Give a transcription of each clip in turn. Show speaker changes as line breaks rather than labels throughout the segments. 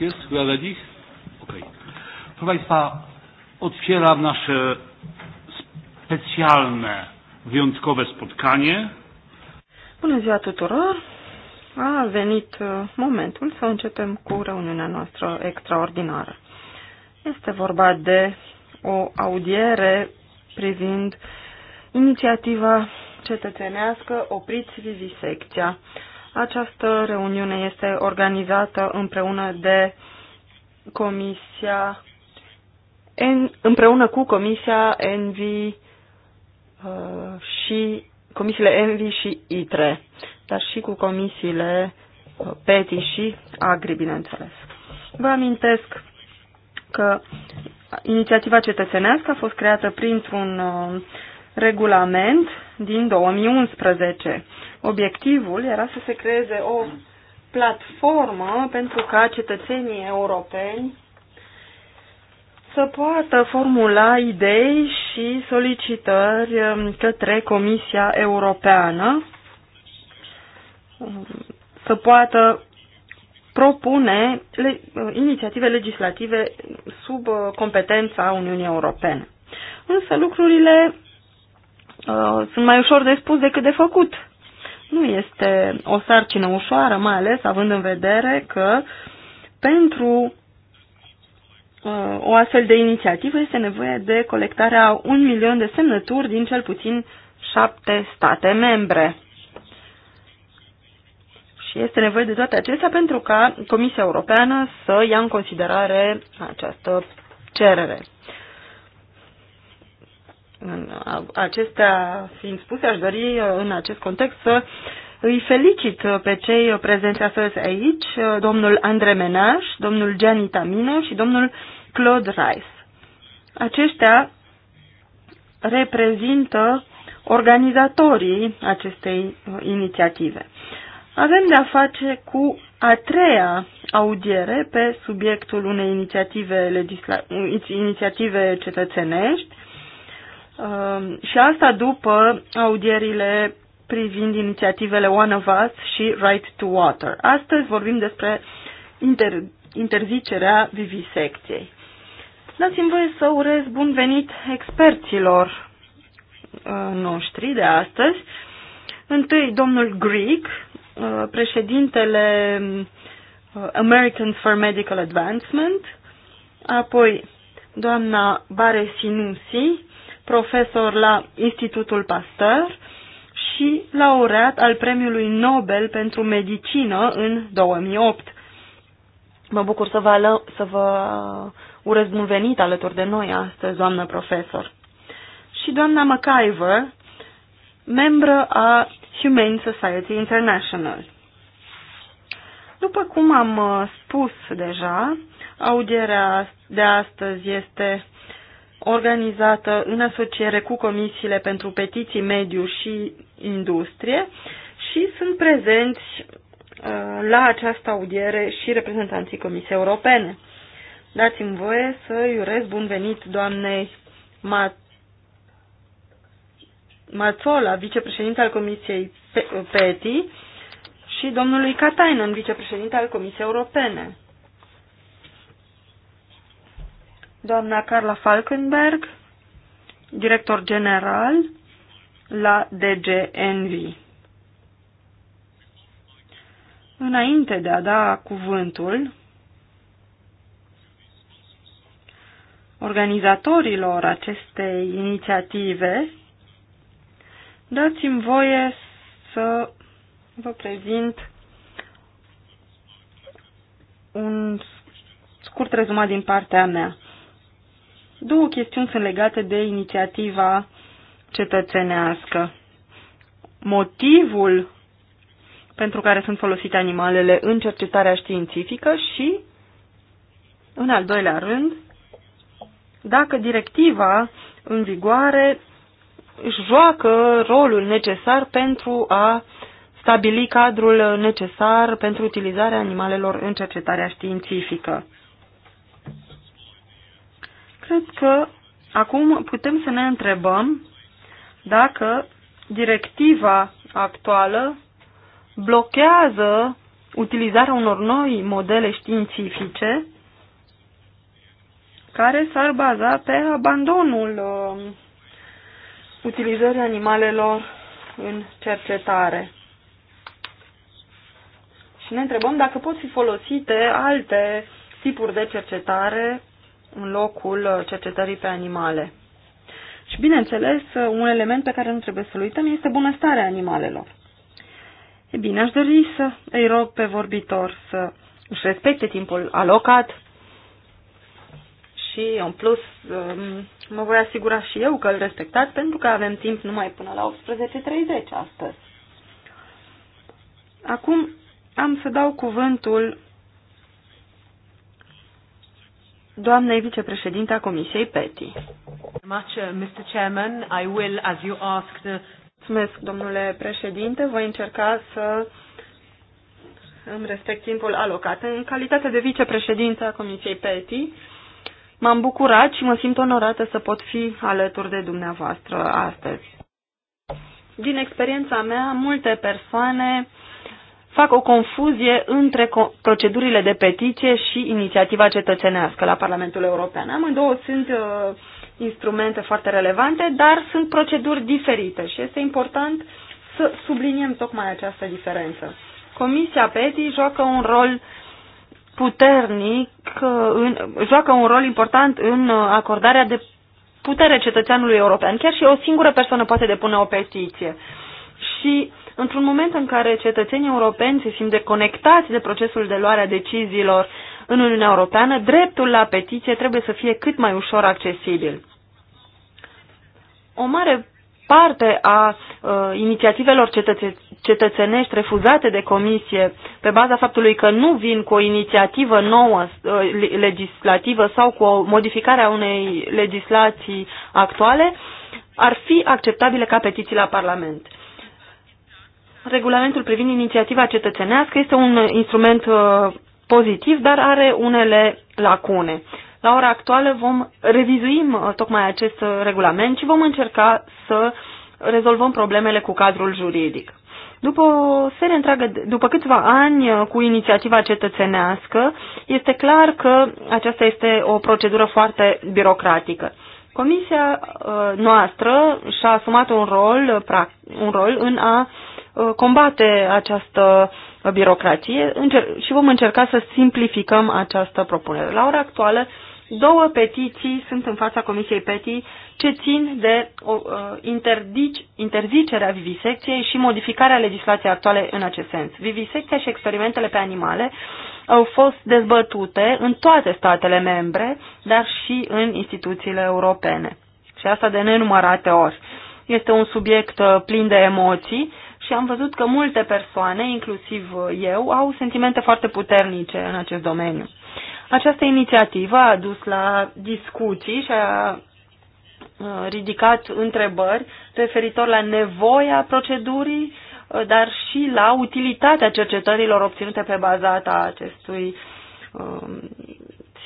Jest chyba dla nich? Okej. Okay. Proszę Państwa, otwieram nasze specjalne, wyjątkowe spotkanie.
Bună ziua tuturor! A venit momentul să începem cu reuniunea noastră extraordinară. Este vorba de o audiere privind inițiativa cetățenească Opriți Vivisecția această reuniune este organizată împreună de Comisia en, împreună cu Comisia Envi uh, și comisiile Envi și ITRE, dar și cu comisiile uh, PETI și AGRI, bineînțeles. Vă amintesc că inițiativa cetățenească a fost creată printr-un uh, regulament din 2011 Obiectivul era să se creeze o platformă pentru ca cetățenii europeni să poată formula idei și solicitări um, către Comisia Europeană, um, să poată propune le, uh, inițiative legislative sub uh, competența Uniunii Europene. Însă lucrurile uh, sunt mai ușor de spus decât de făcut. Nu este o sarcină ușoară, mai ales având în vedere că pentru uh, o astfel de inițiativă este nevoie de colectarea un milion de semnături din cel puțin șapte state membre. Și este nevoie de toate acestea pentru ca Comisia Europeană să ia în considerare această cerere. Acestea fiind spuse, aș dori uh, în acest context să îi felicit uh, pe cei prezenți astăzi aici, uh, domnul Andre Menaș, domnul Gianni Tamino și domnul Claude Rice. Aceștia reprezintă organizatorii acestei inițiative. Avem de-a face cu a treia audiere pe subiectul unei inițiative, legisla... inițiative cetățenești Um, și asta după audierile privind inițiativele One of Us și Right to Water. Astăzi vorbim despre inter, interzicerea vivisecției. Dați-mi voie să urez bun venit experților uh, noștri de astăzi. Întâi, domnul Greek, uh, președintele uh, Americans for Medical Advancement, apoi doamna Bare Sinusi, profesor la Institutul Pasteur și laureat al Premiului Nobel pentru Medicină în 2008. Mă bucur să vă, ală, să vă urez bun venit alături de noi astăzi, doamnă profesor. Și doamna McIver, membră a Humane Society International. După cum am uh, spus deja, audierea de astăzi este organizată în asociere cu comisiile pentru petiții, mediu și industrie și sunt prezenți uh, la această audiere și reprezentanții Comisiei Europene. Dați-mi voie să iurez bun venit doamnei Mațola, vicepreședinte al Comisiei PETI, și domnului Katainen, vicepreședinte al Comisiei Europene. doamna Carla Falkenberg, director general la DG Envy. Înainte de a da cuvântul organizatorilor acestei inițiative, dați-mi voie să vă prezint un scurt rezumat din partea mea. Două chestiuni sunt legate de inițiativa cetățenească. Motivul pentru care sunt folosite animalele în cercetarea științifică și, în al doilea rând, dacă directiva în vigoare își joacă rolul necesar pentru a stabili cadrul necesar pentru utilizarea animalelor în cercetarea științifică. Cred că acum putem să ne întrebăm dacă directiva actuală blochează utilizarea unor noi modele științifice care s-ar baza pe abandonul uh, utilizării animalelor în cercetare. Și ne întrebăm dacă pot fi folosite alte tipuri de cercetare în locul uh, cercetării pe animale. Și bineînțeles, uh, un element pe care nu trebuie să-l uităm este bunăstarea animalelor. E bine, aș dori să îi rog pe vorbitor să își respecte timpul alocat și, în plus, um, mă voi asigura și eu că îl respectați pentru că avem timp numai până la 18.30 astăzi. Acum am să dau cuvântul doamnei vicepreședinte a Comisiei PETI. Uh, Mulțumesc, domnule președinte. Voi încerca să îmi respect timpul alocat. În calitate de vicepreședinte a Comisiei PETI, m-am bucurat și mă simt onorată să pot fi alături de dumneavoastră astăzi. Din experiența mea, multe persoane fac o confuzie între procedurile de petiție și inițiativa cetățenească la Parlamentul European. Amândouă sunt uh, instrumente foarte relevante, dar sunt proceduri diferite și este important să subliniem tocmai această diferență. Comisia PETI joacă un rol puternic, uh, în, joacă un rol important în uh, acordarea de putere cetățeanului european. Chiar și o singură persoană poate depune o petiție. Și Într-un moment în care cetățenii europeni se simt deconectați de procesul de luare a deciziilor în Uniunea Europeană, dreptul la petiție trebuie să fie cât mai ușor accesibil. O mare parte a uh, inițiativelor cetățe- cetățenești refuzate de comisie pe baza faptului că nu vin cu o inițiativă nouă uh, legislativă sau cu o modificare a unei legislații actuale, ar fi acceptabile ca petiții la Parlament. Regulamentul privind inițiativa cetățenească este un instrument uh, pozitiv, dar are unele lacune. La ora actuală vom revizuim uh, tocmai acest uh, regulament și vom încerca să rezolvăm problemele cu cadrul juridic. După o serie întreagă, după câțiva ani cu inițiativa cetățenească, este clar că aceasta este o procedură foarte birocratică. Comisia noastră și-a asumat un rol, un rol în a Uh, combate această birocrație și vom încerca să simplificăm această propunere. La ora actuală, două petiții sunt în fața Comisiei Petii ce țin de uh, interzicerea vivisecției și modificarea legislației actuale în acest sens. Vivisecția și experimentele pe animale au fost dezbătute în toate statele membre, dar și în instituțiile europene. Și asta de nenumărate ori. Este un subiect uh, plin de emoții și am văzut că multe persoane, inclusiv eu, au sentimente foarte puternice în acest domeniu. Această inițiativă a dus la discuții și a ridicat întrebări referitor la nevoia procedurii, dar și la utilitatea cercetărilor obținute pe baza acestui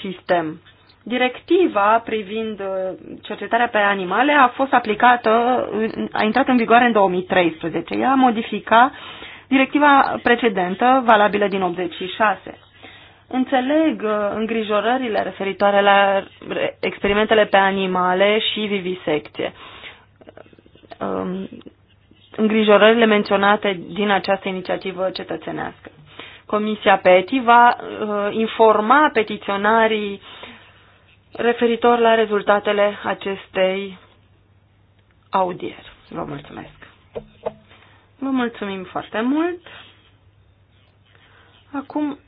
sistem. Directiva privind uh, cercetarea pe animale a fost aplicată, a intrat în vigoare în 2013. Ea a modificat directiva precedentă, valabilă din 86. Înțeleg uh, îngrijorările referitoare la experimentele pe animale și vivisecție. Um, îngrijorările menționate din această inițiativă cetățenească. Comisia PETI va uh, informa petiționarii uh, referitor la rezultatele acestei audieri. Vă mulțumesc! Vă mulțumim foarte mult! Acum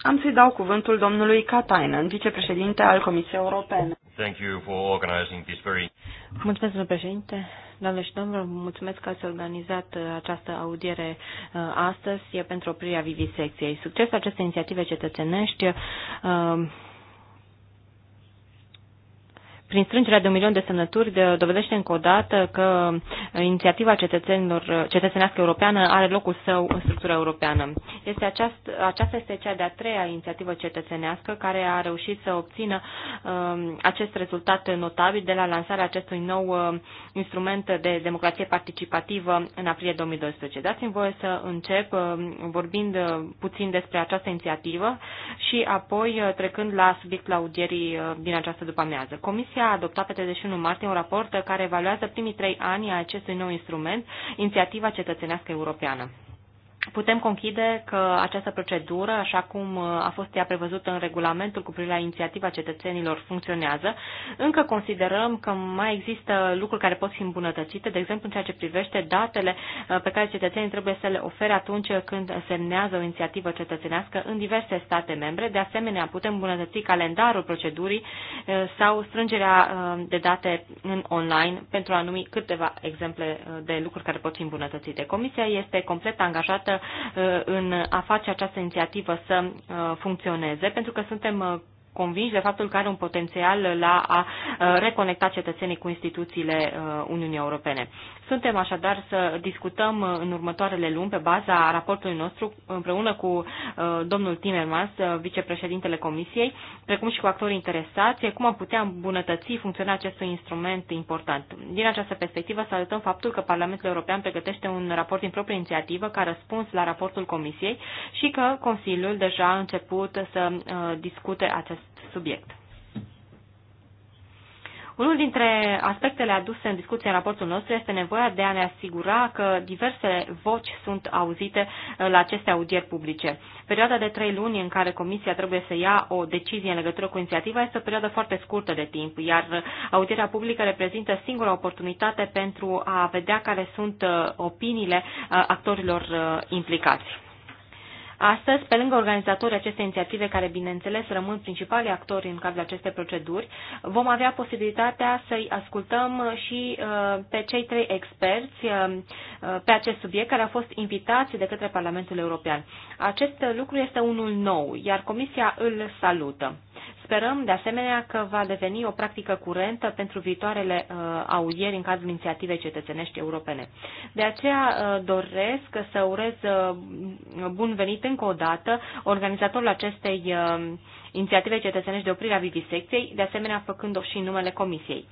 am să-i dau cuvântul domnului Katainen, vicepreședinte al Comisiei Europene.
Thank you for organizing this
very...
Mulțumesc, domnule președinte. Doamne și domnilor, mulțumesc că ați organizat uh, această
audiere uh, astăzi pentru oprirea vivisecției. Succesul acestei inițiative cetățenești uh, prin strângerea de un milion de semnături, de, dovedește încă o dată că inițiativa cetățenilor, cetățenească europeană are locul său în structura europeană. Este aceast, aceasta este cea de-a treia inițiativă cetățenească care a reușit să obțină um, acest rezultat notabil de la lansarea acestui nou uh, instrument de democrație participativă în aprilie 2012. Dați-mi voie să încep uh, vorbind uh, puțin despre această inițiativă și apoi uh, trecând la subiectul audierii uh, din această după amiază. Comisia Comisia a adoptat pe 31 martie un raport care evaluează primii trei ani a acestui nou instrument, Inițiativa Cetățenească Europeană putem conchide că această procedură, așa cum uh, a fost ea prevăzută în regulamentul cu privire la inițiativa cetățenilor, funcționează. Încă considerăm că mai există lucruri care pot fi îmbunătățite, de exemplu în ceea ce privește datele uh, pe care cetățenii trebuie să le ofere atunci când semnează o inițiativă cetățenească în diverse state membre. De asemenea, putem îmbunătăți calendarul procedurii uh, sau strângerea de date în online pentru a numi câteva exemple de lucruri care pot fi îmbunătățite. Comisia este complet angajată Uh, în a face această inițiativă să uh, funcționeze, pentru că suntem uh, convinși de faptul că are un potențial la a uh, reconecta cetățenii cu instituțiile uh, Uniunii Europene. Suntem așadar să discutăm uh, în următoarele luni, pe baza raportului nostru, împreună cu domnul Timmermans, vicepreședintele Comisiei, precum și cu actorii interesați, cum am putea îmbunătăți funcționarea acestui instrument important. Din această perspectivă, salutăm faptul că Parlamentul European pregătește un raport din proprie inițiativă ca răspuns la raportul Comisiei și că Consiliul deja a început să discute acest acest subiect. Unul dintre aspectele aduse în discuție în raportul nostru este nevoia de a ne asigura că diversele voci sunt auzite uh, la aceste audieri publice. Perioada de trei luni în care Comisia trebuie să ia o decizie în legătură cu inițiativa este o perioadă foarte scurtă de timp, iar uh, audierea publică reprezintă singura oportunitate pentru a vedea care sunt uh, opiniile actorilor implicați. Astăzi, pe lângă organizatorii acestei inițiative, care bineînțeles rămân principalii actori în cadrul acestei proceduri, vom avea posibilitatea să-i ascultăm și uh, pe cei trei experți uh, uh, pe acest subiect care au fost invitați de către Parlamentul European. Acest lucru este unul nou, iar Comisia îl salută. Sperăm, de asemenea, că va deveni o practică curentă pentru viitoarele uh, audieri în cadrul inițiativei cetățenești europene. De aceea uh, doresc să urez uh, bun venit încă o dată organizatorul acestei inițiative cetățenești de oprire a vivisecției, de asemenea făcând-o și în numele Comisiei.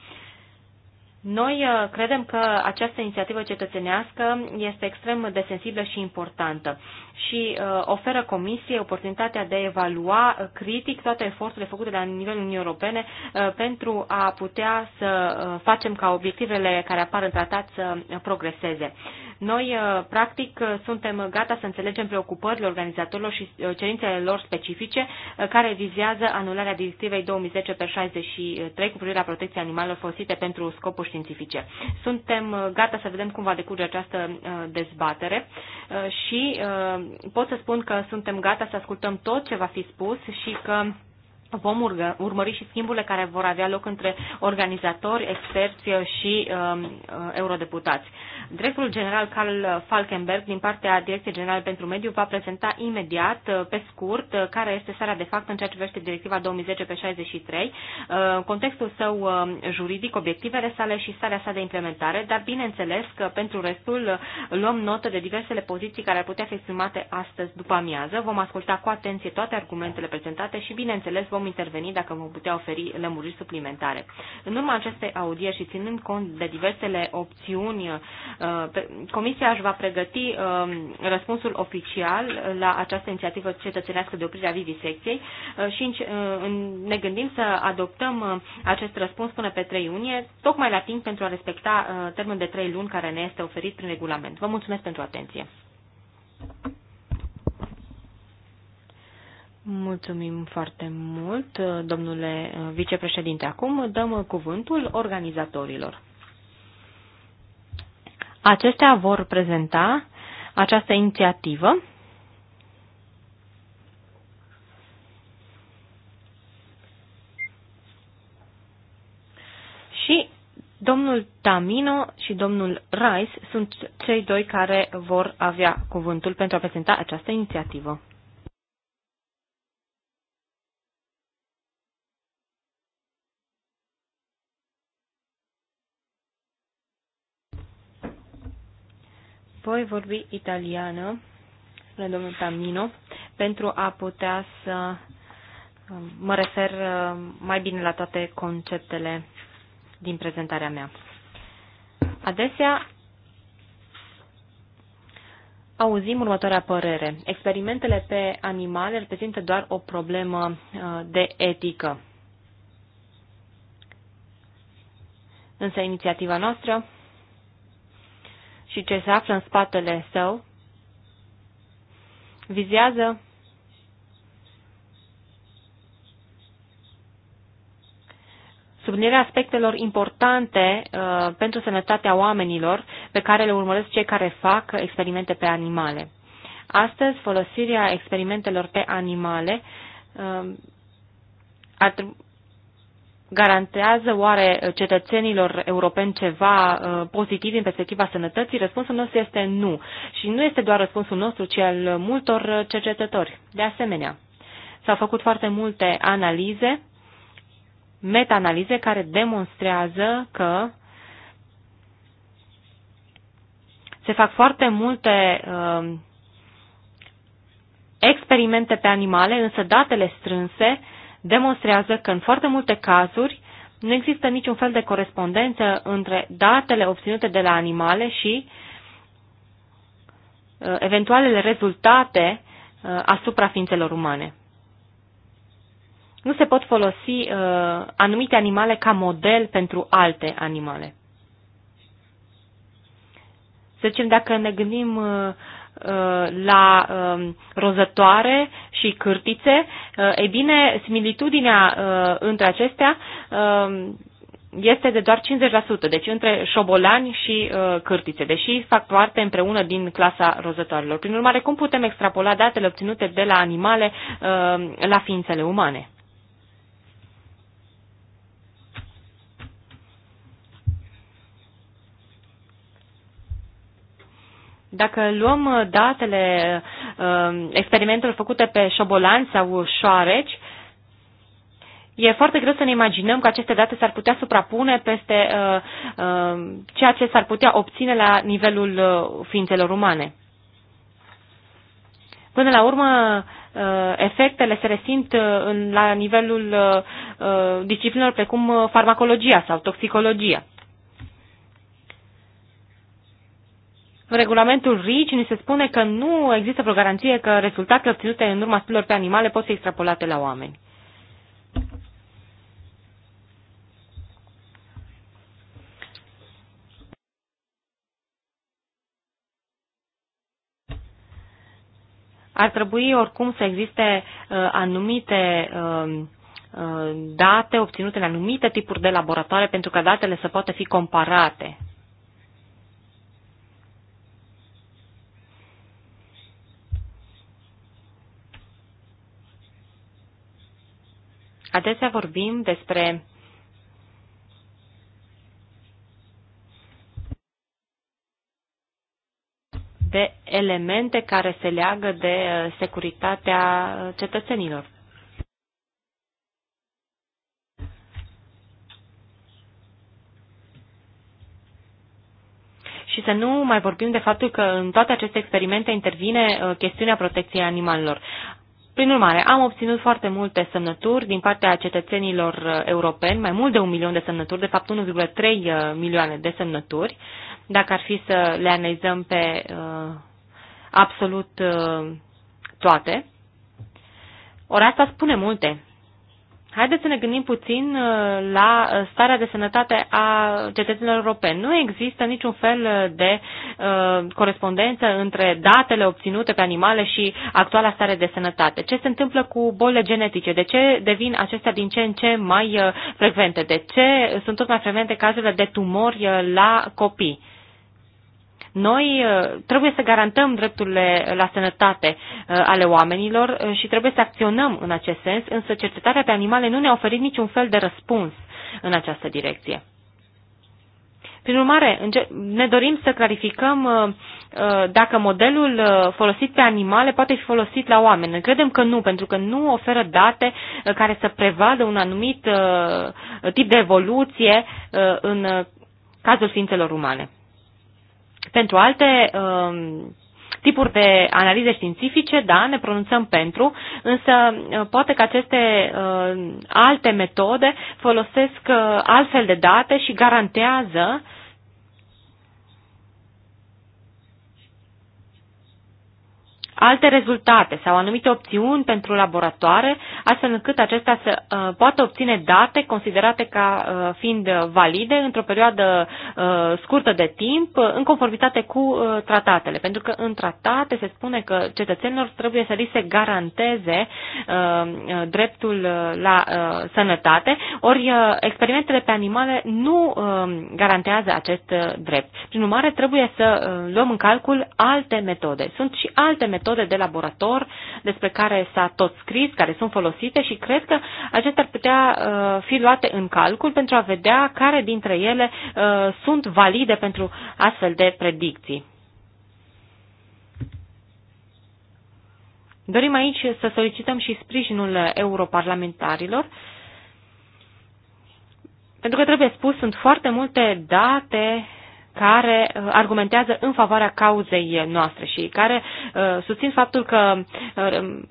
Noi uh, credem că această inițiativă cetățenească este extrem de sensibilă și importantă și uh, oferă Comisiei oportunitatea de a evalua uh, critic toate eforturile făcute la nivelul Uniunii Europene pentru a putea să facem ca obiectivele care apar în tratat să progreseze. Noi, uh, practic, uh, suntem gata să înțelegem preocupările organizatorilor și uh, cerințele lor specifice care vizează anularea directivei 2010 pe 63 cu privire la protecția animalelor folosite pentru scopuri științifice. Suntem gata să vedem cum va decurge această dezbatere și pot să spun că suntem gata să ascultăm tot ce va fi spus și că vom urgă, urmări și schimburile care vor avea loc între organizatori, experți și uh, eurodeputați. Directorul general Carl Falkenberg din partea Direcției Generale pentru Mediu va prezenta imediat, uh, pe scurt, uh, care este starea de fapt în ceea ce privește directiva 2010 pe 63, uh, contextul său juridic, obiectivele sale și starea sa de implementare, dar bineînțeles că pentru restul luăm notă de diversele poziții care ar putea fi exprimate astăzi după amiază. Vom asculta cu atenție toate argumentele prezentate și bineînțeles vom interveni dacă vom putea oferi lămuriri suplimentare. În urma acestei audieri și ținând cont de diversele opțiuni Uh, comisia își va pregăti um, răspunsul oficial la această inițiativă cetățenească de oprire a vivisecției uh, și uh, ne gândim să adoptăm acest răspuns până pe 3 iunie, tocmai la timp pentru a respecta termenul de 3 luni care ne este oferit prin regulament. Vă mulțumesc pentru atenție. Mulțumim foarte mult, domnule vicepreședinte. Acum dăm cuvântul organizatorilor. Acestea vor prezenta această inițiativă și domnul Tamino și domnul Rice sunt cei doi care vor avea cuvântul pentru a prezenta această inițiativă. Voi vorbi italiană, spune domnul Tamino, pentru a putea să um, mă refer uh, mai bine la toate conceptele din prezentarea mea. Adesea auzim următoarea părere. Experimentele pe animale reprezintă doar o problemă uh, de etică. Însă inițiativa noastră și ce se află în spatele său vizează sublinierea aspectelor importante uh, pentru sănătatea oamenilor pe care le urmăresc cei care fac experimente pe animale. Astăzi, folosirea experimentelor pe animale uh, ar, garantează oare cetățenilor europeni ceva uh, pozitiv din perspectiva sănătății? Răspunsul nostru este nu. Și nu este doar răspunsul nostru, ci al multor cercetători. De asemenea, s-au făcut foarte multe analize, meta-analize, care demonstrează că se fac foarte multe uh, experimente pe animale, însă datele strânse uh, demonstrează că în foarte multe cazuri nu există niciun fel de corespondență între datele obținute de la animale și uh, eventualele rezultate uh, asupra ființelor umane. Nu se pot folosi uh, anumite animale ca model pentru alte animale. Să zicem, dacă ne gândim Uh, la um, rozătoare și cârtițe, uh, e bine, similitudinea uh, între acestea um, este de doar 50%, deci între șobolani și cârtițe, deși fac parte împreună din clasa rozătoarelor. Prin urmare, cum putem extrapola datele obținute de la animale la ființele umane? Dacă luăm uh, datele uh, experimentelor făcute pe șobolani sau șoareci, e foarte greu să ne imaginăm că aceste date s-ar putea suprapune peste uh, uh, ceea ce s-ar putea obține la nivelul uh, ființelor umane. Până la urmă, uh, efectele se resimt uh, în, la nivelul uh, uh disciplinelor precum farmacologia sau toxicologia. În regulamentul RICI ni se spune că nu există vreo garanție că rezultatele obținute în urma studiilor pe animale pot fi extrapolate la oameni. ar trebui oricum să existe uh, anumite um, uh, date obținute în anumite tipuri de laboratoare pentru ca datele să poată fi comparate. Adesea vorbim despre de elemente care se leagă de uh, securitatea uh, cetățenilor. și să nu mai vorbim de faptul că în toate aceste experimente intervine uh, chestiunea protecției animalelor. Prin urmare, am obținut foarte multe semnături din partea cetățenilor uh, europeni, mai mult de un milion de semnături, de fapt 1,3 uh, milioane de semnături, dacă ar fi să le analizăm pe uh, absolut uh, toate. Ori asta spune multe. Haideți să ne gândim puțin uh, la uh, starea de sănătate a cetățenilor europeni. Nu există niciun fel uh, de uh, corespondență între datele obținute pe animale și actuala stare de sănătate. Ce se întâmplă cu bolile genetice? De ce devin acestea din ce în ce mai frecvente? De ce sunt tot mai frecvente cazurile de tumori la copii? Noi uh, trebuie să garantăm drepturile la sănătate uh, ale oamenilor uh, și trebuie să acționăm în acest sens, însă cercetarea pe animale nu ne-a oferit niciun fel de răspuns în această direcție. Prin urmare, ne dorim să clarificăm dacă modelul folosit pe animale poate fi folosit la oameni. credem că nu, pentru că nu oferă date care să prevadă un anumit tip de evoluție în cazul ființelor umane. Pentru alte um, tipuri de analize științifice, da, ne pronunțăm pentru, însă uh, poate că aceste uh, alte metode folosesc uh, altfel de date și garantează alte rezultate sau anumite opțiuni pentru laboratoare, astfel încât acestea să uh, poată obține date considerate ca uh, fiind valide într-o perioadă uh, scurtă de timp, uh, în conformitate cu uh, tratatele. Pentru că în tratate se spune că cetățenilor trebuie să li se garanteze uh, uh dreptul uh, la uh, sănătate, ori uh, experimentele pe animale nu uh, garantează acest uh, drept. Prin urmare, trebuie să uh, luăm în calcul alte metode. Sunt și alte metode metode de laborator despre care s-a tot scris, care sunt folosite și cred că acestea ar putea uh, fi luate în calcul pentru a vedea care dintre ele uh, sunt valide pentru astfel de predicții. Dorim aici să solicităm și sprijinul europarlamentarilor, pentru că, trebuie spus, sunt foarte multe date care uh, argumentează în favoarea cauzei noastre și care uh, susțin faptul că uh, um,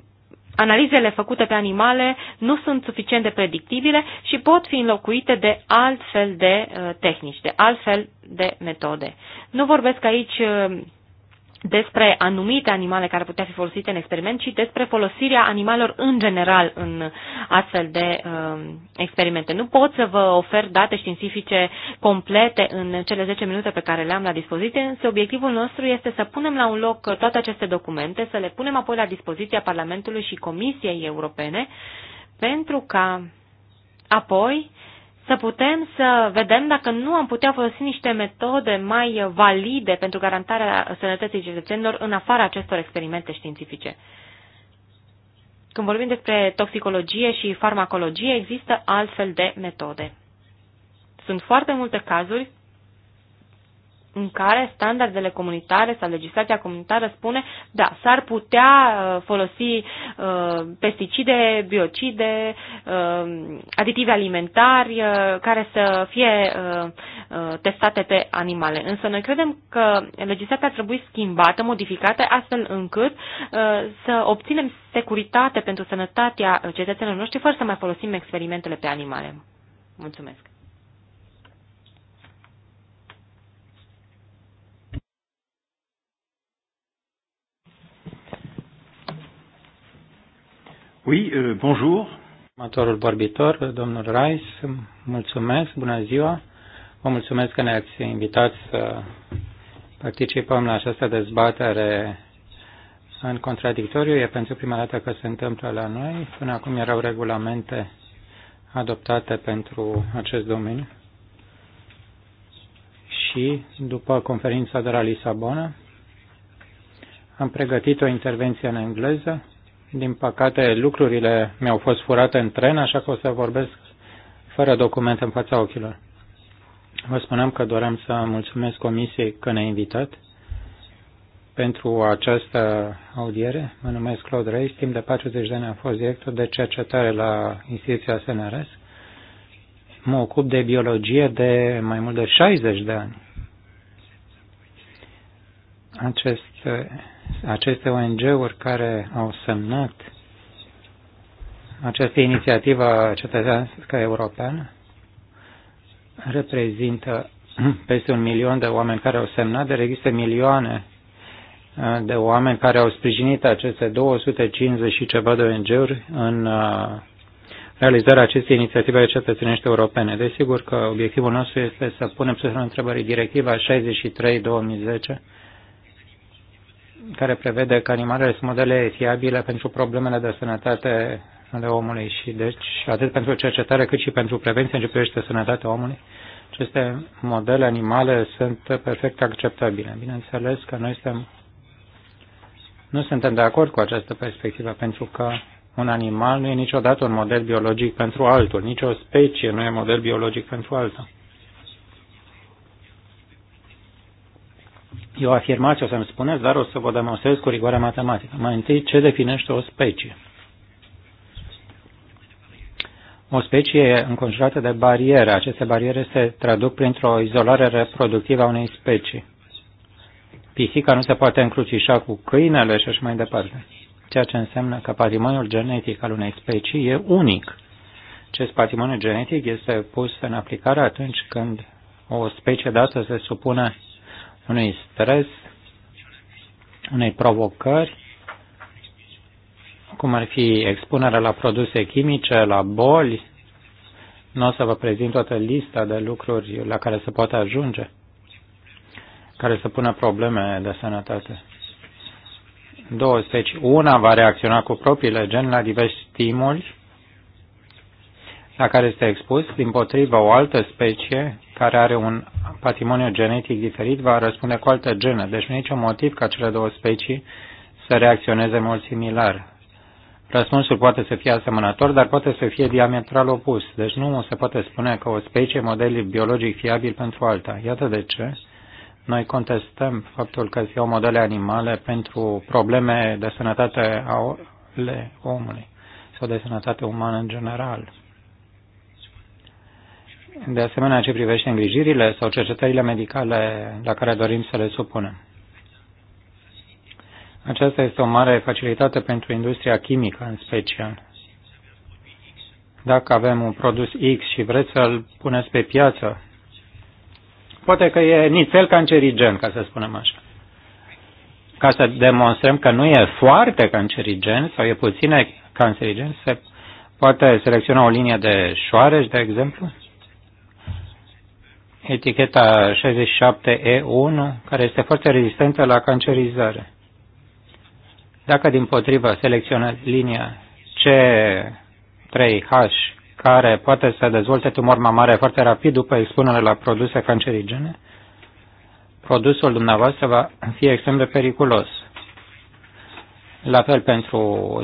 analizele făcute pe animale nu sunt suficient de predictibile și pot fi înlocuite de altfel de tehnici, de altfel de metode. Nu vorbesc aici despre anumite animale care putea fi folosite în experiment, și despre folosirea animalelor în general în astfel de uh, experimente. Nu pot să vă ofer date științifice complete în cele 10 minute pe care le-am la dispoziție, însă obiectivul nostru este să punem la un loc toate aceste documente, să le punem apoi la dispoziția Parlamentului și Comisiei Europene, pentru ca apoi să putem să vedem dacă nu am putea folosi niște metode mai valide pentru garantarea sănătății cetățenilor în afara acestor experimente științifice. Când vorbim despre toxicologie și farmacologie, există altfel de metode. Sunt foarte multe cazuri în care standardele comunitare sau legislația comunitară spune, da, s-ar putea uh, folosi uh, pesticide, biocide, uh, aditive alimentari uh, care să fie uh, uh, testate pe animale. Însă noi credem că legislația ar trebui schimbată, modificată, astfel încât uh, să obținem securitate pentru sănătatea cetățenilor noștri fără să mai folosim experimentele pe animale. Mulțumesc!
Oui, euh, bonjour. Următorul vorbitor, domnul Rice, mulțumesc, bună ziua. Vă mulțumesc că ne-ați invitat să participăm la această dezbatere în contradictoriu. E pentru prima dată că se întâmplă la noi. Până acum erau regulamente adoptate pentru acest domeniu. Și după conferința de la Lisabona am pregătit o intervenție în engleză din păcate, lucrurile mi-au fost furate în tren, așa că o să vorbesc fără documente în fața ochilor. Vă spuneam că doream să mulțumesc comisiei că ne-a invitat pentru această audiere. Mă numesc Claude Reis, timp de 40 de ani am fost director de cercetare la instituția SNRS. Mă ocup de biologie de mai mult de 60 de ani. Aceste aceste ONG-uri care au semnat această inițiativă cetățească europeană reprezintă peste un milion de oameni care au semnat, dar există milioane uh, de oameni care au sprijinit aceste 250 și ceva de ONG-uri în uh, realizarea acestei inițiative cetățenești europene. Desigur că obiectivul nostru este să punem sub întrebări directiva 63-2010 care prevede că animalele sunt modele fiabile pentru problemele de sănătate ale omului și deci atât pentru cercetare cât și pentru prevenție în ce privește sănătatea omului, aceste modele animale sunt perfect acceptabile. Bineînțeles că noi suntem, nu suntem de acord cu această perspectivă pentru că un animal nu e niciodată un model biologic pentru altul, nicio specie nu e model biologic pentru altul. E o afirmație, o să-mi spuneți, dar o să vă demonstrez cu rigoare matematică. Mai întâi, ce definește o specie? O specie înconjurată de bariere. Aceste bariere se traduc printr-o izolare reproductivă a unei specii. Pisica nu se poate încrucișa cu câinele și așa mai departe. Ceea ce înseamnă că patrimoniul genetic al unei specii e unic. Acest patrimoniu genetic este pus în aplicare atunci când o specie dată se supune unui stres, unei provocări, cum ar fi expunerea la produse chimice, la boli. Nu o să vă prezint toată lista de lucruri la care se poate ajunge, care să pună probleme de sănătate două specii. Una va reacționa cu propriile gen la diversi stimuli la care este expus, din potrivă o altă specie care are un patrimoniu genetic diferit va răspunde cu altă genă, deci nu e niciun motiv ca cele două specii să reacționeze mult similar. Răspunsul poate să fie asemănător, dar poate să fie diametral opus, deci nu se poate spune că o specie model biologic fiabil pentru alta. Iată de ce noi contestăm faptul că se iau modele animale pentru probleme de sănătate ale omului sau de sănătate umană în general de asemenea ce privește îngrijirile sau cercetările medicale la care dorim să le supunem. Aceasta este o mare facilitate pentru industria chimică în special. Dacă avem un produs X și vreți să-l puneți pe piață, poate că e nițel cancerigen, ca să spunem așa. Ca să demonstrăm că nu e foarte cancerigen sau e puțin cancerigen, se poate selecționa o linie de șoareci, de exemplu, eticheta 67E1, care este foarte rezistentă la cancerizare. Dacă din potrivă selecționați linia C3H, care poate să dezvolte tumor mamare foarte rapid după expunere la produse cancerigene, produsul dumneavoastră va fi extrem de periculos. La fel pentru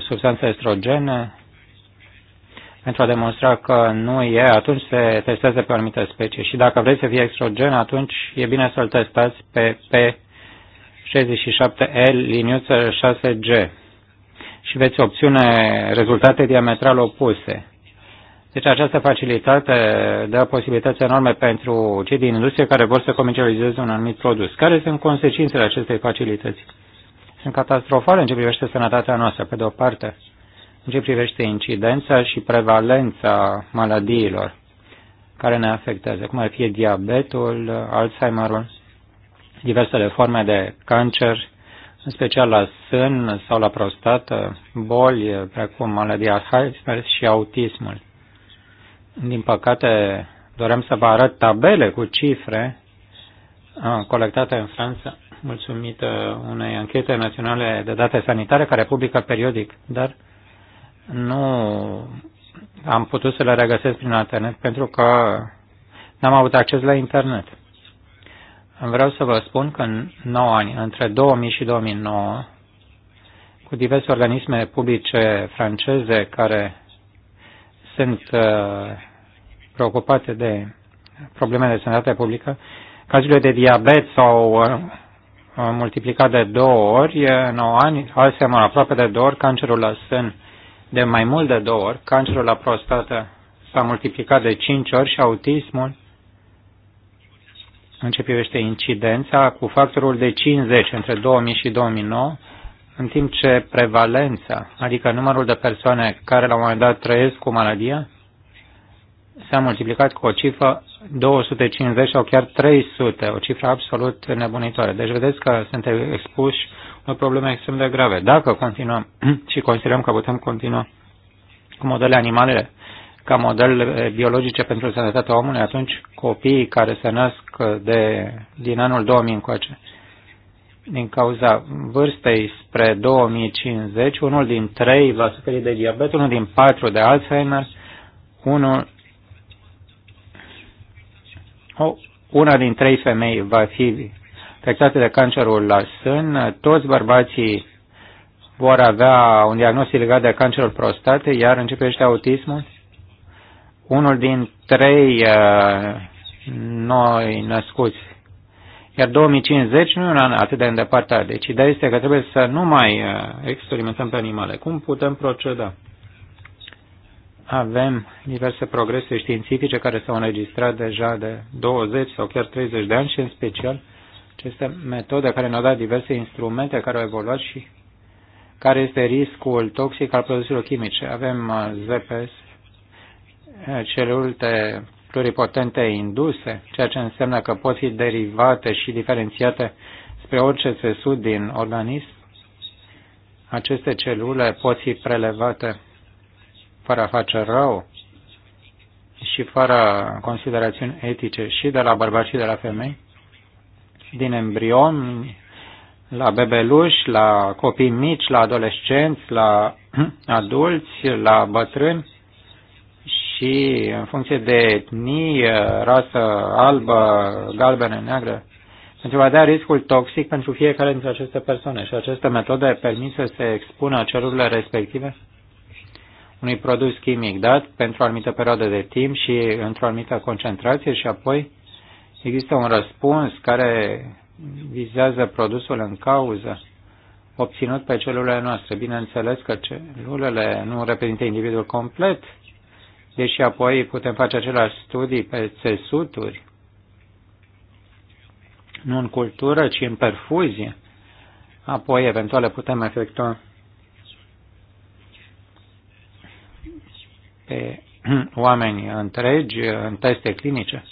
substanțe estrogene, pentru a demonstra că nu e, atunci se testează pe o anumită specie. Și dacă vreți să fie extrogen, atunci e bine să-l testați pe P67L liniuță 6G și veți obține rezultate diametral opuse. Deci această facilitate dă posibilități enorme pentru cei din industrie care vor să comercializeze un anumit produs. Care sunt consecințele acestei facilități? Sunt catastrofale în ce privește sănătatea noastră, pe de o parte în ce privește incidența și prevalența maladiilor care ne afectează, cum ar fi diabetul, Alzheimerul, diversele forme de cancer, în special la sân sau la prostată, boli precum maladia Alzheimer și autismul. Din păcate, doream să vă arăt tabele cu cifre colectate în Franța, mulțumită unei anchete naționale de date sanitare care publică periodic, dar nu am putut să le regăsesc prin internet pentru că n-am avut acces la internet. Vreau să vă spun că în 9 ani, între 2000 și 2009, cu diverse organisme publice franceze care sunt uh, preocupate de probleme de sănătate publică, cazurile de diabet sau uh, multiplicat de două ori în 9 ani, alții aproape de două ori, cancerul la sân de mai mult de două ori, cancerul la prostată s-a multiplicat de cinci ori și autismul începește incidența cu factorul de 50 între 2000 și 2009, în timp ce prevalența, adică numărul de persoane care la un moment dat trăiesc cu maladia, s-a multiplicat cu o cifră 250 sau chiar 300, o cifră absolut nebunitoare. Deci vedeți că suntem expuși o problemă extrem de grave. Dacă continuăm și considerăm că putem continua cu modele animalele ca modele biologice pentru sănătatea omului, atunci copiii care se nasc de, din anul 2000 încoace, din cauza vârstei spre 2050, unul din trei va suferi de diabet, unul din patru de Alzheimer, unul, o, una din trei femei va fi afectate de cancerul la sân, toți bărbații vor avea un diagnostic legat de cancerul prostatei, iar începește autismul. Unul din trei uh, noi născuți. Iar 2050 nu e un an atât de îndepărtat. Deci ideea este că trebuie să nu mai uh, experimentăm pe animale. Cum putem proceda? Avem diverse progrese științifice care s-au înregistrat deja de 20 sau chiar 30 de ani și în special aceste metode care ne-au dat diverse instrumente care au evoluat și care este riscul toxic al produselor chimice. Avem uh, ZPS, uh, celulele pluripotente induse, ceea ce înseamnă că pot fi derivate și diferențiate spre orice țesut din organism. Aceste celule pot fi prelevate fără a face rău și fără considerațiuni etice și de la bărbați și de la femei din embrion la bebeluși, la copii mici, la adolescenți, la adulți, la bătrâni și în funcție de etnie, rasă albă, galbenă, neagră, pentru a da riscul toxic pentru fiecare dintre aceste persoane. Și metodă e permis să se expună celulele respective unui produs chimic dat pentru o anumită perioadă de timp și într-o anumită concentrație și apoi Există un răspuns care vizează produsul în cauză obținut pe celulele noastre. Bineînțeles că celulele nu reprezintă individul complet, deși apoi putem face același studii pe țesuturi, nu în cultură, ci în perfuzie. Apoi, eventual, le putem efectua pe oameni întregi în teste clinice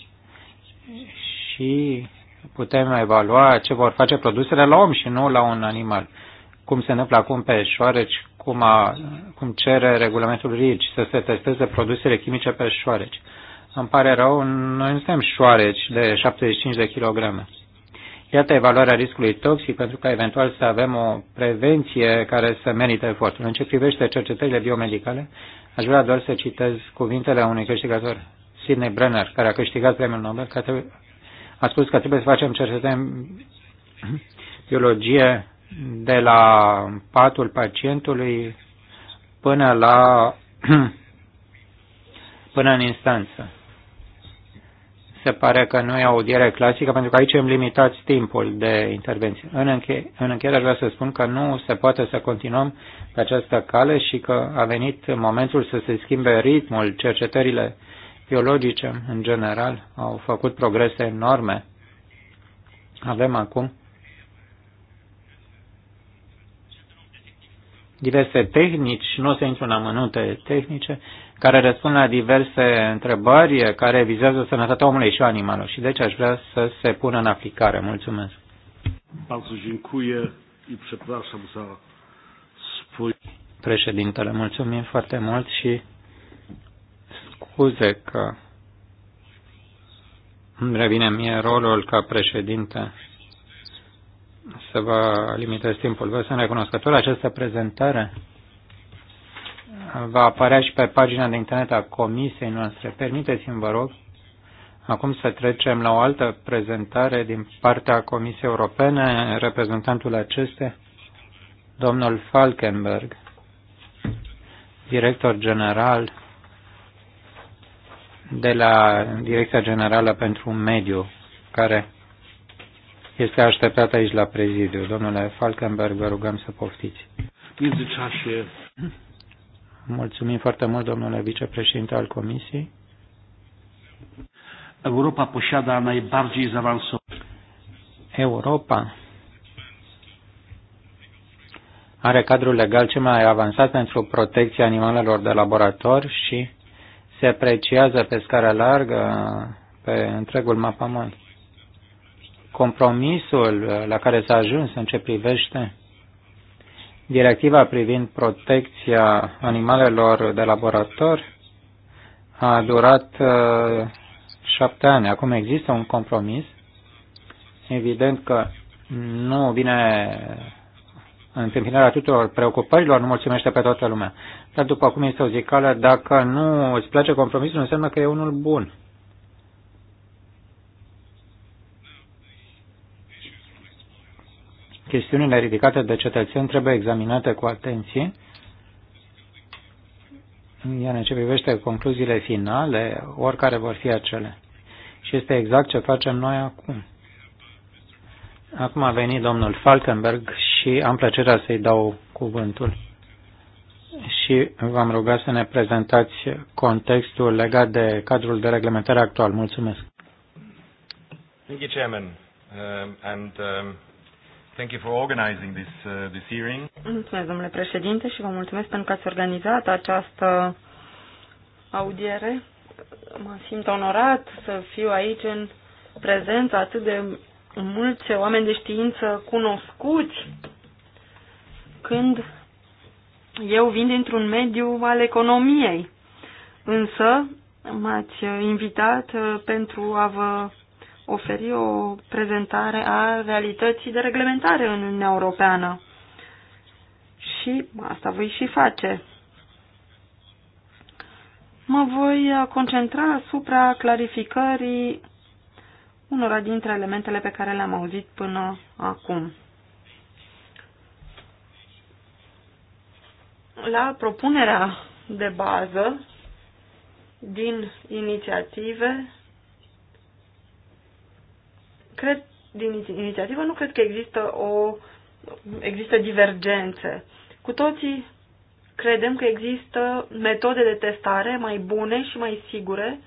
și putem evalua ce vor face produsele la om și nu la un animal. Cum se întâmplă acum pe șoareci, cum, a, cum cere regulamentul RIGI să se testeze produsele chimice pe șoareci. Îmi pare rău, noi nu suntem șoareci de 75 de kilograme. Iată evaluarea riscului toxic pentru ca eventual să avem o prevenție care să merite efortul. În ce privește cercetările biomedicale, aș vrea doar să citez cuvintele unui câștigător, Sidney Brenner, care a câștigat premiul Nobel, a spus că trebuie să facem cercetări în biologie de la patul pacientului până la până în instanță. Se pare că nu e audiere clasică, pentru că aici îmi limitați timpul de intervenție. În, înche- în încheiere vrea să spun că nu se poate să continuăm pe această cale și că a venit momentul să se schimbe ritmul. Cercetările biologice, în general, au făcut progrese enorme. Avem acum diverse tehnici, nu o să intru în amănunte tehnice, care răspund la diverse întrebări care vizează sănătatea omului și animalului. Și deci aș vrea să se pună în aplicare. Mulțumesc. Președintele, mulțumim foarte mult și scuze că îmi revine mie rolul ca președinte să vă limitez timpul. Vă sunt recunoscător. Această prezentare va apărea și pe pagina de internet a comisiei noastre. Permiteți-mi, vă rog, acum să trecem la o altă prezentare din partea Comisiei Europene, reprezentantul acestei, domnul Falkenberg, director general de la Direcția Generală pentru Mediu, care este așteptat aici la prezidiu. Domnule Falkenberg, vă rugăm să poftiți. Mulțumim foarte mult, domnule vicepreședinte al Comisiei. Europa posiada najbardziej zaawansowane. Europa are cadrul legal cel mai avansat pentru protecția animalelor de laborator și se apreciază pe scară largă pe întregul mapamon. Compromisul uh, la care s-a ajuns în ce privește directiva privind protecția animalelor de laborator a durat uh, șapte ani. Acum există un compromis. Evident că nu vine întâmpinarea tuturor preocupărilor, nu mulțumește pe toată lumea. Dar după cum este o zicală, dacă nu îți place compromisul, înseamnă că e unul bun. Chestiunile ridicate de cetățeni trebuie examinate cu atenție. Iar în ce privește concluziile finale, oricare vor fi acele. Și este exact ce facem noi acum. Acum a venit domnul Falkenberg și am plăcerea să-i dau cuvântul. Și v-am rugat să ne prezentați contextul legat de cadrul de reglementare actual. Mulțumesc. Thank you, Chairman. Uh, and, um... Thank you for organizing this, uh, this hearing.
Mulțumesc, domnule președinte, și vă mulțumesc pentru că ați organizat această audiere. Mă simt onorat să fiu aici în prezența atât de mulți oameni de știință cunoscuți când eu vin dintr-un mediu al economiei, însă m-ați invitat uh, pentru a vă oferi o prezentare a realității de reglementare în Uniunea Europeană. Și asta voi și face. Mă voi uh, concentra asupra clarificării unora dintre elementele pe care le-am auzit până acum. la propunerea de bază din inițiative, cred, din inițiativă nu cred că există o există divergențe. Cu toții credem că există metode de testare mai bune și mai sigure.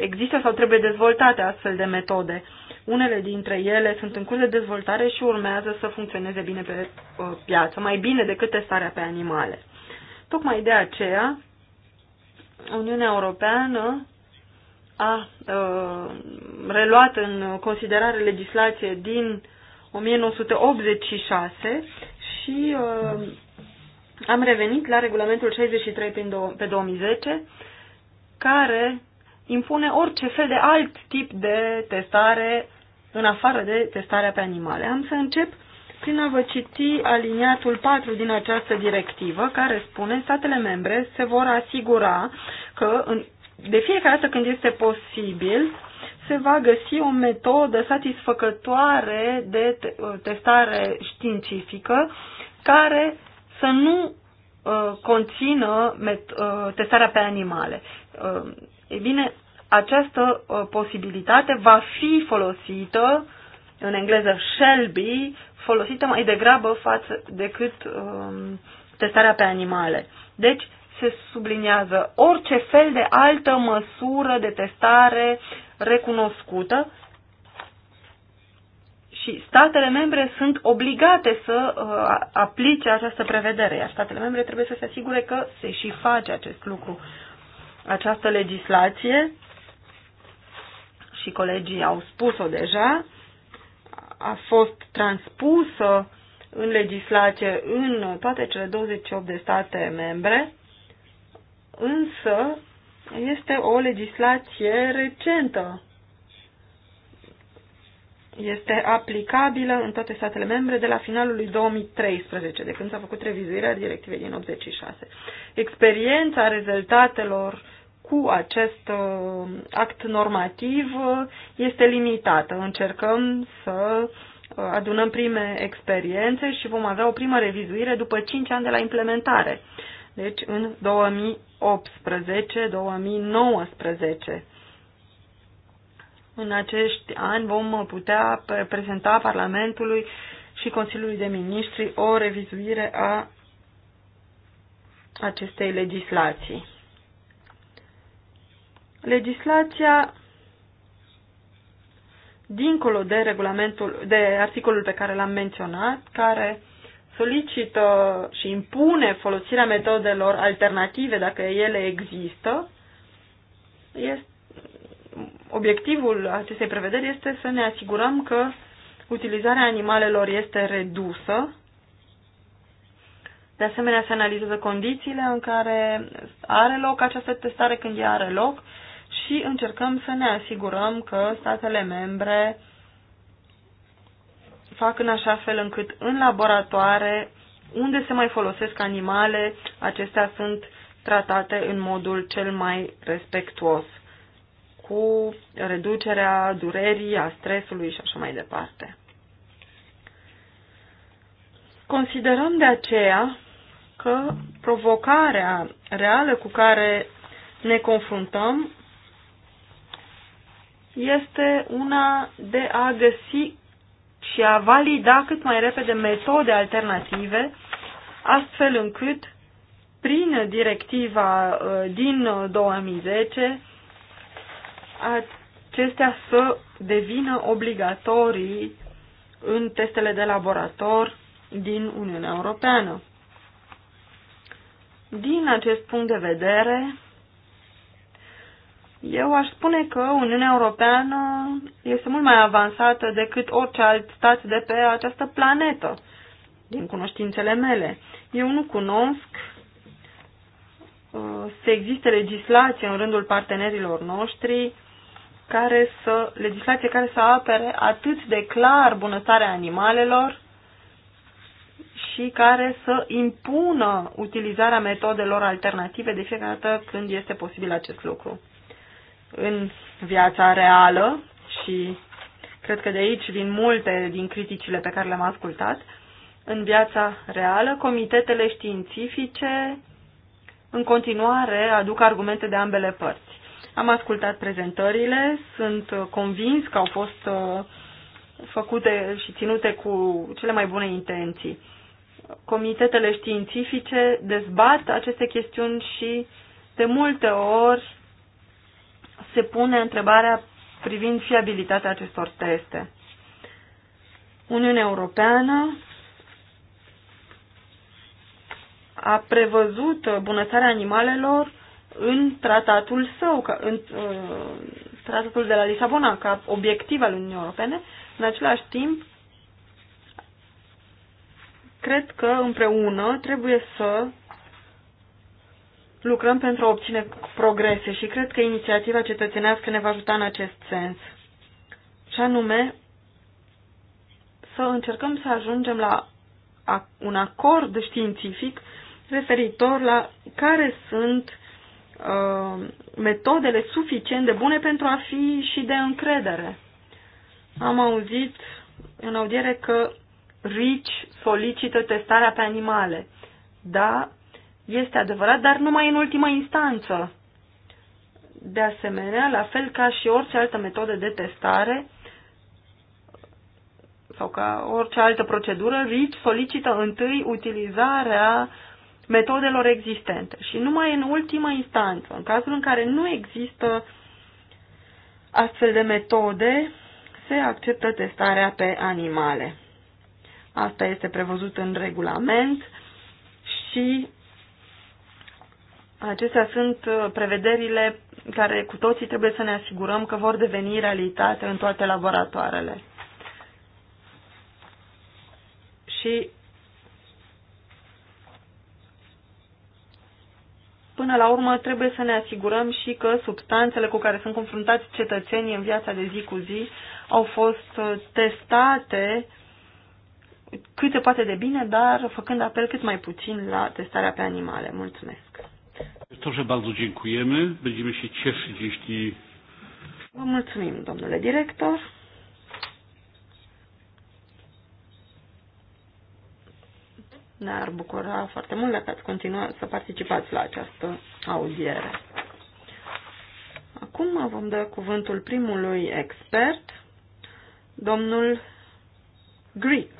Există sau trebuie dezvoltate astfel de metode unele dintre ele sunt în curs de dezvoltare și urmează să funcționeze bine pe piață, mai bine decât testarea pe animale. Tocmai de aceea, Uniunea Europeană a ă, reluat în considerare legislație din 1986 și ă, am revenit la regulamentul 63 pe 2010, care impune orice fel de alt tip de testare în afară de testarea pe animale. Am să încep prin a vă citi aliniatul 4 din această directivă, care spune statele membre se vor asigura că în, de fiecare dată când este posibil se va găsi o metodă satisfăcătoare de ă, testare științifică care să nu uh, conțină met, uh, testarea pe animale. Uh, ei bine, această uh, posibilitate va fi folosită, în engleză shall be, folosită mai degrabă față decât um, testarea pe animale. Deci, se subliniază orice fel de altă măsură de testare recunoscută și statele membre sunt obligate să uh, aplice această prevedere, iar statele membre trebuie să se asigure că se și face acest lucru. Această legislație, și colegii au spus-o deja, a fost transpusă în legislație în toate cele 28 de state membre, însă este o legislație recentă este aplicabilă în toate statele membre de la finalul lui 2013, de când s-a făcut revizuirea directivei din 86. Experiența rezultatelor cu acest uh, act normativ este limitată. Încercăm să uh, adunăm prime experiențe și vom avea o primă revizuire după 5 ani de la implementare. Deci în 2018-2019 în acești ani vom putea prezenta Parlamentului și Consiliului de Ministri o revizuire a acestei legislații. Legislația dincolo de regulamentul, de articolul pe care l-am menționat, care solicită și impune folosirea metodelor alternative dacă ele există, este obiectivul acestei prevederi este să ne asigurăm că utilizarea animalelor este redusă. De asemenea, se analizează condițiile în care are loc această testare când ea are loc și încercăm să ne asigurăm că statele membre fac în așa fel încât în laboratoare, unde se mai folosesc animale, acestea sunt tratate în modul cel mai respectuos cu reducerea durerii, a stresului și așa mai departe. Considerăm de aceea că provocarea reală cu care ne confruntăm este una de a găsi și a valida cât mai repede metode alternative, astfel încât prin directiva uh, din 2010 acestea să devină obligatorii în testele de laborator din Uniunea Europeană. Din acest punct de vedere, eu aș spune că Uniunea Europeană este mult mai avansată decât orice alt stat de pe această planetă, din cunoștințele mele. Eu nu cunosc uh, să existe legislație în rândul partenerilor noștri care să, legislație care să apere atât de clar bunăstarea animalelor și care să impună utilizarea metodelor alternative de fiecare dată când este posibil acest lucru. În viața reală și cred că de aici vin multe din criticile pe care le-am ascultat, în viața reală, comitetele științifice în continuare aduc argumente de ambele părți. Am ascultat prezentările, sunt convins că au fost uh, făcute și ținute cu cele mai bune intenții. Comitetele științifice dezbat aceste chestiuni și de multe ori se pune întrebarea privind fiabilitatea acestor teste. Uniunea Europeană a prevăzut bunăstarea animalelor în tratatul său, ca, în uh, tratatul de la Lisabona, ca obiectiv al Uniunii Europene, în același timp, cred că împreună trebuie să lucrăm pentru a obține progrese și cred că inițiativa cetățenească ne va ajuta în acest sens. Și anume, să încercăm să ajungem la un acord științific referitor la care sunt Uh, metodele suficient de bune pentru a fi și de încredere. Am auzit în audiere că RICI solicită testarea pe animale. Da, este adevărat, dar numai în ultima instanță. De asemenea, la fel ca și orice altă metodă de testare sau ca orice altă procedură, RICI solicită întâi utilizarea metodelor existente. Și numai în ultimă instanță, în cazul în care nu există astfel de metode, se acceptă testarea pe animale. Asta este prevăzut în regulament și acestea sunt uh, prevederile care cu toții trebuie să ne asigurăm că vor deveni realitate în toate laboratoarele. Și până la urmă trebuie să ne asigurăm și că substanțele cu care sunt confruntați cetățenii în viața de zi cu zi au fost uh, testate cât se poate de bine, dar făcând apel cât mai puțin la testarea pe animale. Mulțumesc!
Doktorze, bardzo dziękujemy. Będziemy się cieszyć, jeśli...
Vă mulțumim, domnule director. Ne-ar bucura foarte mult dacă ați continua să participați la această audiere. Acum vom da cuvântul primului expert, domnul Greek.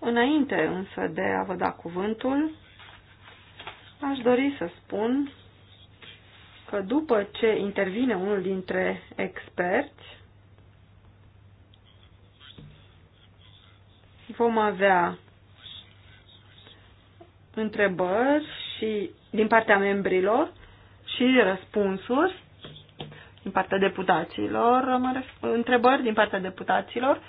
Înainte însă de a vă da cuvântul, aș dori să spun că după ce intervine unul dintre experți, vom avea întrebări și din partea membrilor și răspunsuri din partea deputaților, întrebări din partea deputaților,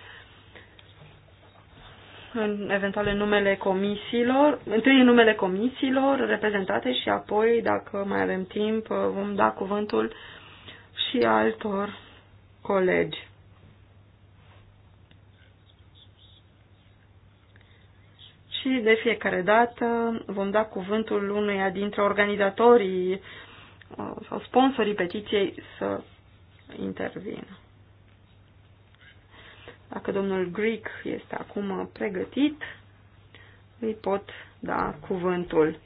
în eventuale numele comisiilor, întâi în numele comisiilor reprezentate și apoi, dacă mai avem timp, vom da cuvântul și altor colegi. și de fiecare dată vom da cuvântul unuia dintre organizatorii uh, sau sponsorii petiției să intervină. Dacă domnul Greek este acum pregătit, îi pot da cuvântul,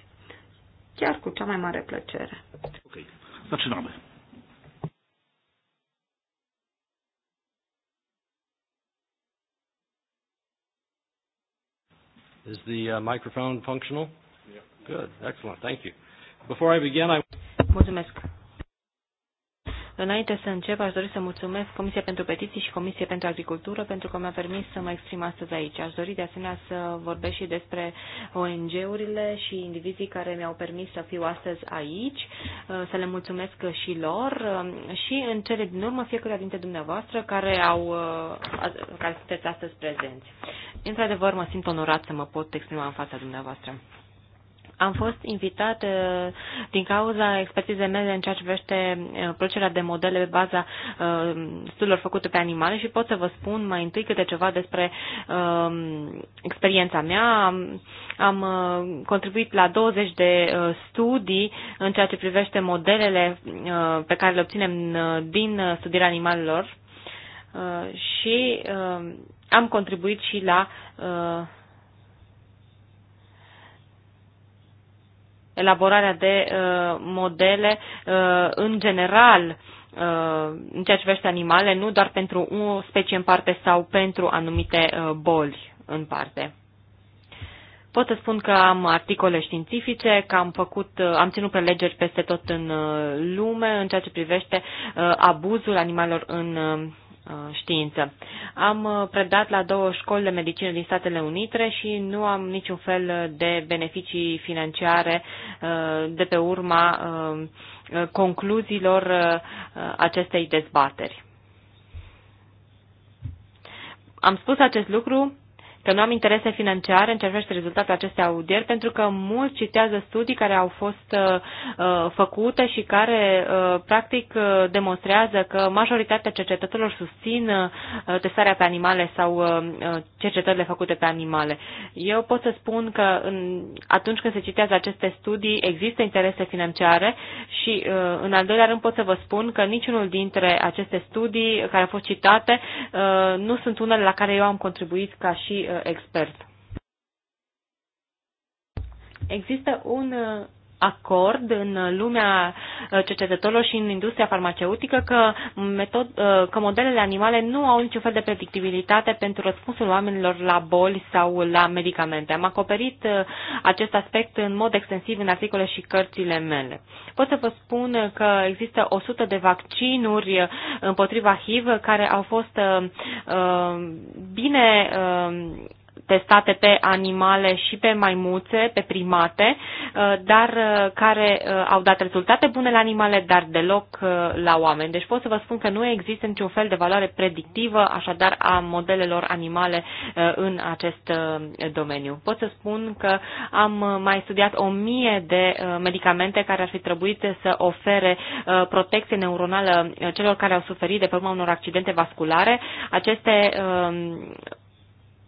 chiar cu cea mai mare
plăcere. Ok, zaczynamy.
Is the uh, microphone functional? Yeah. Good. Excellent. Thank you. Before I
begin, I...
Mulțumesc. Înainte să încep, aș dori să mulțumesc Comisia pentru Petiții și Comisia pentru Agricultură pentru că mi-a permis să mă exprim astăzi aici. Aș dori de asemenea să vorbesc și despre ONG-urile și indivizii care mi-au permis să fiu astăzi aici, să le mulțumesc și lor și în cele din urmă fiecare dintre dumneavoastră care, au, care sunteți astăzi prezenți. Într-adevăr, mă simt onorat să mă pot exprima în fața dumneavoastră. Am fost invitat uh, din cauza expertizei mele în ceea ce privește uh, producerea de modele pe baza uh, studiilor făcute pe animale și pot să vă spun mai întâi câte ceva despre experiența mea. Am contribuit la 20 de studii în ceea ce privește modelele pe care le obținem din studierea animalelor și am contribuit și la elaborarea de uh, modele uh, în general uh, în ceea ce privește animale, nu doar pentru o specie în parte sau pentru anumite boli în parte. Pot să spun că am articole științifice, că am făcut, am ținut prelegeri peste tot în lume în ceea ce privește abuzul animalelor în Uh, știință. Am uh, predat la două școli de medicină din Statele Unite și nu am niciun fel de beneficii financiare uh, de pe urma concluziilor acestei dezbateri. Am spus acest lucru că nu am interese financiare în ce privește rezultatul acestei audieri, pentru că mulți citează studii care au fost uh, uh, făcute și care uh, practic uh, demonstrează că majoritatea cercetătorilor susțin uh, testarea pe animale sau uh, uh, cercetările făcute pe animale. Eu pot să spun că în, atunci când se citează aceste studii există interese financiare și uh, în al doilea rând pot să vă spun că niciunul dintre aceste studii care au fost citate uh, nu sunt unele la care eu am contribuit ca și uh, expert. Există un acord în lumea uh, cercetătorilor și în industria farmaceutică că, metod, uh, că modelele animale nu au niciun fel de predictibilitate pentru răspunsul oamenilor la boli sau la medicamente. Am acoperit uh, acest aspect în mod extensiv în articole și cărțile mele. Pot să vă spun că există 100 de vaccinuri împotriva HIV care au fost uh, bine uh, testate pe animale și pe maimuțe, pe primate, uh, dar uh, care uh, au dat rezultate bune la animale, dar deloc la oameni. Deci pot să vă spun că nu există niciun fel de valoare predictivă, așadar, a modelelor animale în acest domeniu. Pot să spun că am mai studiat o mie de medicamente care ar fi trebuit să ofere protecție neuronală celor care au suferit de pe urma unor accidente vasculare. Aceste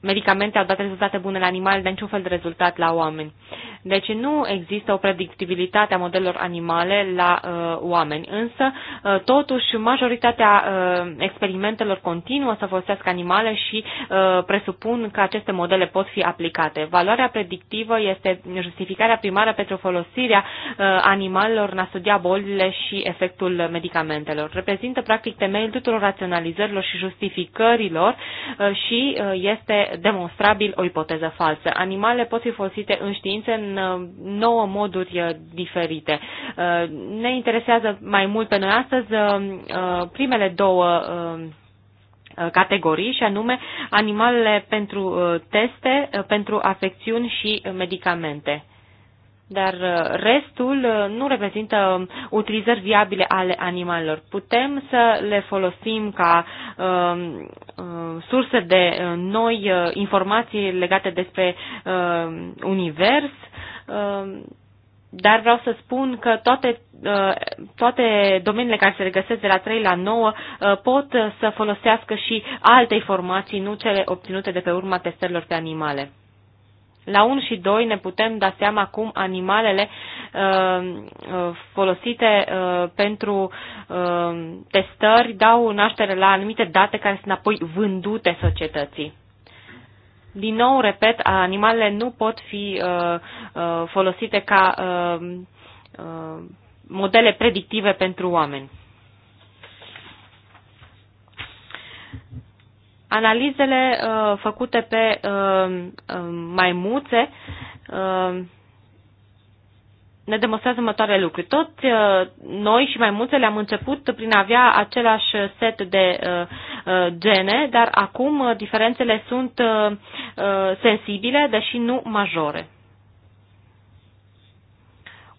medicamente au dat rezultate bune la animale, dar niciun fel de rezultat la oameni. Deci nu există o predictibilitate a modelor animale la uh, oameni, însă uh, totuși majoritatea uh, experimentelor continuă să folosească animale și uh, presupun că aceste modele pot fi aplicate. Valoarea predictivă este justificarea primară pentru folosirea uh, animalelor în a studia bolile și efectul medicamentelor. Reprezintă practic temeiul tuturor raționalizărilor și justificărilor uh, și uh, este demonstrabil o ipoteză falsă. Animale pot fi folosite în știință în uh, nouă moduri uh, diferite. Uh, ne interesează mai mult pe noi astăzi primele două categorii, și anume animalele pentru teste, pentru afecțiuni și medicamente dar uh, restul uh, nu reprezintă utilizări viabile ale animalelor. Putem să le folosim ca um, uh, surse de noi informații legate despre um, univers, um, dar vreau să spun că toate, toate domeniile care se regăsesc de la 3 la 9 pot să folosească și alte informații, nu cele obținute de pe urma testărilor pe animale. La 1 și 2 ne putem da seama cum animalele uh, uh, folosite uh, pentru testări dau naștere la anumite date care sunt apoi vândute societății. Din nou, repet, animalele nu pot fi folosite ca modele predictive pentru oameni. Analizele uh, făcute pe uh, uh maimuțe uh, ne demonstrează următoare lucruri. Toți uh, noi și maimuțele am început prin a avea același set de uh, uh, gene, dar acum uh, diferențele sunt uh, uh, sensibile, deși nu majore.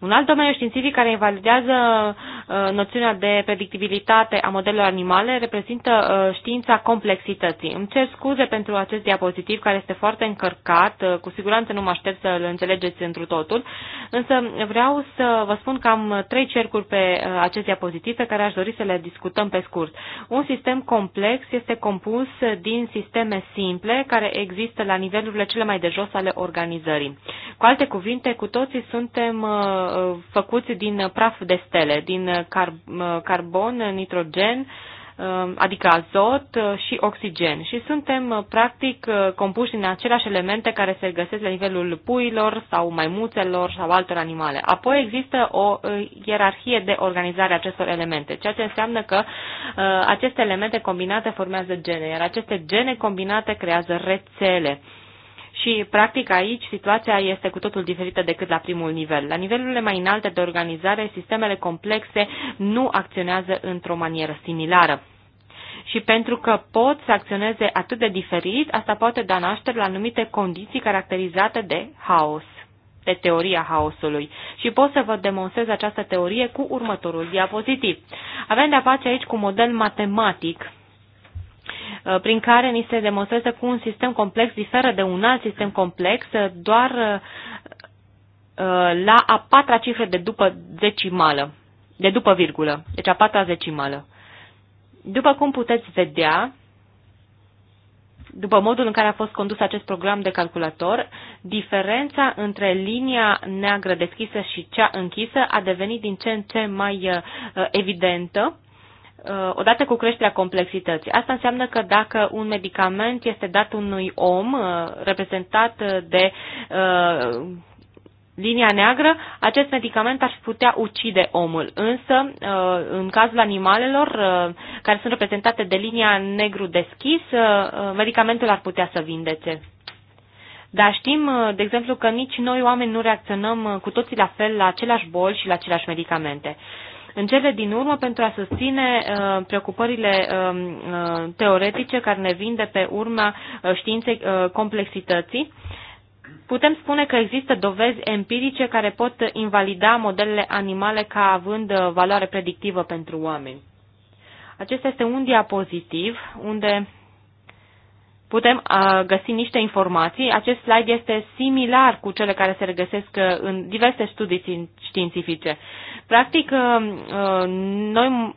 Un alt domeniu științific care invalidează uh, noțiunea de predictibilitate a modelelor animale reprezintă uh, știința complexității. Îmi cer scuze pentru acest diapozitiv care este foarte încărcat, uh, cu siguranță nu mă aștept să-l înțelegeți întru totul, însă vreau să vă spun că am trei cercuri pe acest diapozitiv pe care aș dori să le discutăm pe scurt. Un sistem complex este compus din sisteme simple care există la nivelurile cele mai de jos ale organizării. Cu alte cuvinte, cu toții suntem Uh, făcuți din praf de stele, din uh, carbon, nitrogen, uh, adică azot și oxigen. Și suntem, practic, compuși din aceleași elemente care se găsesc la nivelul puilor sau maimuțelor sau altor animale. Apoi există o ierarhie de organizare a acestor elemente, ceea ce înseamnă că aceste elemente combinate formează gene, iar aceste gene combinate creează rețele. Și, practic, aici situația este cu totul diferită decât la primul nivel. La nivelurile mai înalte de organizare, sistemele complexe nu acționează într-o manieră similară și pentru că pot să acționeze atât de diferit, asta poate da naștere la anumite condiții caracterizate de haos, de teoria haosului. Și pot să vă demonstrez această teorie cu următorul diapozitiv. Avem de-a face aici cu un model matematic Uh, prin care ni se demonstrează că un sistem complex diferă de un alt sistem complex uh, doar uh, la a patra cifră de după decimală, de după virgulă, deci a patra decimală. După cum puteți vedea, după modul în care a fost condus acest program de calculator, diferența între linia neagră deschisă și cea închisă a devenit din ce în ce mai evidentă Uh, odată cu creșterea complexității. Asta înseamnă că dacă un medicament este dat unui om uh, reprezentat de uh, linia neagră, acest medicament ar putea ucide omul. Însă, în cazul animalelor care sunt reprezentate de linia negru deschis, medicamentul ar putea să vindece. Dar știm, de exemplu, că nici noi oameni nu reacționăm cu toții la fel la aceleași boli și la aceleași medicamente. Uh, în cele din urmă pentru a susține uh, preocupările um, uh, teoretice care ne vin de pe urma uh, științei complexității. Putem spune că există dovezi empirice care pot invalida modelele animale ca având valoare predictivă pentru oameni. Acesta este un diapozitiv unde putem uh, găsi niște informații. Acest slide este similar cu cele care se regăsesc uh, în diverse studii științifice. Practic, uh, noi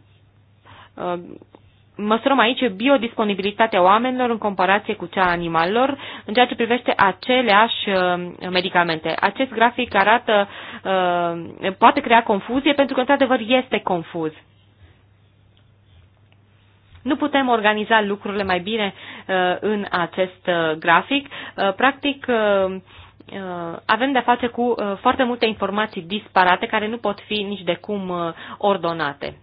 măsurăm aici biodisponibilitatea oamenilor în comparație cu cea a animalelor în ceea ce privește aceleași medicamente. Acest grafic arată, poate crea confuzie pentru că într-adevăr este confuz. Nu putem organiza lucrurile mai bine uh, în acest uh, grafic. Uh, practic, avem de-a face cu foarte multe informații disparate care nu pot fi nici de cum ordonate.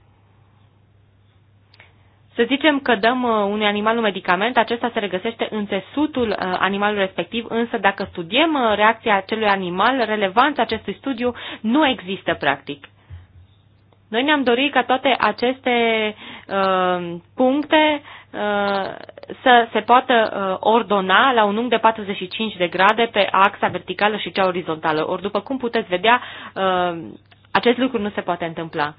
Să zicem că dăm unui animal un medicament, acesta se regăsește în țesutul animalului respectiv, însă dacă studiem reacția acelui animal, relevanța acestui studiu nu există practic. Noi ne-am dorit ca toate aceste uh, puncte uh, să se poată uh, ordona la un unghi de 45 de grade pe axa verticală și cea orizontală. Ori, după cum puteți vedea, uh, acest lucru nu se poate întâmpla.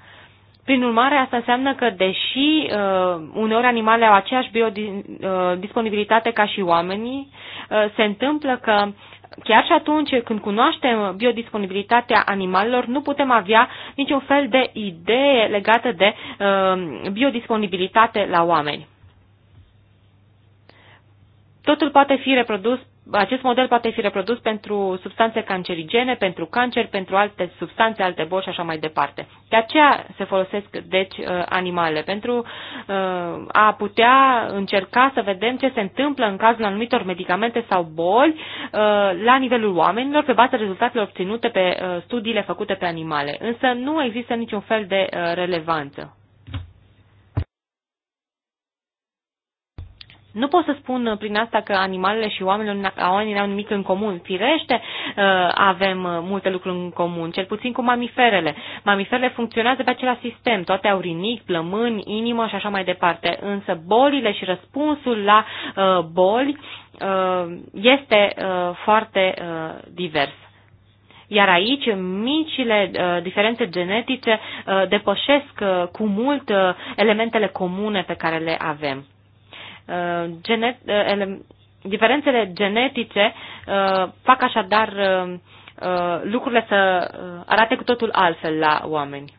Prin urmare, asta înseamnă că, deși uh, uneori animalele au aceeași biodisponibilitate uh, ca și oamenii, uh, se întâmplă că chiar și atunci când cunoaștem biodisponibilitatea animalelor, nu putem avea niciun fel de idee legată de uh, biodisponibilitate la oameni. Totul poate fi reprodus acest model poate fi reprodus pentru substanțe cancerigene, pentru cancer, pentru alte substanțe, alte boli și așa mai departe. De aceea se folosesc, deci, uh, animale pentru uh, a putea încerca să vedem ce se întâmplă în cazul anumitor medicamente sau boli uh, la nivelul oamenilor, pe baza rezultatelor obținute pe studiile făcute pe animale. Însă nu există niciun fel de relevanță. Nu pot să spun uh, prin asta că animalele și oamenii, oamenii au nimic în comun. Firește, uh, avem uh, multe lucruri în comun, cel puțin cu mamiferele. Mamiferele funcționează pe același sistem, toate au rinic, plămâni, inimă și așa mai departe. Însă bolile și răspunsul la boli este foarte divers. Iar aici micile uh, diferențe genetice uh, depășesc uh, cu mult uh, elementele comune pe care le avem. Uh, genet, uh, diferențele genetice uh, fac așadar lucrurile să arate cu totul altfel la oameni.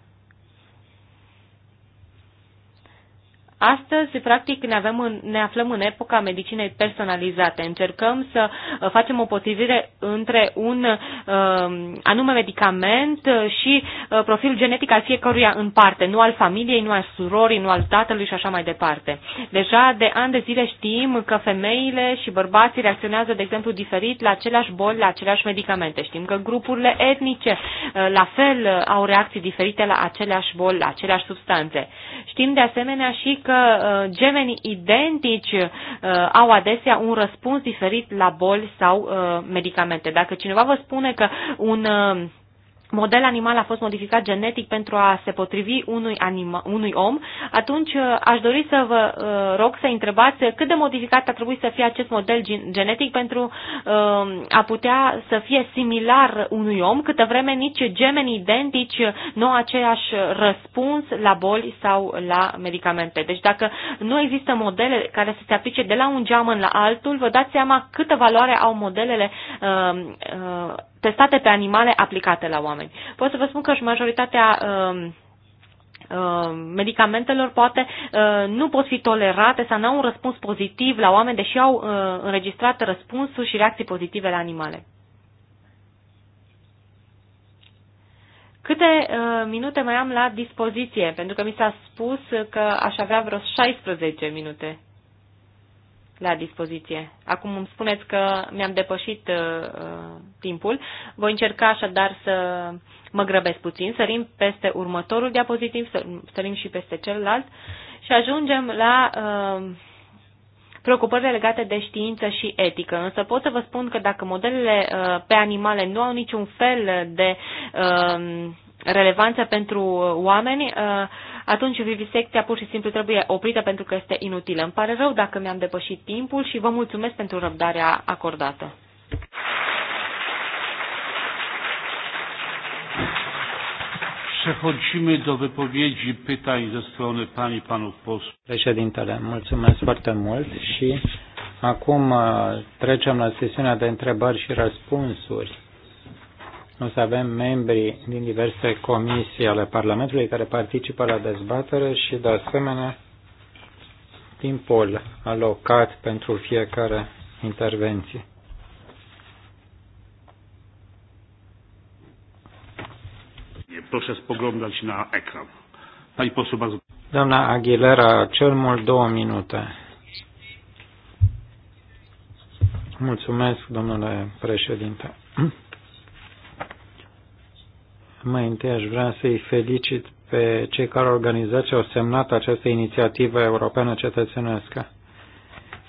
Astăzi, practic, ne, avem în, ne aflăm în epoca medicinei personalizate. Încercăm să uh, facem o potrivire între un uh, anume medicament uh, și uh, profilul genetic al fiecăruia în parte, nu al familiei, nu al surorii, nu al tatălui și așa mai departe. Deja de ani de zile știm că femeile și bărbații reacționează, de exemplu, diferit la aceleași boli, la aceleași medicamente. Știm că grupurile etnice, uh, la fel, uh, au reacții diferite la aceleași boli, la aceleași substanțe. Știm de asemenea și că că uh, gemenii identici uh, au adesea un răspuns diferit la boli sau uh, medicamente. Dacă cineva vă spune că un model animal a fost modificat genetic pentru a se potrivi unui, anima, unui om, atunci uh, aș dori să vă uh, rog să întrebați cât de modificat a trebuit să fie acest model genetic pentru uh, a putea să fie similar unui om, câtă vreme nici gemeni identici nu au aceeași răspuns la boli sau la medicamente. Deci dacă nu există modele care să se aplice de la un geamăn la altul, vă dați seama câtă valoare au modelele uh, uh, testate pe animale aplicate la oameni. Pot să vă spun că și majoritatea um, um, medicamentelor poate uh, nu pot fi tolerate sau nu au un răspuns pozitiv la oameni, deși au uh, înregistrat răspunsuri și reacții pozitive la animale. Câte uh, minute mai am la dispoziție? Pentru că mi s-a spus că aș avea vreo 16 minute la dispoziție. Acum îmi spuneți că mi-am depășit uh, uh, timpul. Voi încerca așadar să mă grăbesc puțin, sărim peste următorul diapozitiv, sărim și peste celălalt și ajungem la uh, preocupările legate de știință și etică. Însă pot să vă spun că dacă modelele uh, pe animale nu au niciun fel de uh, relevanță pentru uh, oameni, uh, atunci vivisecția pur și simplu trebuie oprită pentru că este inutilă. Îmi pare rău dacă mi-am depășit timpul și vă mulțumesc pentru răbdarea acordată.
Przechodzimy do wypowiedzi pytań ze strony pani panów posłów.
Președintele, mulțumesc foarte mult și acum uh, trecem la sesiunea de întrebări și răspunsuri nu să avem membri din diverse comisii ale Parlamentului care participă la dezbatere și, de asemenea, timpul alocat pentru fiecare intervenție. Doamna Aguilera, cel mult două minute. Mulțumesc, domnule președinte. Mai întâi aș vrea să-i felicit pe cei care au organizat și au semnat această inițiativă europeană cetățenească.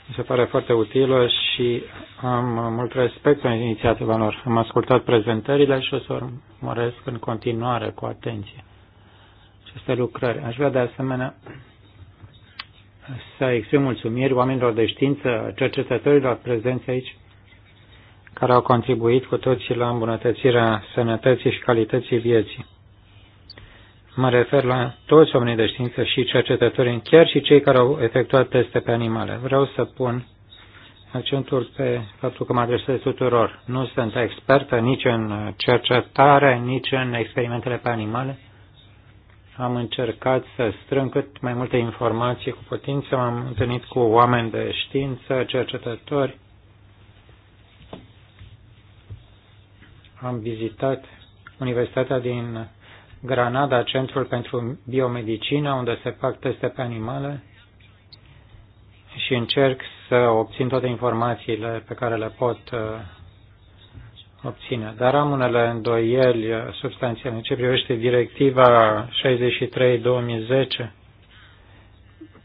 Mi se pare foarte utilă și am mult respect pentru inițiativa lor. Am ascultat prezentările și o să urmăresc în continuare cu atenție aceste lucrări. Aș vrea de asemenea să exprim mulțumiri oamenilor de știință, cercetătorilor prezenți aici, care au contribuit cu toții la îmbunătățirea sănătății și calității vieții. Mă refer la toți oamenii de știință și cercetătorii, chiar și cei care au efectuat teste pe animale. Vreau să pun accentul pe faptul că mă adresez tuturor. Nu sunt expertă nici în cercetare, nici în experimentele pe animale. Am încercat să strâng cât mai multe informații cu putință, m-am întâlnit cu oameni de știință, cercetători, am vizitat Universitatea din Granada, Centrul pentru Biomedicină, unde se fac teste pe animale și încerc să obțin toate informațiile pe care le pot uh, obține. Dar am unele îndoieli substanțiale. În ce privește directiva 63-2010,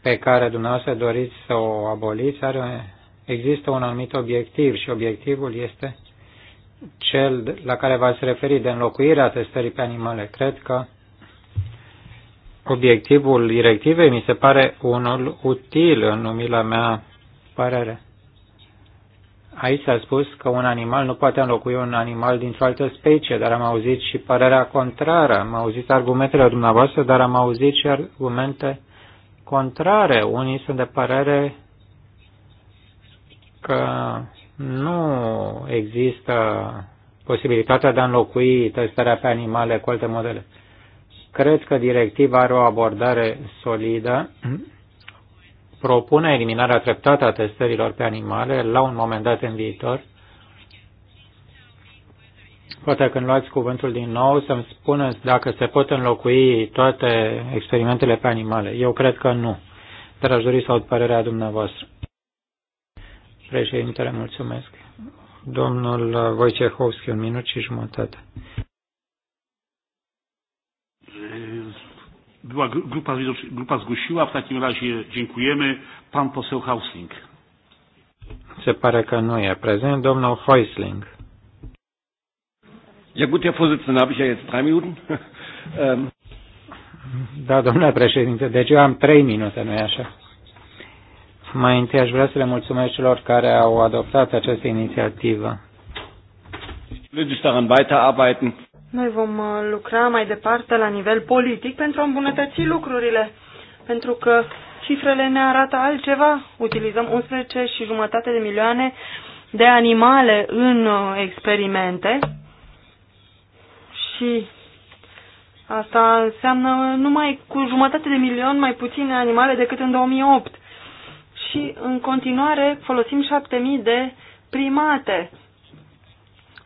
pe care dumneavoastră doriți să o aboliți, are, există un anumit obiectiv și obiectivul este cel la care v-ați referit de înlocuirea testării pe animale. Cred că obiectivul directivei mi se pare unul util în umila mea părere. Aici s-a spus că un animal nu poate înlocui un animal dintr-o altă specie, dar am auzit și părerea contrară. Am auzit argumentele dumneavoastră, dar am auzit și argumente contrare. Unii sunt de părere că nu există posibilitatea de a înlocui testarea pe animale cu alte modele. Cred că directiva are o abordare solidă, propune eliminarea treptată a testărilor pe animale la un moment dat în viitor. Poate când luați cuvântul din nou să-mi spuneți dacă se pot înlocui toate experimentele pe animale. Eu cred că nu, dar aș dori să aud părerea dumneavoastră. Președintele, mulțumesc. Domnul Wojciechowski, un minut și jumătate.
Była grupa, grupa zgłosiła, w takim razie dziękujemy. Pan poseł Hausling.
Se pare că nu e prezent. Domnul Hausling.
Ja gut, Herr Vorsitzender, habe ich ja jetzt drei Minuten.
Ähm. Da, domnule președinte, deci eu am trei minute, nu-i așa? Mai întâi aș vrea să le mulțumesc celor care au adoptat această inițiativă.
Noi vom uh, lucra mai departe la nivel politic pentru a îmbunătăți lucrurile, pentru că cifrele ne arată altceva. Utilizăm 11 și jumătate de milioane de animale în uh, experimente și asta înseamnă numai cu jumătate de milion mai puține animale decât în 2008 și în continuare folosim 7000 de primate.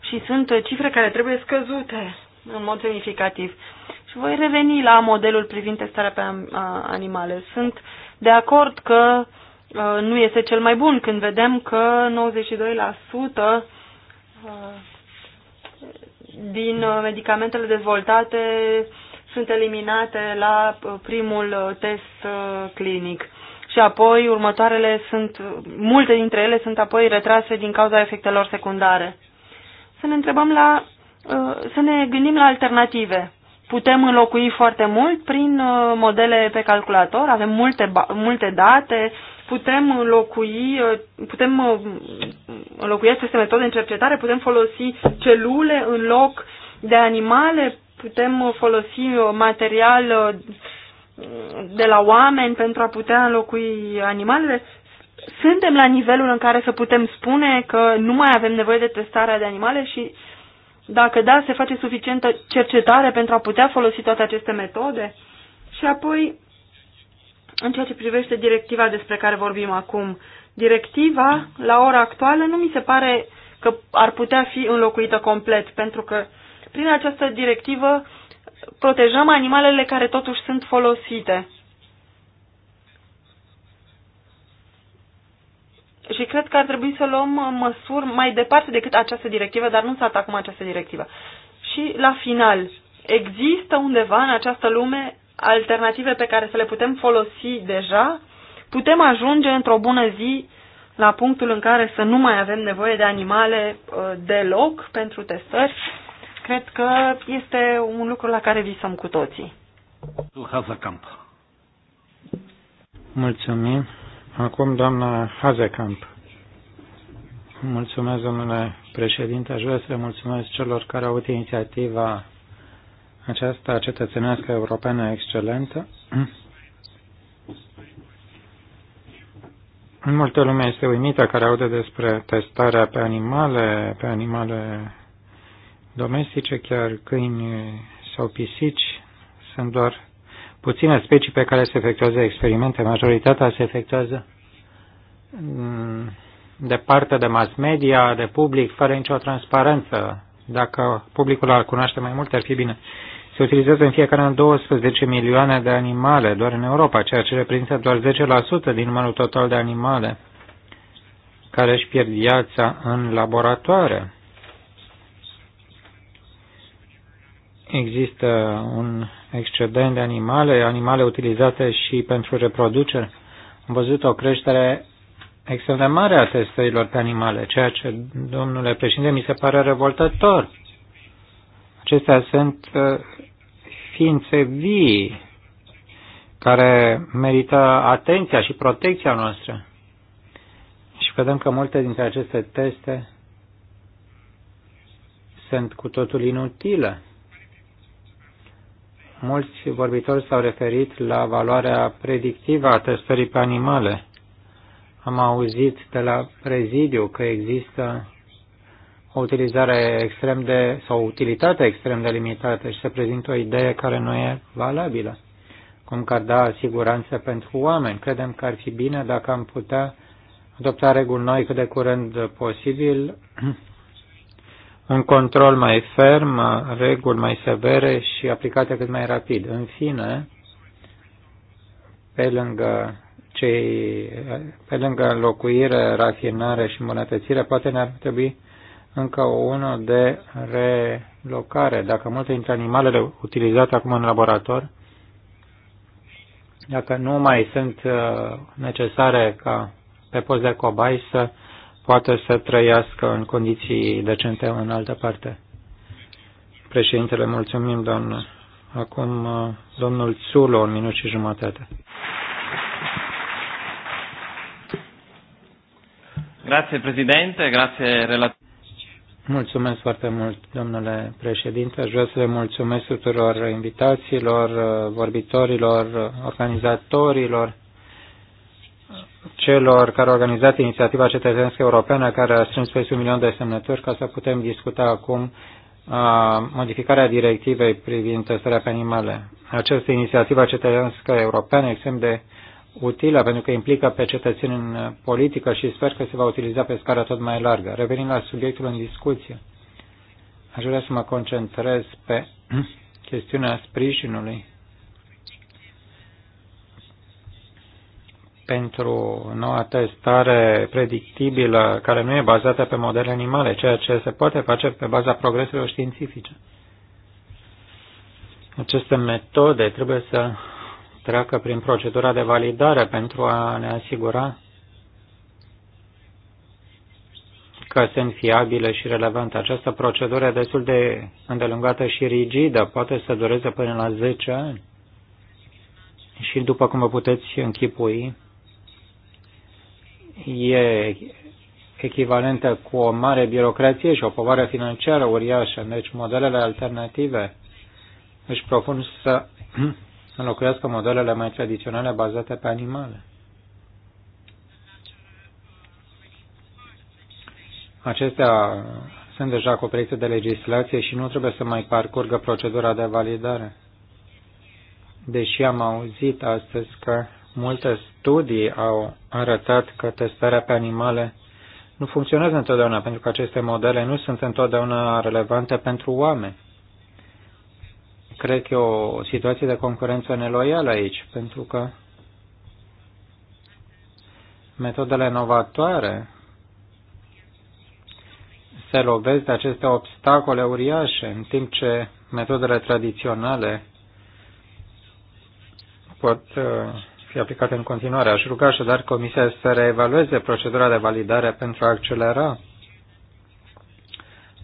Și sunt cifre care trebuie scăzute în mod semnificativ. Și voi reveni la modelul privind testarea pe animale. Sunt de acord că nu este cel mai bun când vedem că 92% din medicamentele dezvoltate sunt eliminate la primul test clinic și apoi următoarele sunt, multe dintre ele sunt apoi retrase din cauza efectelor secundare. Să ne întrebăm la, uh, să ne gândim la alternative. Putem înlocui foarte mult prin uh, modele pe calculator, avem multe, multe date, putem înlocui, uh, putem înlocui aceste metode în cercetare, putem folosi celule în loc de animale, putem folosi material de la oameni pentru a putea înlocui animalele? Suntem la nivelul în care să putem spune că nu mai avem nevoie de testarea de animale și dacă da, se face suficientă cercetare pentru a putea folosi toate aceste metode? Și apoi, în ceea ce privește directiva despre care vorbim acum, directiva, la ora actuală, nu mi se pare că ar putea fi înlocuită complet, pentru că prin această directivă protejăm animalele care totuși sunt folosite. Și cred că ar trebui să luăm măsuri mai departe decât această directivă, dar nu să atacăm această directivă. Și la final, există undeva în această lume alternative pe care să le putem folosi deja? Putem ajunge într-o bună zi la punctul în care să nu mai avem nevoie de animale uh, deloc pentru testări? Cred că este un lucru la care visăm cu toții.
Hazekamp.
Mulțumim. Acum doamna Hazekamp. Mulțumesc, domnule președinte. Aș vrea să mulțumesc celor care au avut inițiativa aceasta cetățenească europeană excelentă. Multă lume este uimită care aude despre testarea pe animale, pe animale domestice, chiar câini sau pisici, sunt doar puține specii pe care se efectuează experimente. Majoritatea se efectuează mm, de parte de mass media, de public, fără nicio transparență. Dacă publicul ar cunoaște mai mult, ar fi bine. Se utilizează în fiecare an 12 milioane de animale, doar în Europa, ceea ce reprezintă doar 10% din numărul total de animale care își pierd viața în laboratoare. există un excedent de animale, animale utilizate și pentru reproducere. Am văzut o creștere extrem de mare a testărilor pe animale, ceea ce, domnule președinte, mi se pare revoltător. Acestea sunt uh, ființe vii care merită atenția și protecția noastră. Și vedem că multe dintre aceste teste sunt cu totul inutile. Mulți vorbitori s-au referit la valoarea predictivă a testării pe animale. Am auzit de la prezidiu că există o utilizare extrem de, sau o utilitate extrem de limitată și se prezintă o idee care nu e valabilă, cum că ar da siguranță pentru oameni. Credem că ar fi bine dacă am putea adopta reguli noi cât de curând posibil un control mai ferm, reguli mai severe și aplicate cât mai rapid. În fine, pe lângă cei, pe lângă locuire, rafinare și îmbunătățire, poate ne-ar trebui încă unul de relocare. Dacă multe dintre animalele utilizate acum în laborator, dacă nu mai sunt uh, necesare ca pe post de cobai să poată să trăiască în condiții decente în altă parte. Președintele, mulțumim, doamnă. Acum, uh, domnul Țulo, un minut și jumătate. Grazie, președinte, grazie, relator. Mulțumesc foarte mult, domnule președinte. Aș vrea să le mulțumesc tuturor invitațiilor, uh, vorbitorilor, organizatorilor celor care au organizat inițiativa cetățenească europeană care a strâns peste un milion de semnături ca să putem discuta acum modificarea directivei privind testarea pe animale. Această inițiativă cetățenească europeană extrem de utilă pentru că implică pe cetățeni în politică și sper că se va utiliza pe scară tot mai largă. Revenind la subiectul în discuție, aș vrea să mă concentrez pe chestiunea sprijinului pentru noua testare predictibilă care nu e bazată pe modele animale, ceea ce se poate face pe baza progreselor științifice. Aceste metode trebuie să treacă prin procedura de validare pentru a ne asigura că sunt fiabile și relevante. Această procedură e destul de îndelungată și rigidă, poate să dureze până la 10 ani. Și după cum vă puteți închipui, e echivalentă cu o mare birocrație și o povară financiară uriașă. Deci modelele alternative își propun să înlocuiască modelele mai tradiționale bazate pe animale. Acestea sunt deja acoperite de legislație și nu trebuie să mai parcurgă procedura de validare. Deși am auzit astăzi că Multe studii au arătat că testarea pe animale nu funcționează întotdeauna pentru că aceste modele nu sunt întotdeauna relevante pentru oameni. Cred că e o situație de concurență neloială aici, pentru că metodele inovatoare se lovesc de aceste obstacole uriașe, în timp ce metodele tradiționale pot uh, fi aplicate în continuare. Aș ruga așadar Comisia să reevalueze procedura de validare pentru a accelera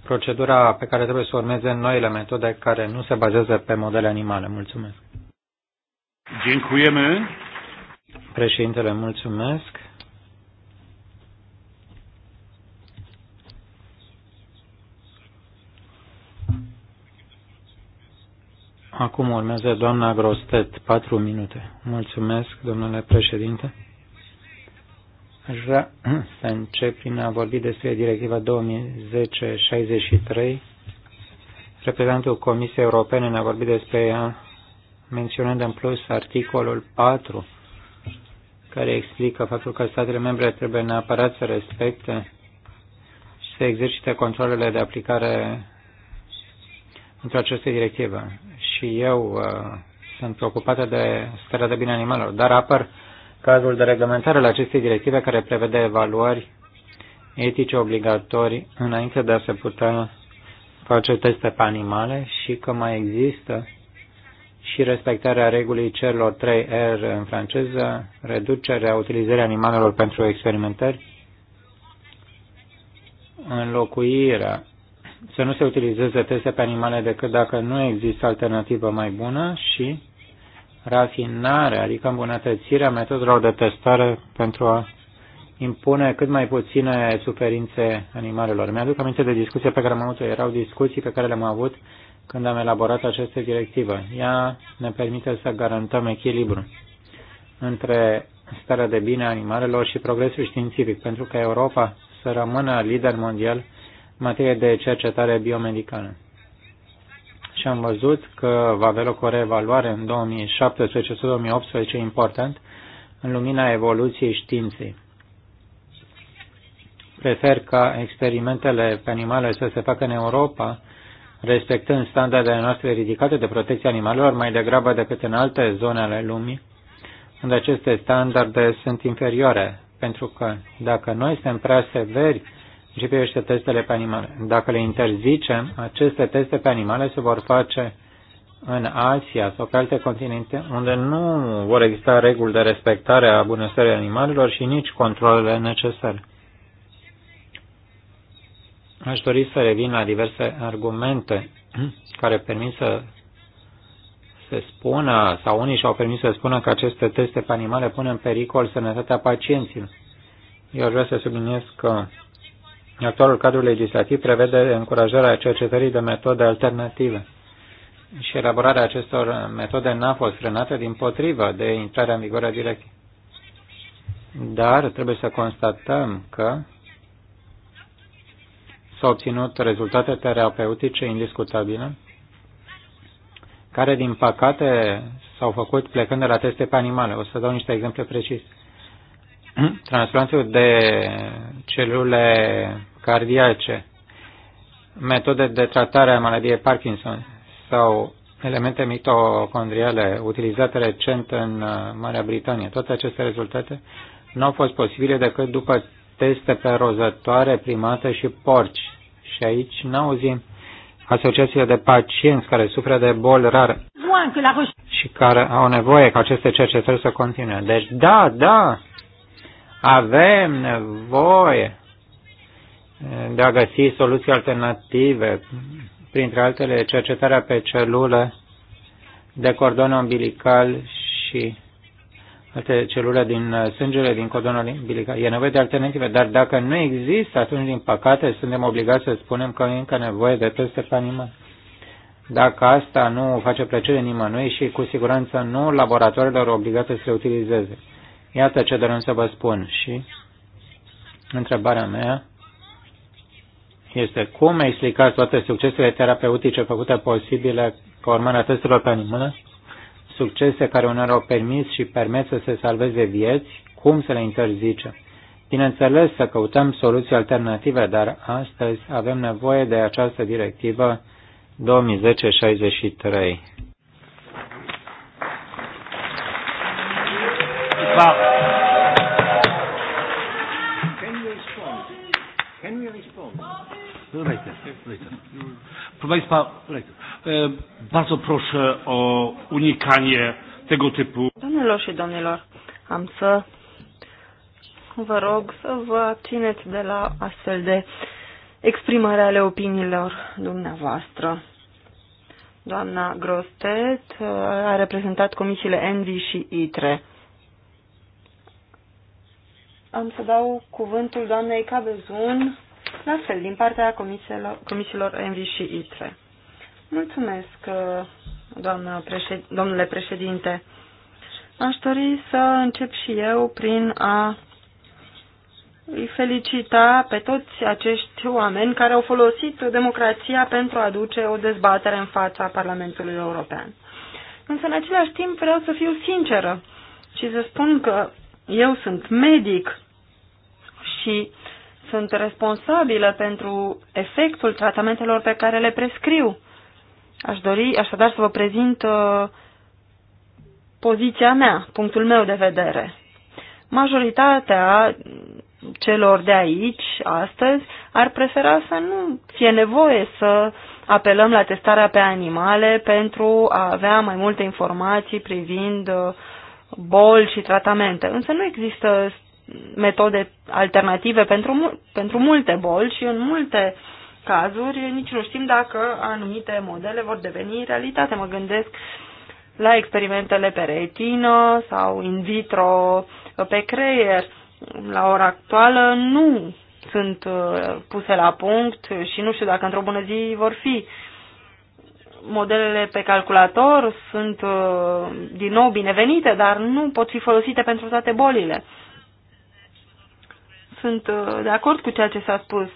procedura pe care trebuie să urmeze noile metode care nu se bazează pe modele animale. Mulțumesc. Dziękujemy. Președintele, mulțumesc. Acum urmează doamna Grostet, patru minute. Mulțumesc, domnule președinte. Aș vrea să încep prin a vorbi despre directiva 2010-63. Reprezentantul Comisiei Europene ne-a vorbit despre ea, menționând în plus articolul 4, care explică faptul că statele membre trebuie neapărat să respecte și să exercite controlele de aplicare într-o această directivă și eu uh, sunt preocupată de starea de bine animalelor, dar apăr cazul de reglementare la acestei directive care prevede evaluări etice obligatorii înainte de a se putea face teste pe animale și că mai există și respectarea regulii celor 3 R în franceză, reducerea utilizării animalelor pentru experimentări, înlocuirea să nu se utilizeze teste pe animale decât dacă nu există alternativă mai bună și rafinare, adică îmbunătățirea metodelor de testare pentru a impune cât mai puține suferințe animalelor. Mi-aduc aminte de discuții pe care am avut-o. Erau discuții pe care le-am avut când am elaborat această directivă. Ea ne permite să garantăm echilibru între starea de bine a animalelor și progresul științific, pentru că Europa să rămână lider mondial materie de cercetare biomedicală. Și am văzut că va avea loc o reevaluare în 2017-2018 important în lumina evoluției științei. Prefer ca experimentele pe animale să se facă în Europa, respectând standardele noastre ridicate de protecție animalelor mai degrabă decât în alte zone ale lumii, unde aceste standarde sunt inferioare, pentru că dacă noi suntem prea severi ce privește testele pe animale. Dacă le interzicem, aceste teste pe animale se vor face în Asia sau pe alte continente unde nu vor exista reguli de respectare a bunăstării animalelor și nici controlele necesare. Aș dori să revin la diverse argumente care permit să se spună, sau unii și-au permis să spună că aceste teste pe animale pun în pericol sănătatea pacienților. Eu aș vrea să subliniez că Actualul cadru legislativ prevede încurajarea cercetării de metode alternative și elaborarea acestor metode n-a fost frânată din potrivă de intrarea în vigoare a directivei. Dar trebuie să constatăm că s-au obținut rezultate terapeutice indiscutabile, care, din păcate, s-au făcut plecând de la teste pe animale. O să dau niște exemple precise. Transplantul de celule cardiace, metode de tratare a maladiei Parkinson sau elemente mitocondriale utilizate recent în uh, Marea Britanie. Toate aceste rezultate nu au fost posibile decât după teste pe rozătoare, primate și porci. Și aici nu auzim asociațiile de pacienți care suferă de boli rare și care au nevoie ca aceste cercetări să continue. Deci, da, da, avem nevoie de a găsi soluții alternative, printre altele cercetarea pe celulă de cordon umbilical și alte celule din sângele, din cordonul umbilical. E nevoie de alternative, dar dacă nu există, atunci, din păcate, suntem obligați să spunem că e încă nevoie de teste pe animale. Dacă asta nu face plăcere nimănui și cu siguranță nu laboratoarelor obligate să le utilizeze. Iată ce doream să vă spun și întrebarea mea este cum explicați toate succesele terapeutice făcute posibile ca urmarea testelor pe animale, succese care uneori au permis și permit să se salveze vieți, cum să le interzice. Bineînțeles să căutăm soluții alternative, dar astăzi avem nevoie de această directivă 2010-63.
Wow. Reiter, Reiter. Proszę Państwa, Reiter. Bardzo proszę o unikanie tego typu...
Doamnelor și domnilor, am să vă rog să vă țineți de la astfel de exprimare ale opiniilor dumneavoastră. Doamna Grostet a reprezentat comisiile Envi și ITRE. Am să dau cuvântul doamnei Cabezun la fel din partea comisiilor, comisiilor ENVI și ITRE. Mulțumesc, uh, doamnă președ, domnule președinte. Aș dori să încep și eu prin a îi felicita pe toți acești oameni care au folosit democrația pentru a aduce o dezbatere în fața Parlamentului European. Însă, în același timp, vreau să fiu sinceră și să spun că eu sunt medic și sunt responsabilă pentru efectul tratamentelor pe care le prescriu. Aș dori așadar să vă prezint uh, poziția mea, punctul meu de vedere. Majoritatea celor de aici, astăzi, ar prefera să nu fie nevoie să apelăm la testarea pe animale pentru a avea mai multe informații privind uh, boli și tratamente. Însă nu există metode alternative pentru, pentru multe boli și în multe cazuri nici nu știm dacă anumite modele vor deveni realitate. Mă gândesc la experimentele pe retină sau in vitro pe creier. La ora actuală nu sunt uh, puse la punct și nu știu dacă într-o bună zi vor fi. Modelele pe calculator sunt uh, din nou binevenite, dar nu pot fi folosite pentru toate bolile sunt uh, de acord cu ceea ce s-a spus.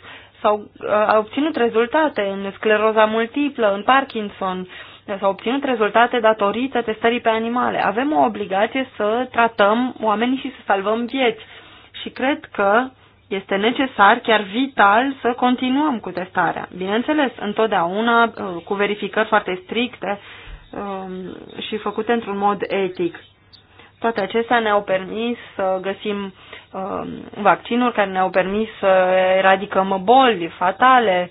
S-au uh, a obținut rezultate în scleroza multiplă, în Parkinson, s-au obținut rezultate datorită testării pe animale. Avem o obligație să tratăm oamenii și să salvăm vieți. Și cred că este necesar, chiar vital, să continuăm cu testarea. Bineînțeles, întotdeauna uh, cu verificări foarte stricte um, și făcute într-un mod etic. Toate acestea ne-au permis să găsim um, vaccinuri care ne-au permis să eradicăm boli fatale.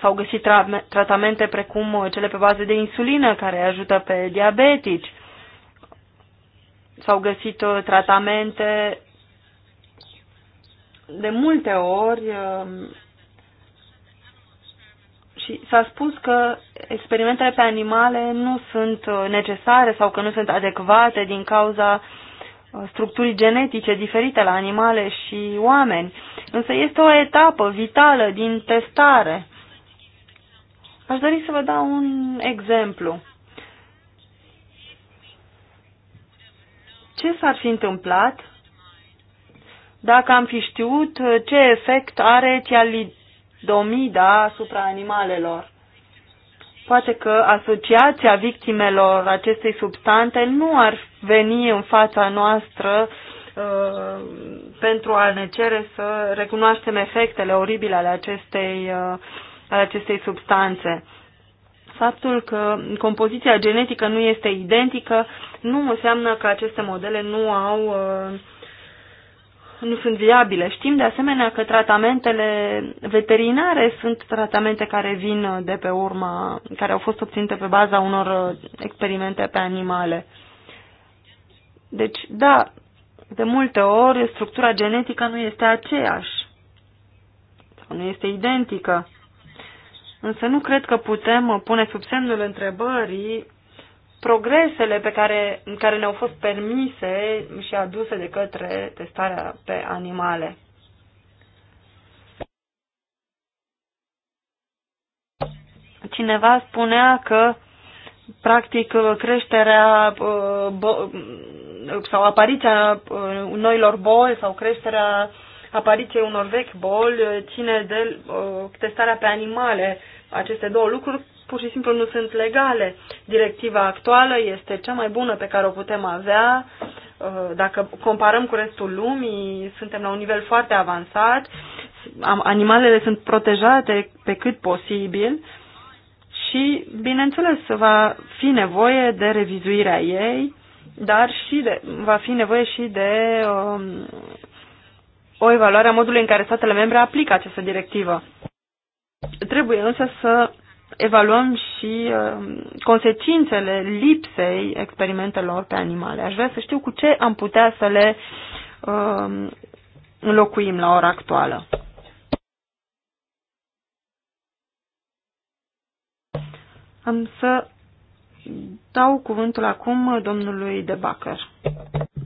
S-au găsit tra- tratamente precum cele pe bază de insulină care ajută pe diabetici. S-au găsit uh, tratamente de multe ori um, și s-a spus că experimentele pe animale nu sunt uh, necesare sau că nu sunt adecvate din cauza uh, structurii genetice diferite la animale și oameni. Însă este o etapă vitală din testare. Aș dori să vă dau un exemplu. Ce s-ar fi întâmplat dacă am fi știut uh, ce efect are domida asupra animalelor. Poate că asociația victimelor acestei substanțe nu ar veni în fața noastră uh, pentru a ne cere să recunoaștem efectele oribile ale acestei, uh, ale acestei substanțe. Faptul că compoziția genetică nu este identică nu înseamnă că aceste modele nu au uh, nu sunt viabile. Știm de asemenea că tratamentele veterinare sunt tratamente care vin de pe urma, care au fost obținute pe baza unor uh, experimente pe animale. Deci, da, de multe ori structura genetică nu este aceeași sau nu este identică. Însă nu cred că putem uh, pune sub semnul întrebării progresele pe care, care ne-au fost permise și aduse de către testarea pe animale. Cineva spunea că practic creșterea uh, sau apariția uh, noilor boli sau creșterea apariției unor vechi boli uh, ține de testarea pe animale. Aceste două lucruri pur și simplu nu sunt legale. Directiva actuală este cea mai bună pe care o putem avea. Uh, dacă comparăm cu restul lumii, suntem la un nivel foarte avansat. Animalele sunt protejate pe cât posibil și, bineînțeles, va fi nevoie de revizuirea ei, dar și de, va fi nevoie și de um, o evaluare a modului în care statele membre aplică această directivă. Trebuie însă să evaluăm și uh, consecințele lipsei experimentelor pe animale. Aș vrea să știu cu ce am putea să le um, înlocuim la ora actuală. Am să dau cuvântul acum domnului De Bacăr.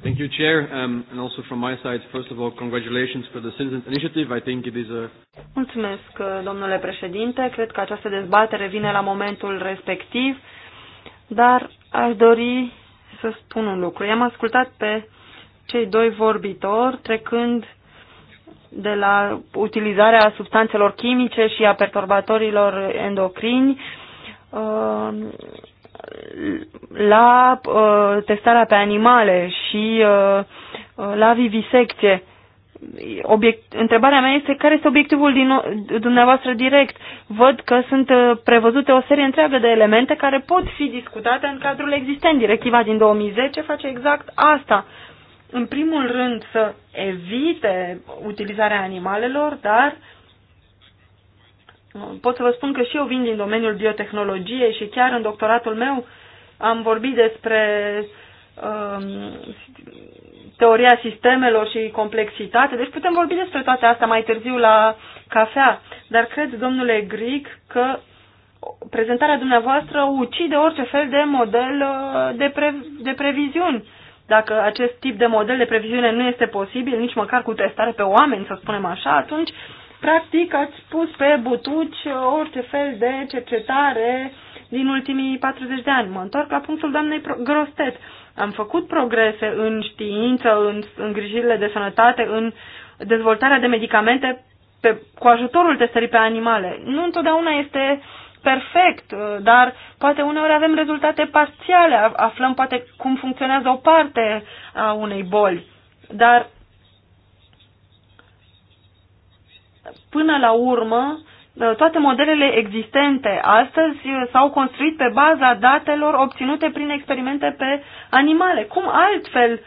Thank you, Chair. Um, and also from my side, first of all, congratulations for the Citizens Initiative. I think it is a...
Mulțumesc, domnule președinte. Cred că această dezbatere vine la momentul respectiv, dar aș dori să spun un lucru. I-am ascultat pe cei doi vorbitori trecând de la utilizarea substanțelor chimice și a perturbatorilor endocrini uh, la uh, testarea pe animale și uh, la vivisecție. Obiect... Întrebarea mea este care este obiectivul din, dumneavoastră direct. Văd că sunt uh, prevăzute o serie întreagă de elemente care pot fi discutate în cadrul existent. Directiva din 2010 face exact asta. În primul rând să evite utilizarea animalelor, dar uh, Pot să vă spun că și eu vin din domeniul biotehnologiei și chiar în doctoratul meu am vorbit despre um, teoria sistemelor și complexitate. Deci putem vorbi despre toate astea mai târziu la cafea. Dar cred, domnule Gric, că prezentarea dumneavoastră ucide orice fel de model uh, de, pre, de previziuni. Dacă acest tip de model de previziune nu este posibil, nici măcar cu testare pe oameni, să spunem așa, atunci Practic, ați pus pe butuci orice fel de cercetare din ultimii 40 de ani. Mă întorc la punctul doamnei Grostet. Am făcut progrese în știință, în îngrijirile de sănătate, în dezvoltarea de medicamente pe, cu ajutorul testării pe animale. Nu întotdeauna este perfect, dar poate uneori avem rezultate parțiale, aflăm poate cum funcționează o parte a unei boli. Dar până la urmă, uh, toate modelele existente astăzi uh, s-au construit pe baza datelor obținute prin experimente pe animale. Cum altfel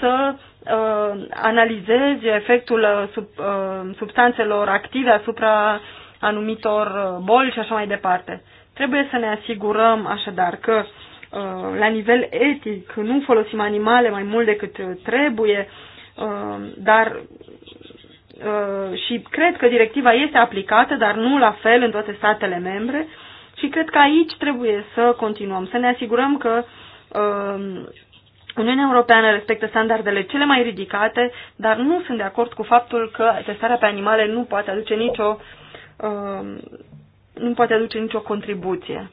să uh, analizezi efectul uh, sub, uh, substanțelor active asupra anumitor boli și așa mai departe? Trebuie să ne asigurăm așadar că uh, la nivel etic nu folosim animale mai mult decât trebuie, uh, dar Uh, și cred că directiva este aplicată, dar nu la fel în toate statele membre și cred că aici trebuie să continuăm, să ne asigurăm că uh, Uniunea Europeană respectă standardele cele mai ridicate, dar nu sunt de acord cu faptul că testarea pe animale nu poate aduce nicio, uh, nu poate aduce nicio contribuție.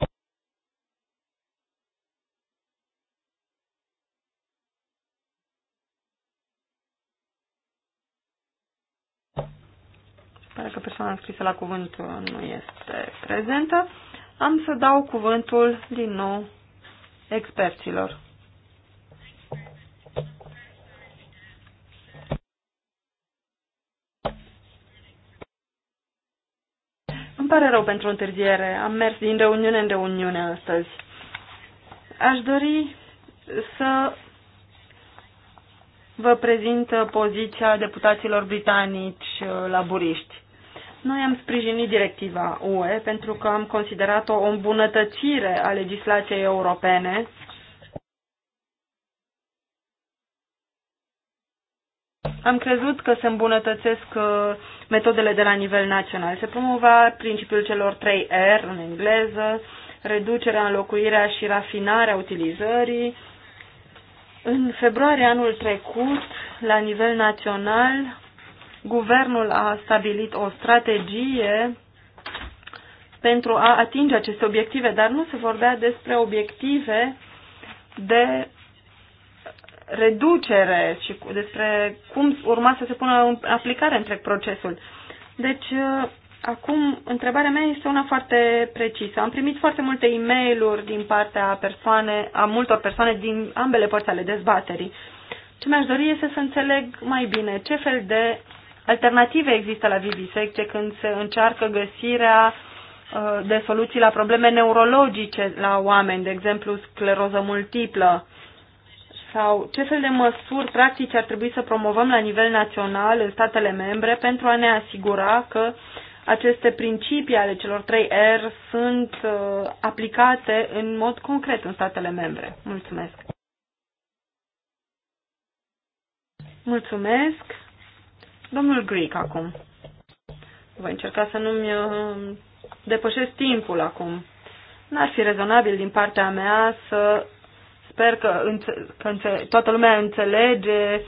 pare că persoana scrisă la cuvânt nu este prezentă, am să dau cuvântul din nou experților. Îmi pare rău pentru întârziere. Am mers din reuniune în reuniune astăzi. Aș dori să vă prezint poziția deputaților britanici uh, laburiști. Noi am sprijinit directiva UE pentru că am considerat-o o îmbunătățire a legislației europene Am crezut că se îmbunătățesc uh, metodele de la nivel național. Se promova principiul celor 3 R în engleză, reducerea, înlocuirea și rafinarea utilizării. În februarie anul trecut, la nivel național, Guvernul a stabilit o strategie pentru a atinge aceste obiective, dar nu se vorbea despre obiective de reducere și despre cum urma să se pună în aplicare întreg procesul. Deci, uh, acum, întrebarea mea este una foarte precisă. Am primit foarte multe e mail din partea persoane, a multor persoane din ambele părți ale dezbaterii. Ce mi-aș dori este să înțeleg mai bine ce fel de alternative există la vivisecție când se încearcă găsirea uh, de soluții la probleme neurologice la oameni, de exemplu scleroză multiplă, sau ce fel de măsuri practice ar trebui să promovăm la nivel național în statele membre pentru a ne asigura că aceste principii ale celor trei R sunt uh, aplicate în mod concret în statele membre. Mulțumesc! Mulțumesc! Domnul Greek acum. Voi încerca să nu-mi uh, depășesc timpul acum. N-ar fi rezonabil din partea mea să sper că, înțe- că înțe- toată lumea înțelege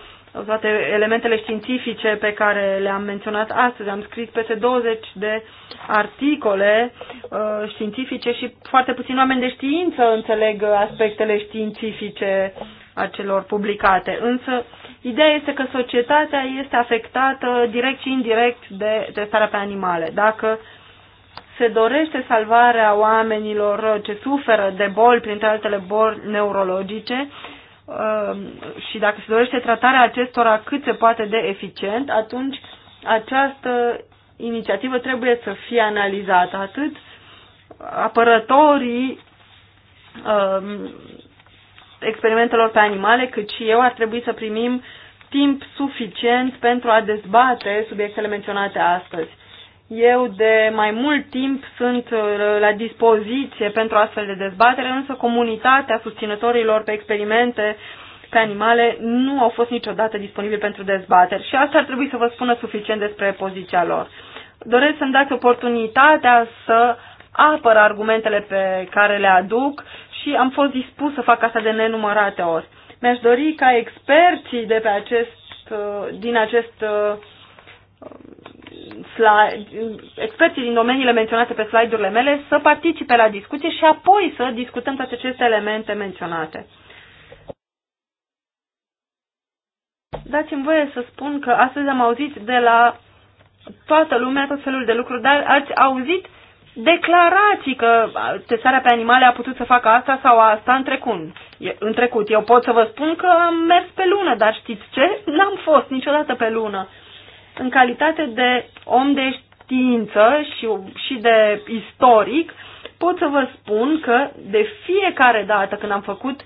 toate elementele științifice pe care le-am menționat astăzi. Am scris peste 20 de articole uh, științifice și foarte puțini oameni de știință înțeleg aspectele științifice acelor publicate. Însă Ideea este că societatea este afectată direct și indirect de testarea pe animale. Dacă se dorește salvarea oamenilor ce suferă de boli, printre altele boli neurologice, um, și dacă se dorește tratarea acestora cât se poate de eficient, atunci această inițiativă trebuie să fie analizată. Atât apărătorii um, experimentelor pe animale, cât și eu, ar trebui să primim timp suficient pentru a dezbate subiectele menționate astăzi. Eu de mai mult timp sunt uh, la dispoziție pentru astfel de dezbatere, însă comunitatea susținătorilor pe experimente pe animale nu au fost niciodată disponibili pentru dezbateri și asta ar trebui să vă spună suficient despre poziția lor. Doresc să-mi dați oportunitatea să apăr argumentele pe care le aduc și am fost dispus să fac asta de nenumărate ori. Mi-aș dori ca experții de pe acest, uh, din acest uh, slide, experții din domeniile menționate pe slide-urile mele să participe la discuție și apoi să discutăm toate aceste elemente menționate. Dați-mi voie să spun că astăzi am auzit de la toată lumea tot felul de lucruri, dar ați auzit declarații că testarea pe animale a putut să facă asta sau asta în trecut. În trecut. Eu pot să vă spun că am mers pe lună, dar știți ce? N-am fost niciodată pe lună. În calitate de om de știință și, și de istoric, pot să vă spun că de fiecare dată când am făcut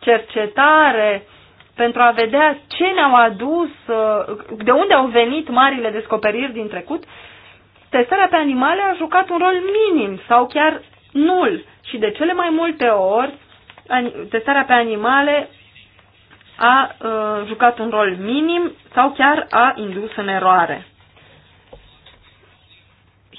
cercetare pentru a vedea ce ne-au adus, uh, de unde au venit marile descoperiri din trecut, testarea pe animale a jucat un rol minim sau chiar nul și de cele mai multe ori testarea pe animale a uh, jucat un rol minim sau chiar a indus în eroare.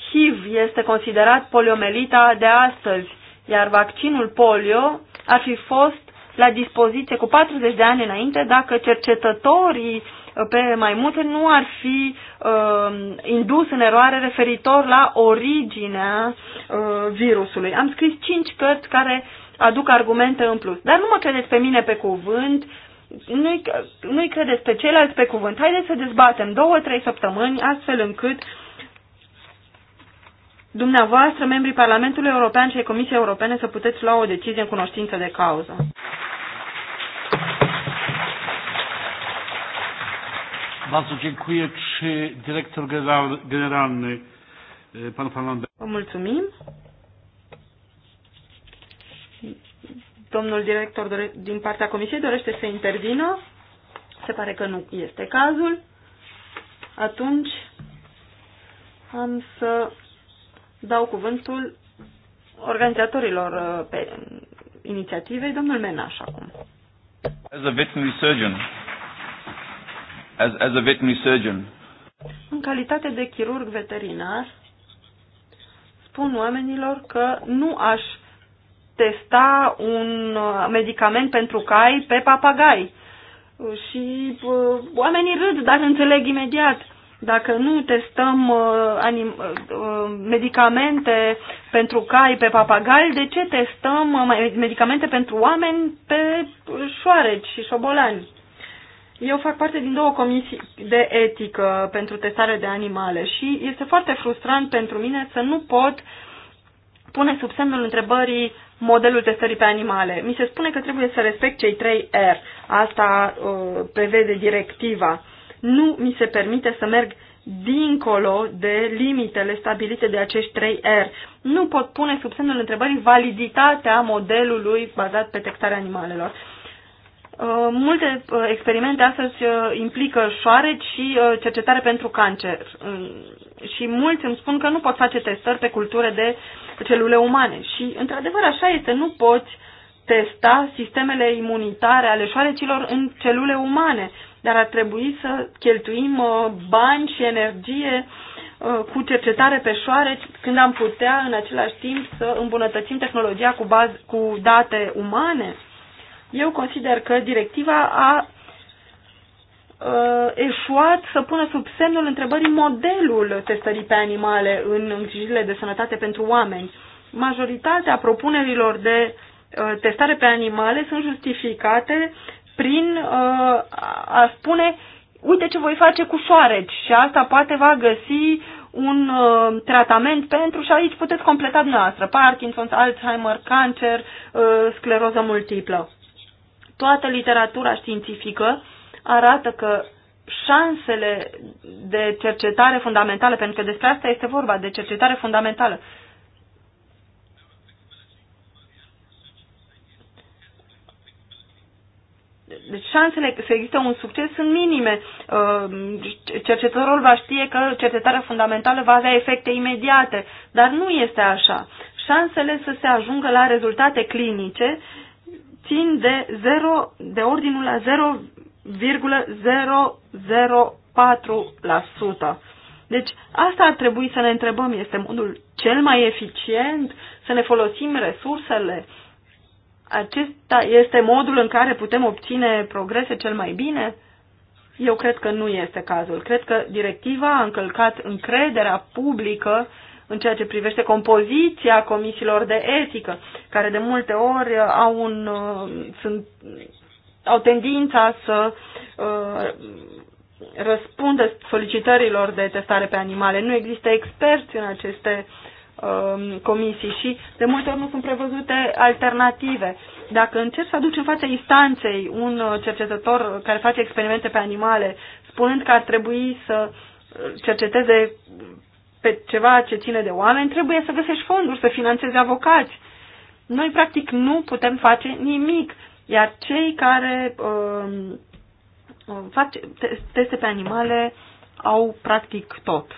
HIV este considerat poliomelita de astăzi, iar vaccinul polio ar fi fost la dispoziție cu 40 de ani înainte dacă cercetătorii pe maimuțe nu ar fi uh, indus în eroare referitor la originea uh, virusului. Am scris cinci cărți care aduc argumente în plus. Dar nu mă credeți pe mine pe cuvânt, nu-i, nu-i credeți pe ceilalți pe cuvânt. Haideți să dezbatem două, trei săptămâni, astfel încât dumneavoastră, membrii Parlamentului European și Comisiei Europene, să puteți lua o decizie în cunoștință de cauză.
Bardzo dziękuję. Czy dyrektor generalny, pan Fernandez? Vă mulțumim.
Domnul director din partea comisiei dorește să intervină? Se pare că nu este cazul. Atunci am să dau cuvântul organizatorilor pe inițiativei, domnul Menaș
acum. As a veterinary surgeon, as, as a veterinary surgeon.
În calitate de chirurg veterinar, spun oamenilor că nu aș testa un uh, medicament pentru cai pe papagai. Și uh, oamenii râd, dar înțeleg imediat. Dacă nu testăm uh, anim, uh, uh medicamente pentru cai pe papagai, de ce testăm uh, medicamente pentru oameni pe șoareci și șobolani? Eu fac parte din două comisii de etică pentru testare de animale și este foarte frustrant pentru mine să nu pot pune sub semnul întrebării modelul testării pe animale. Mi se spune că trebuie să respect cei trei R. Asta uh, prevede directiva. Nu mi se permite să merg dincolo de limitele stabilite de acești trei R. Nu pot pune sub semnul întrebării validitatea modelului bazat pe testarea animalelor Uh, multe uh, experimente astăzi uh, implică șoareci și cercetare pentru cancer. Mm, și mulți îmi spun că nu pot face testări pe culture de celule umane. Și, într-adevăr, așa este. Nu poți testa sistemele imunitare ale șoarecilor în celule umane, dar ar trebui să cheltuim bani și energie cu cercetare pe șoareci când am putea în același timp să îmbunătățim tehnologia cu, baz, cu date umane eu consider că directiva a uh, eșuat să pună sub semnul întrebării modelul testării pe animale în îngrijirile de sănătate pentru oameni. Majoritatea propunerilor de uh, testare pe animale sunt justificate prin uh, a spune uite ce voi face cu șoareci și asta poate va găsi un uh, tratament pentru și aici puteți completa dumneavoastră Parkinson, Alzheimer, cancer, uh, scleroză multiplă toată literatura științifică arată că șansele de cercetare fundamentală, pentru că despre asta este vorba, de cercetare fundamentală. Deci șansele să există un succes sunt minime. Uh, cercetătorul va știe că cercetarea fundamentală va avea efecte imediate, dar nu este așa. Șansele să se ajungă la rezultate clinice uh, țin de, 0, de ordinul la 0,004%. Deci asta ar trebui să ne întrebăm, este modul cel mai eficient să ne folosim resursele? Acesta este modul în care putem obține progrese cel mai bine? Eu cred că nu este cazul. Cred că directiva a încălcat încrederea publică în ceea ce privește compoziția comisiilor de etică, care de multe ori au, un, uh, sunt, au tendința să uh, răspundă solicitărilor de testare pe animale. Nu există experți în aceste um, comisii și de multe ori nu sunt prevăzute alternative. Dacă încerci să aduci în fața instanței un uh, cercetător care face experimente pe animale, spunând că ar trebui să cerceteze pe ceva ce ține de oameni, trebuie să găsești fonduri, să financezi avocați. Noi, practic, nu putem face nimic. Iar cei care uh, fac teste pe animale au, practic, tot.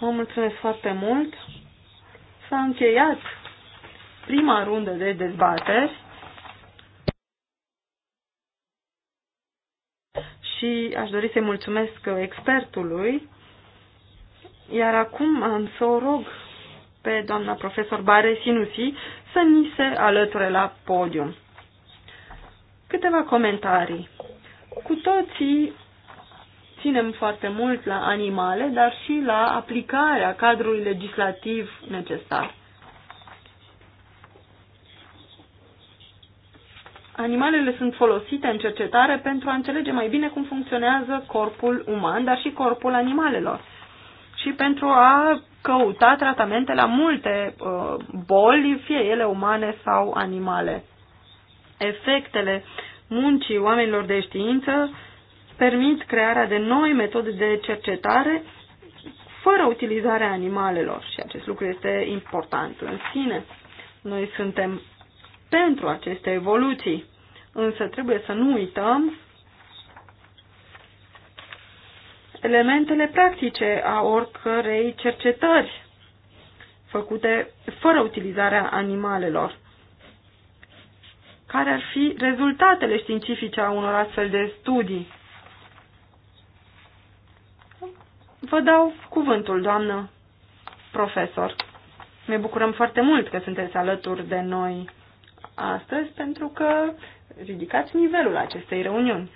Mă mulțumesc foarte mult. S-a încheiat prima rundă de dezbateri. și aș dori să-i mulțumesc expertului. Iar acum am să o rog pe doamna profesor Bare Sinusi să ni se alăture la podium. Câteva comentarii. Cu toții ținem foarte mult la animale, dar și la aplicarea cadrului legislativ necesar. Animalele sunt folosite în cercetare pentru a înțelege mai bine cum funcționează corpul uman, dar și corpul animalelor și pentru a căuta tratamente la multe uh, boli, fie ele umane sau animale. Efectele muncii oamenilor de știință permit crearea de noi metode de cercetare fără utilizarea animalelor și acest lucru este important în sine. Noi suntem pentru aceste evoluții. Însă trebuie să nu uităm elementele practice a oricărei cercetări făcute fără utilizarea animalelor. Care ar fi rezultatele științifice a unor astfel de studii? Vă dau cuvântul, doamnă profesor. Ne bucurăm foarte mult că sunteți alături de noi astăzi pentru că ridicați nivelul acestei reuniuni.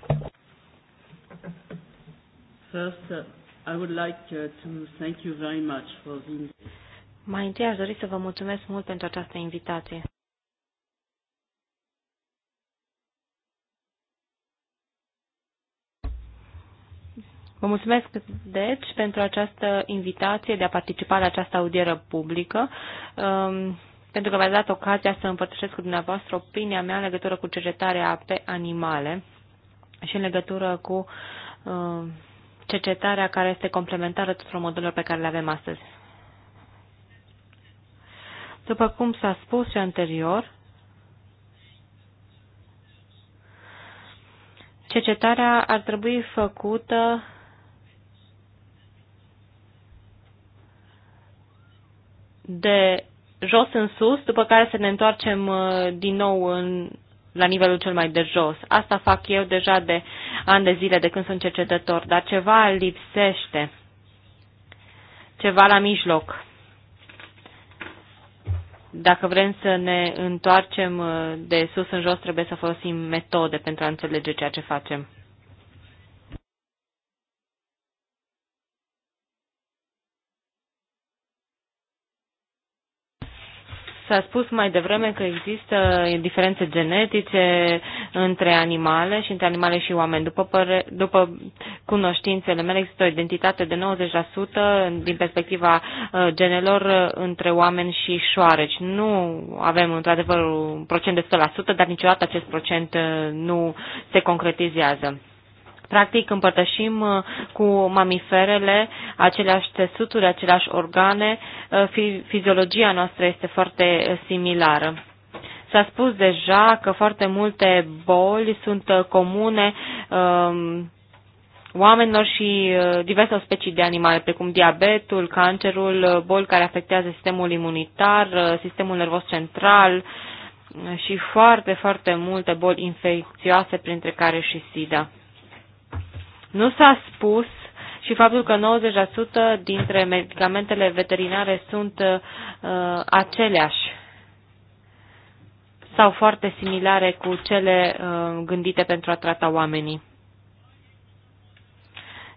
First, uh, I would like uh, to thank you very much for the...
Mai întâi aș dori să vă mulțumesc mult pentru această invitație.
Vă mulțumesc, deci, pentru această
invitație de a participa la această audieră publică. Um, pentru că v-ați dat ocazia să împărtășesc cu dumneavoastră opinia mea în legătură cu cercetarea pe animale și în legătură cu uh, cercetarea care este complementară tuturor modelor pe care le avem astăzi. După cum s-a spus și anterior, cercetarea ar trebui făcută de jos în sus, după care să ne întoarcem uh, din nou în, la nivelul cel mai de jos. Asta fac eu deja de ani de zile de când sunt cercetător, dar ceva lipsește, ceva la mijloc. Dacă vrem să ne întoarcem uh, de sus în jos, trebuie să folosim metode pentru a înțelege ceea ce facem. S-a spus mai devreme că există diferențe genetice între animale și între animale și oameni. După, păre, după cunoștințele mele, există o identitate de 90% din perspectiva uh, genelor uh, între oameni și șoareci. Nu avem într-adevăr un procent de 100%, dar niciodată acest procent uh, nu se concretizează. Practic împărtășim uh, cu mamiferele aceleași tesuturi, aceleași organe, uh, fiziologia noastră este foarte uh, similară. S-a spus deja că foarte multe boli sunt comune um, oamenilor și diverse specii de animale, precum diabetul, cancerul, boli care afectează sistemul imunitar, sistemul nervos central și foarte, foarte multe boli infecțioase, printre care și SIDA. Nu s-a spus și faptul că 90% dintre medicamentele veterinare sunt uh, aceleași sau foarte similare cu cele uh, gândite pentru a trata oamenii.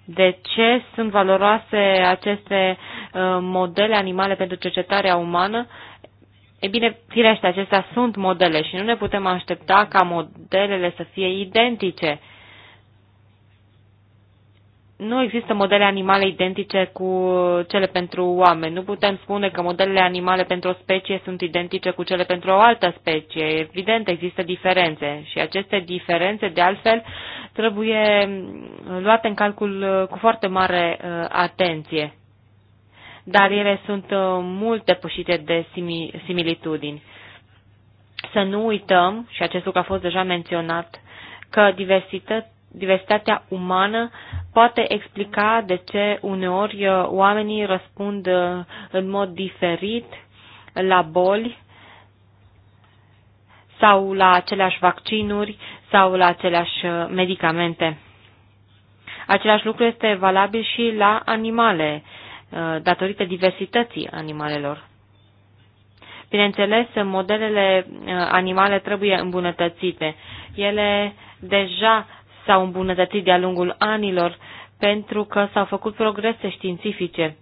De ce sunt valoroase aceste uh, modele animale pentru cercetarea umană? E bine, firește, acestea sunt modele și nu ne putem aștepta ca modelele să fie identice. Uh, nu există modele animale identice cu cele pentru oameni. Nu putem spune că modelele animale pentru o specie sunt identice cu cele pentru o altă specie. Evident, există diferențe și aceste diferențe, de altfel, trebuie luate în calcul cu foarte mare uh, atenție. Dar ele sunt uh, mult depășite de similitudini. Să nu uităm, și acest lucru a fost deja menționat, că diversitate diversitatea umană poate explica de ce uneori uh, oamenii răspund uh, în mod diferit la boli sau la aceleași vaccinuri sau la aceleași uh, medicamente. Același lucru este valabil și la animale, datorită diversității animalelor. Bineînțeles, modelele animale trebuie îmbunătățite. Ele deja s-au îmbunătățit de-a lungul anilor pentru că s-au făcut progrese științifice.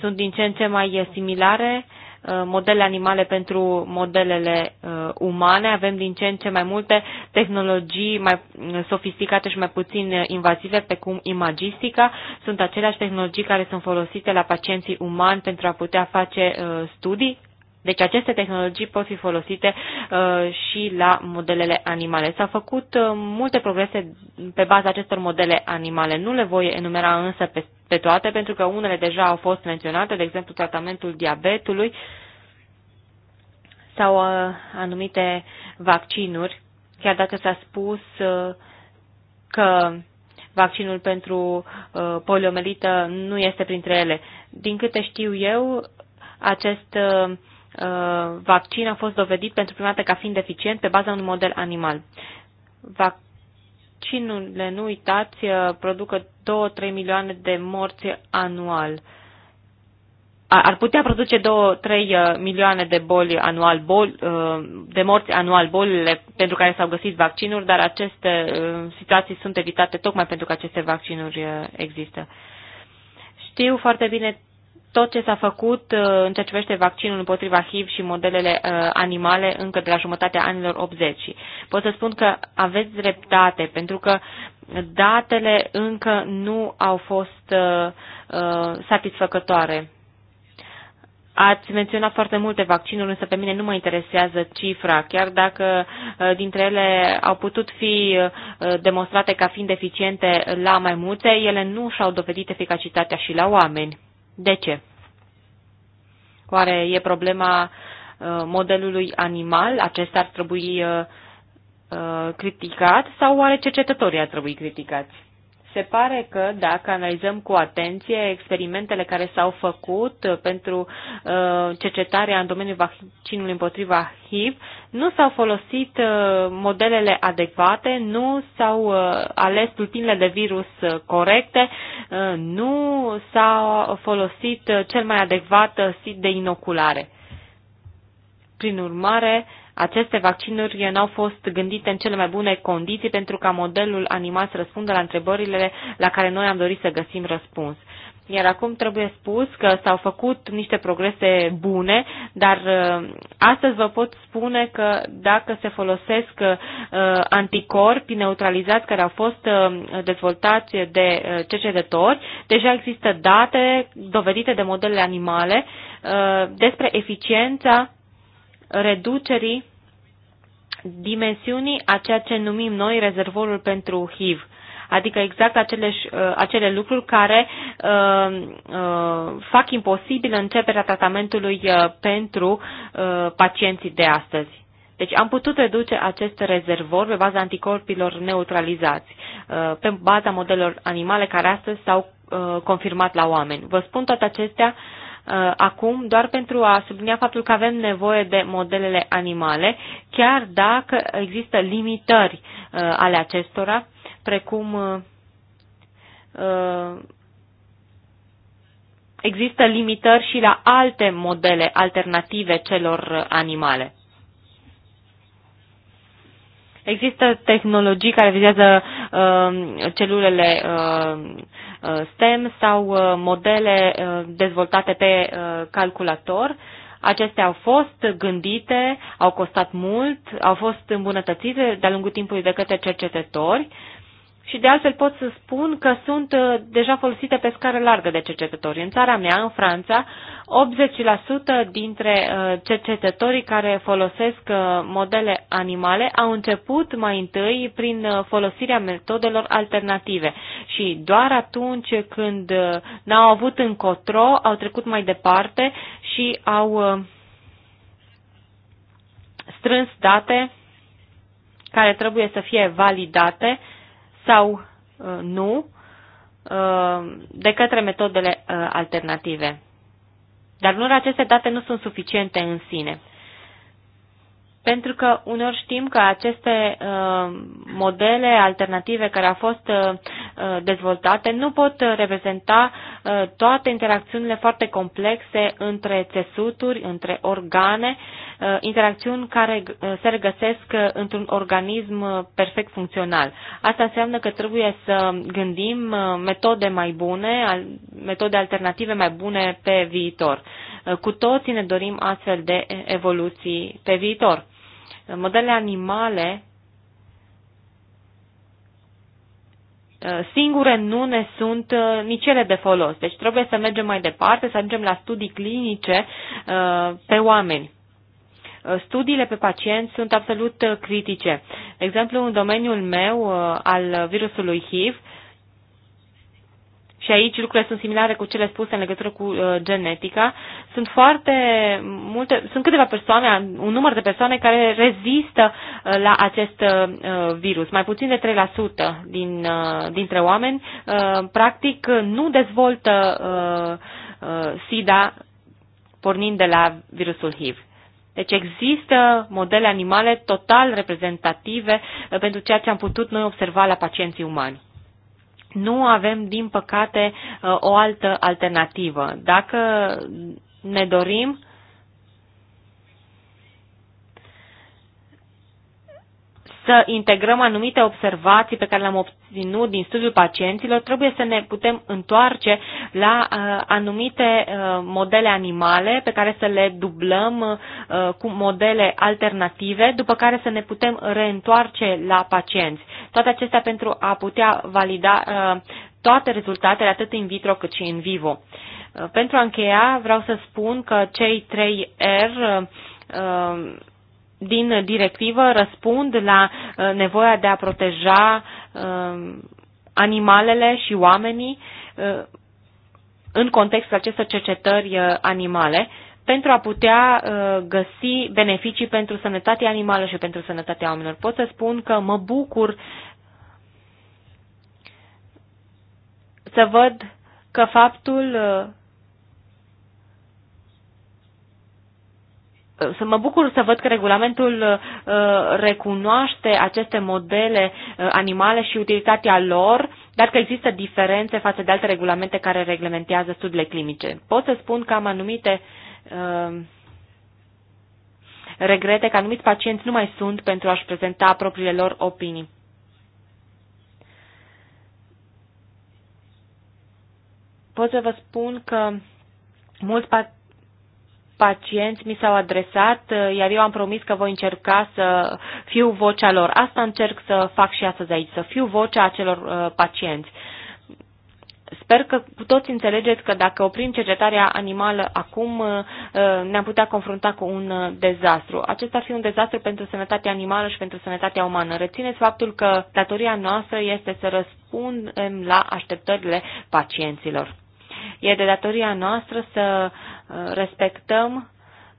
Sunt din ce în ce mai similare uh, modele animale pentru modelele uh, umane, avem din ce în ce mai multe tehnologii mai uh, sofisticate și mai puțin invazive, pe cum imagistica, sunt aceleași tehnologii care sunt folosite la pacienții umani pentru a putea face studii deci aceste tehnologii pot fi folosite uh, și la modelele animale. S-au făcut uh, multe progrese pe baza acestor modele animale. Nu le voi enumera însă pe, pe toate, pentru că unele deja au fost menționate, de exemplu tratamentul diabetului sau uh, anumite vaccinuri, chiar dacă s-a spus uh, că vaccinul pentru uh, poliomelită nu este printre ele. Din câte știu eu, acest uh, Uh, vaccin a fost dovedit pentru prima dată ca fiind eficient pe baza unui model animal. Vaccinurile, nu uitați, uh, producă 2-3 milioane de morți anual. Ar putea produce 2-3 uh, milioane de boli anual, bol, de morți anual, bolile pentru care s-au găsit vaccinuri, dar aceste situații sunt evitate tocmai pentru că aceste vaccinuri există. Știu foarte bine tot ce s-a făcut uh, în ceea ce privește vaccinul împotriva HIV și modelele uh, animale încă de la jumătatea anilor 80. Pot să spun că aveți dreptate, pentru că datele încă nu au fost uh, satisfăcătoare. Ați menționat foarte multe vaccinuri, însă pe mine nu mă interesează cifra, chiar dacă dintre ele au putut fi demonstrate ca fiind eficiente la maimuțe, ele nu și-au dovedit eficacitatea și la oameni. De ce? Oare e problema uh, modelului animal? Acesta ar trebui uh, uh, criticat sau oare cercetătorii ar trebui criticați? Se pare că dacă analizăm cu atenție experimentele care s-au făcut uh, pentru uh, cercetarea în domeniul vaccinului împotriva HIV, nu s-au folosit uh, modelele adecvate, nu s-au ales tulpinile de virus corecte, nu s au folosit cel mai adecvat sit de inoculare. Prin urmare, uh, aceste vaccinuri n-au fost gândite în cele mai bune condiții pentru ca modelul animal să răspundă la întrebările la care noi am dorit să găsim răspuns. Iar acum trebuie spus că s-au făcut niște progrese bune, dar uh, astăzi vă pot spune că dacă se folosesc uh, anticorpi neutralizați care au fost uh, dezvoltați de cercetători, deja există date dovedite de modele animale despre eficiența reducerii dimensiunii a ceea ce numim noi rezervorul pentru HIV, adică exact acele, ă, acele lucruri care uh, uh, fac imposibilă începerea tratamentului uh, pentru uh, pacienții de astăzi. Deci am putut reduce acest rezervor pe baza anticorpilor neutralizați, uh, pe baza modelor animale care astăzi s-au uh, confirmat la oameni. Vă spun toate acestea uh, Uh, acum doar pentru a sublinia faptul că avem nevoie de modelele animale, chiar dacă există limitări uh, ale acestora, precum uh, există limitări și la alte modele alternative celor animale. Există tehnologii care vizează uh, celulele uh, uh, STEM sau uh, modele uh, dezvoltate pe uh, calculator. Acestea au fost gândite, au costat mult, au fost îmbunătățite de-a lungul timpului de către cercetători. Uh, și de altfel pot să spun că sunt uh, deja folosite pe scară largă de cercetători. În țara mea, în Franța, 80% dintre uh, cercetătorii care folosesc uh, modele animale au început mai întâi prin folosirea metodelor alternative și doar atunci când n-au avut încotro, au trecut mai departe și au strâns date care trebuie să fie validate sau uh, nu uh, de către metodele uh, alternative. Dar nu aceste date nu sunt suficiente în sine. Pentru că unor știm că aceste uh, modele alternative care au fost uh, uh dezvoltate nu pot uh, reprezenta uh, toate interacțiunile foarte complexe între țesuturi, între organe, uh, interacțiuni care uh, se regăsesc într-un organism perfect funcțional. Asta înseamnă că trebuie să gândim metode mai bune, metode alternative mai bune pe viitor. Cu toții ne dorim astfel de evoluții pe viitor modele animale ă, singure nu ne sunt ă, nici ele de folos. Deci trebuie să mergem mai departe, să ajungem la studii clinice ă, pe oameni. Studiile pe pacienți sunt absolut critice. De exemplu, în domeniul meu al virusului HIV, și aici lucrurile sunt similare cu cele spuse în legătură cu uh, genetica, sunt foarte multe, sunt câteva persoane, un număr de persoane care rezistă uh, la acest uh, uh virus. Mai puțin de 3% din, uh, dintre oameni, uh, practic, nu dezvoltă uh, uh, SIDA pornind de la virusul HIV. Deci există modele animale total reprezentative uh, pentru ceea ce am putut noi observa la pacienții umani nu avem, din păcate, uh, o altă alternativă. Dacă ne dorim să integrăm anumite observații pe care le-am obținut din studiul pacienților, trebuie să ne putem întoarce la uh, anumite uh, modele animale pe care să le dublăm uh, cu modele alternative, după care să ne putem reîntoarce la pacienți. Toate acestea pentru a putea valida toate rezultatele, atât in vitro cât și in vivo. Pentru a încheia, vreau să spun că cei 3 R din directivă răspund la uh, nevoia de a proteja um, animalele și oamenii uh, în contextul acestor cercetări uh, animale pentru a putea găsi beneficii pentru sănătatea animală și pentru sănătatea oamenilor. Pot să spun că mă bucur să văd că faptul să mă bucur să văd că regulamentul uh, recunoaște aceste modele uh, animale și utilitatea lor, dar că există diferențe față de alte regulamente care reglementează studiile clinice. Pot să spun că am anumite uh, regrete că anumiți pacienți nu mai sunt pentru a-și prezenta propriile lor opinii. Pot să vă spun că mulți pacienți pacienți mi s-au adresat, uh, iar eu am promis că voi încerca să fiu vocea lor. Asta încerc să fac și astăzi aici, să fiu vocea acelor uh, pacienți. Sper că cu toți înțelegeți că dacă oprim cercetarea animală acum, uh, ne-am putea confrunta cu un dezastru. Acesta ar fi un dezastru pentru sănătatea animală și pentru sănătatea umană. Rețineți faptul că datoria noastră este să răspundem la așteptările pacienților. E de datoria noastră să uh, respectăm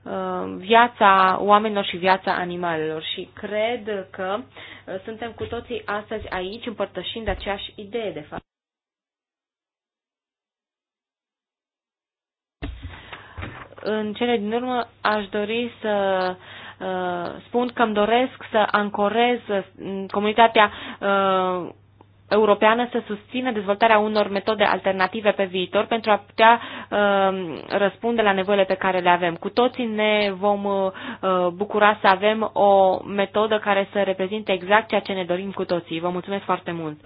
uh, viața oamenilor și viața animalelor și cred că uh, suntem cu toții astăzi aici împărtășind aceeași idee de fapt. În cele din urmă aș dori să spun că îmi doresc să ancorez comunitatea europeană să susțină dezvoltarea unor metode alternative pe viitor pentru a putea uh, răspunde la nevoile pe care le avem. Cu toții ne vom uh, bucura să avem o metodă care să reprezinte exact ceea ce ne dorim cu toții. Vă mulțumesc foarte mult!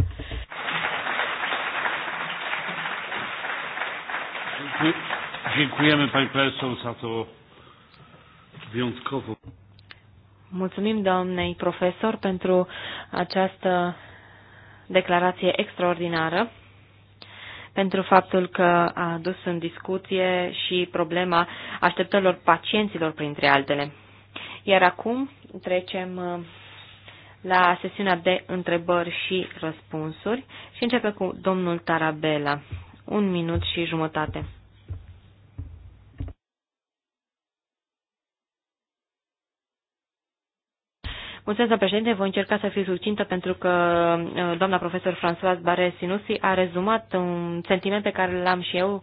Mulțumim doamnei profesor pentru această declarație extraordinară pentru faptul că a dus în discuție și problema așteptărilor pacienților, printre altele. Iar acum trecem uh, la sesiunea de întrebări și răspunsuri și începe cu domnul Tarabela. Un minut și jumătate. Mulțumesc, președinte. Voi încerca să fiu succintă pentru că uh, doamna profesor François Baresinusi Sinusi a rezumat un sentiment pe care l-am și eu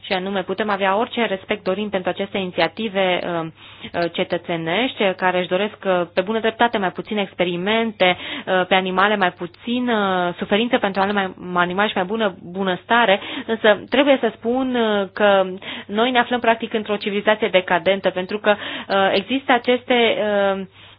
și anume putem avea orice respect dorim pentru aceste inițiative uh, uh, cetățenești care își doresc pe bună dreptate mai puține experimente pe animale, mai puțin suferință pentru animale și mai bună bunăstare, însă trebuie să spun că noi ne aflăm practic într-o civilizație decadentă pentru că există aceste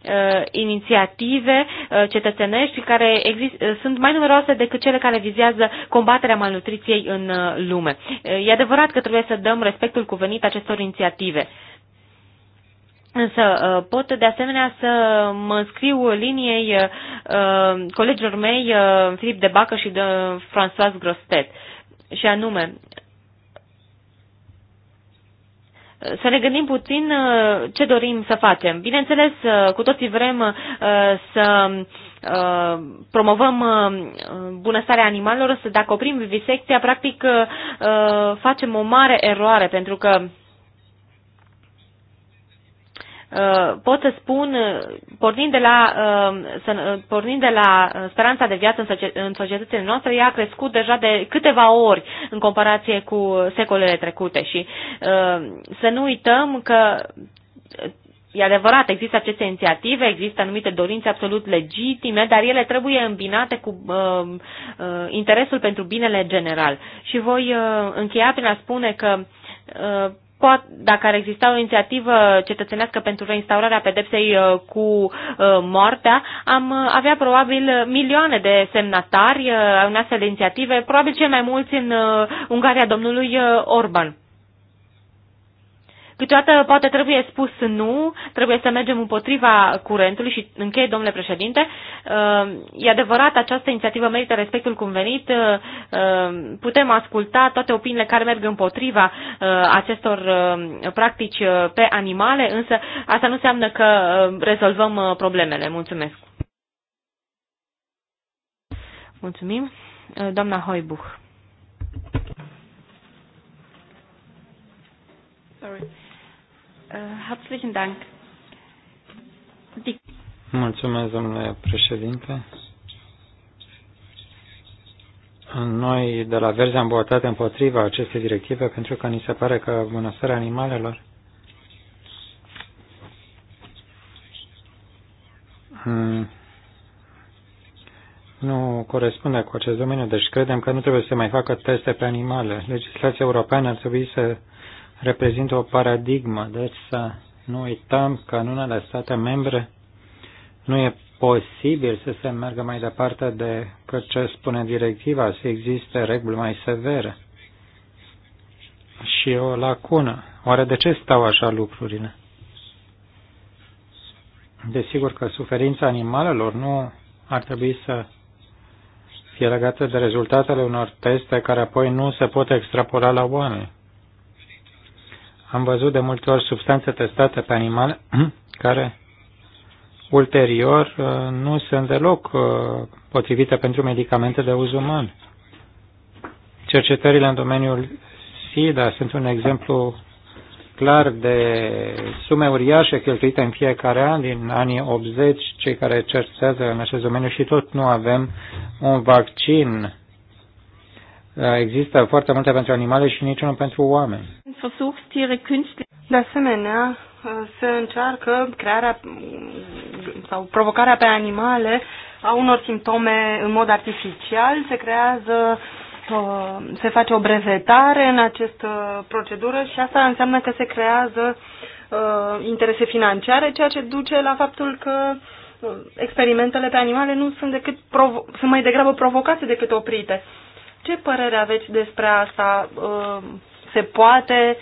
uh, inițiative uh, cetățenești care exist, uh, sunt mai numeroase decât cele care vizează combaterea malnutriției în uh, lume. Uh, e adevărat că trebuie să dăm respectul cuvenit acestor inițiative. Însă uh, pot de asemenea să mă scriu liniei uh, uh, colegilor mei, Filip de Bacă și de François Grostet. Și anume, să ne gândim puțin uh, ce dorim să facem. Bineînțeles, uh, cu toții vrem uh, să promovăm bunăstarea animalelor, să dacă oprim vivisecția, practic facem o mare eroare, pentru că Uh, pot să spun, uh, pornind de la, uh, pornind de la speranța de viață în societățile noastre, ea a crescut deja de câteva ori în comparație cu secolele trecute și să nu uităm că E adevărat, există aceste inițiative, există anumite dorințe absolut legitime, dar ele trebuie îmbinate cu uh, uh, interesul pentru binele general. Și voi uh, încheia prin a spune că uh, dacă ar exista o inițiativă cetățenească pentru reinstaurarea pedepsei uh, cu uh, moartea, am uh, avea probabil milioane de semnatari în astfel de inițiative, probabil cei mai mulți în Ungaria domnului Orban. Câteodată poate trebuie spus nu, trebuie să mergem împotriva curentului și încheie, domnule președinte. Uh, e adevărat, această inițiativă merită respectul convenit. Uh, uh, putem asculta toate opiniile care merg împotriva acestor practici pe animale, însă asta nu înseamnă că rezolvăm problemele. Mulțumesc. Mulțumim. Doamna Hoibuch.
Sorry. Eh,
herzlichen Dank.
Mulțumesc, domnule președinte. Noi de la Verzi am votat împotriva acestei directive pentru că ni se pare că bunăstarea animalelor mm, nu corespunde cu acest domeniu, deci credem că nu trebuie să mai facă teste pe animale. Legislația europeană ar trebui să reprezintă o paradigmă, deci să nu uităm că în unele state membre nu e posibil să se meargă mai departe decât ce spune directiva, să existe reguli mai severe. Și o lacună. Oare de ce stau așa lucrurile? Desigur că suferința animalelor nu ar trebui să fie legată de rezultatele unor teste care apoi nu se pot extrapola la oameni. Am văzut de multe ori substanțe testate pe animale care ulterior uh, nu sunt deloc uh, potrivite pentru medicamente de uz uman. Cercetările în domeniul SIDA sunt un exemplu clar de sume uriașe cheltuite în fiecare an din anii 80, cei care cercetează în acest domeniu și tot nu avem un vaccin Eh, există foarte multe pentru animale și niciunul pentru oameni.
De asemenea, eh, se încearcă crearea mm, sau provocarea pe animale a unor simptome în mod artificial, se creează eh, se face o brevetare în această procedură și asta înseamnă că se creează interese financiare, ceea ce duce la faptul că experimentele pe animale nu sunt decât provo- sunt mai degrabă provocate decât oprite. Ce părere aveți despre asta? Um, se poate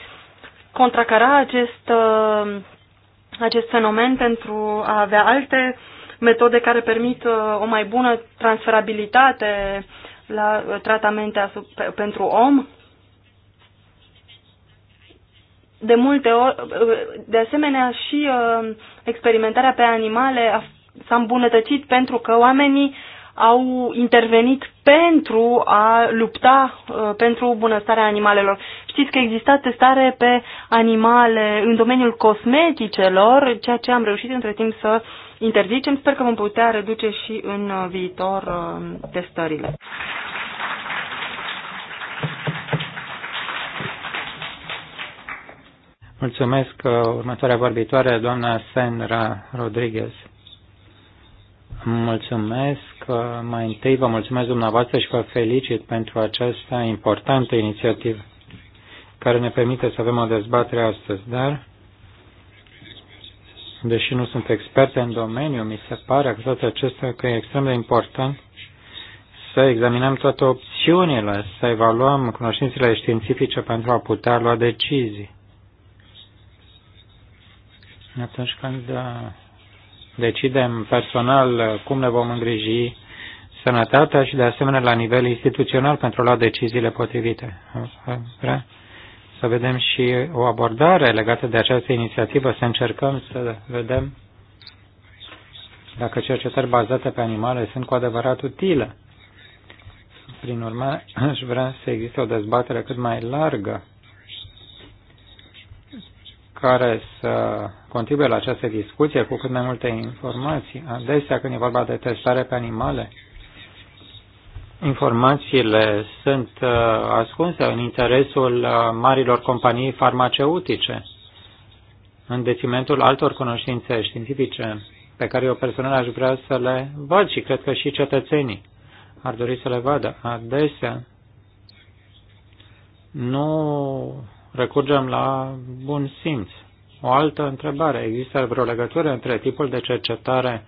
contracara acest, um, acest fenomen pentru a avea alte metode care permit uh, o mai bună transferabilitate la uh, tratamente pentru om? De multe ori, uh, de asemenea, și experimentarea pe animale s-a îmbunătățit pentru că oamenii au intervenit pentru a lupta uh, pentru bunăstarea animalelor. Știți că exista testare pe animale în domeniul cosmeticelor, ceea ce am reușit între timp să interzicem. Sper că vom putea reduce și în uh, viitor uh, testările.
Mulțumesc. Următoarea vorbitoare, doamna Senra Rodriguez. Mulțumesc că mai întâi vă mulțumesc dumneavoastră și vă felicit pentru această importantă inițiativă care ne permite să avem o dezbatere astăzi, dar deși nu sunt experte în domeniu, mi se pare că toate acestea că e extrem de important să examinăm toate opțiunile, să evaluăm cunoștințele științifice pentru a putea lua decizii. Atunci când uh, decidem personal cum ne vom îngriji sănătatea și, de asemenea, la nivel instituțional pentru a lua deciziile potrivite. Vrea să vedem și o abordare legată de această inițiativă, să încercăm să vedem dacă cercetări bazate pe animale sunt cu adevărat utile. Prin urmare, aș vrea să existe o dezbatere cât mai largă care să contribuie la această discuție cu cât mai multe informații. Adesea, când e vorba de testare pe animale, informațiile sunt uh, ascunse în interesul uh, marilor companii farmaceutice, în detrimentul altor cunoștințe științifice pe care eu personal aș vrea să le văd și cred că și cetățenii ar dori să le vadă. Adesea nu recurgem la bun simț. O altă întrebare, există vreo legătură între tipul de cercetare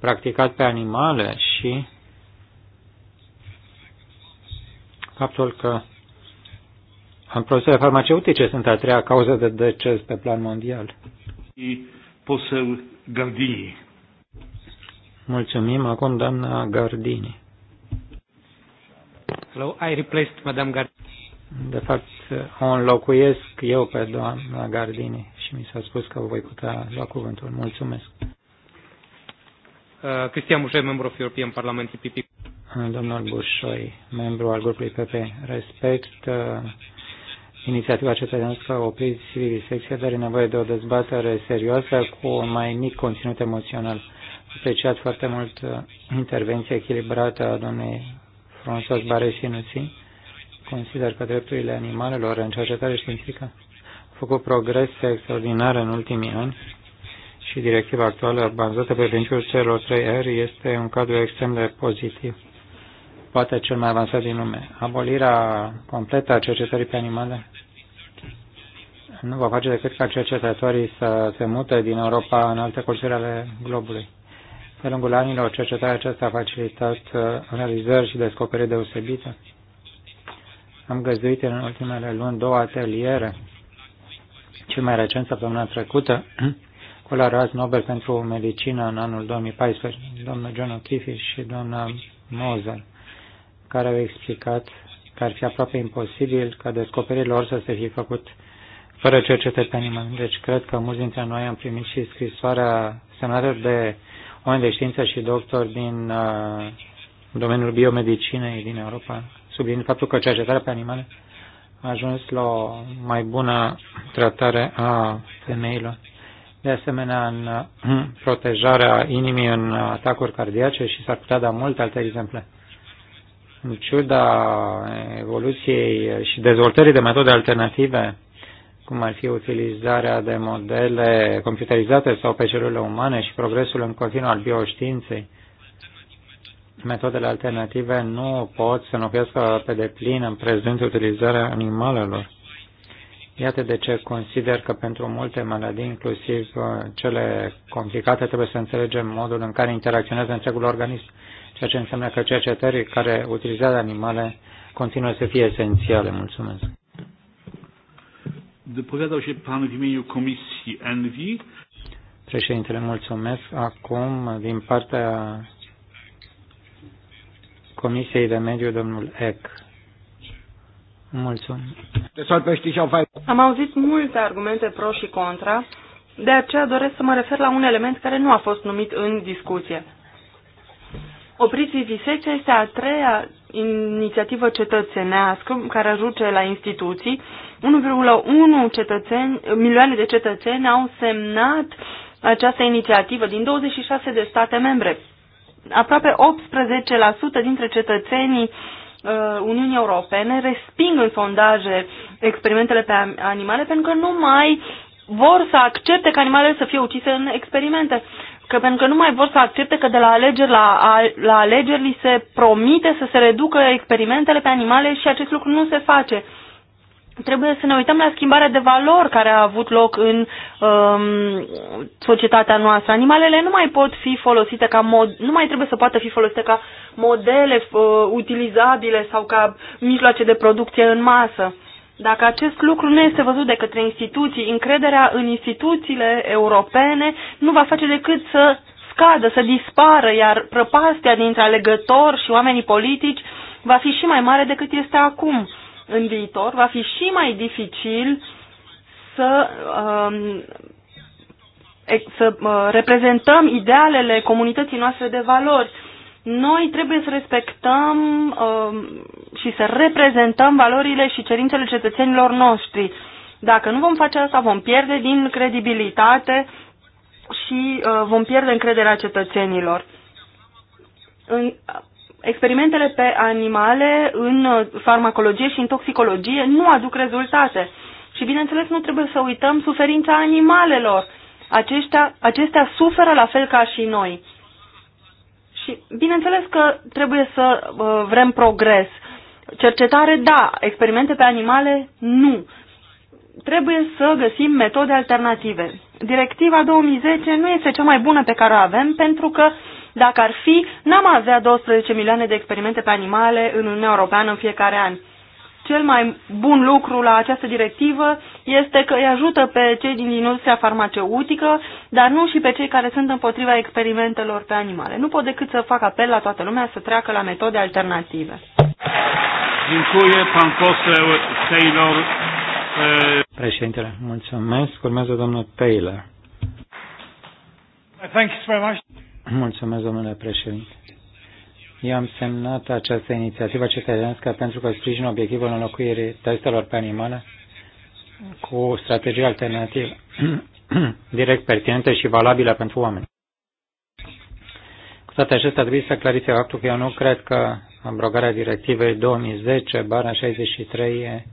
practicat pe animale și faptul că produsele farmaceutice sunt a treia cauză de deces pe plan mondial.
Posel Gardini.
Mulțumim. Acum doamna Gardini. Hello, I replaced Madame Gardini. De fapt, o înlocuiesc eu pe doamna Gardini și mi s-a spus că voi putea lua cuvântul. Mulțumesc. Uh, Cristian Bușoi, membru of European Parliament PP. Uh, domnul Bușoi, membru al grupului PP. Respect uh, inițiativa cetățenească opriți sexie, dar e nevoie de o dezbatere serioasă cu un mai mic conținut emoțional. Apreciat foarte mult uh, intervenția echilibrată a domnului François Baresinuții Consider că drepturile animalelor în cercetare științifică au făcut progrese extraordinare în ultimii ani și directiva actuală, bazată pe principiul celor 3 R, este un cadru extrem de pozitiv, poate cel mai avansat din lume. Abolirea completă a cercetării pe animale nu va face decât ca cercetătorii să se mute din Europa în alte culturi ale globului. Pe lungul anilor, cercetarea aceasta a facilitat uh, realizări și descoperiri deosebite am găzduit în ultimele luni două ateliere, cel mai recent săptămâna trecută, cu Raz Nobel pentru medicină în anul 2014, domnul John O'Keefe și doamna Moser, care au explicat că ar fi aproape imposibil ca descoperirile lor să se fi făcut fără cercetări pe nimeni. Deci cred că mulți dintre noi am primit și scrisoarea semnată de oameni de știință și doctori din uh, domeniul biomedicinei din Europa, sublinind faptul că cercetarea pe animale a ajuns la o mai bună tratare a femeilor. De asemenea, în protejarea inimii în atacuri cardiace și s-ar putea da multe alte exemple. În ciuda evoluției și dezvoltării de metode alternative, cum ar fi utilizarea de modele computerizate sau pe celule umane și progresul în continuu al bioștiinței, metodele alternative nu pot să înlocuiască pe deplin în prezent utilizarea animalelor. Iată de ce consider că pentru multe maladii, inclusiv uh, cele complicate, trebuie să înțelegem modul în care interacționează întregul organism, ceea ce înseamnă că cercetării care utilizează animale continuă să fie esențiale. Mulțumesc. Președintele, mulțumesc. Acum, din partea Comisiei de Mediu, domnul Eck. Mulțumim.
Am auzit multe argumente pro și contra, de aceea doresc să mă refer la un element care nu a fost numit în discuție. Opriții Vivisecea este a treia inițiativă cetățenească care ajunge la instituții. 1,1 milioane de cetățeni au semnat această inițiativă din 26 de state membre aproape 18% dintre cetățenii uh, Uniunii Europene resping în sondaje experimentele pe animale pentru că nu mai vor să accepte că animalele să fie ucise în experimente. Că pentru că nu mai vor să accepte că de la alegeri la, la alegeri li se promite să se reducă experimentele pe animale și acest lucru nu se face trebuie să ne uităm la schimbarea de valori care a avut loc în um, societatea noastră. Animalele nu mai pot fi folosite ca mod, nu mai trebuie să poată fi folosite ca modele uh, utilizabile sau ca mijloace de producție în masă. Dacă acest lucru nu este văzut de către instituții, încrederea în instituțiile europene nu va face decât să scadă, să dispară, iar prăpastia dintre alegători și oamenii politici va fi și mai mare decât este acum în viitor va fi și mai dificil să, um, să uh, reprezentăm idealele comunității noastre de valori. Noi trebuie să respectăm um, și să reprezentăm valorile și cerințele cetățenilor noștri. Dacă nu vom face asta, vom pierde din credibilitate și uh, vom pierde încrederea cetățenilor experimentele pe animale în uh, farmacologie și în toxicologie nu aduc rezultate. Și bineînțeles nu trebuie să uităm suferința animalelor. Aceștia, acestea suferă la fel ca și noi. Și bineînțeles că trebuie să uh, vrem progres. Cercetare, da. Experimente pe animale, nu. Trebuie să găsim metode alternative. Directiva 2010 nu este cea mai bună pe care o avem pentru că uh, dacă ar fi, n-am avea 12 milioane de experimente pe animale în Uniunea Europeană în fiecare an. Cel mai bun lucru la această directivă este că îi ajută pe cei din industria farmaceutică, dar nu și pe cei care sunt împotriva experimentelor pe animale. Nu pot decât să fac apel la toată lumea să treacă la metode alternative.
Dziękuję, pan poseł Taylor. Președintele, mulțumesc. Urmează domnul Taylor.
Thanks very much.
Mulțumesc, domnule președinte. Eu am semnat această inițiativă cetățenească pentru că sprijin obiectivul înlocuirii testelor pe animale cu strategii alternative direct pertinente și valabile pentru oameni. Cu toate acestea, trebuie să clarifice faptul că eu nu cred că abrogarea directivei 2010-63 e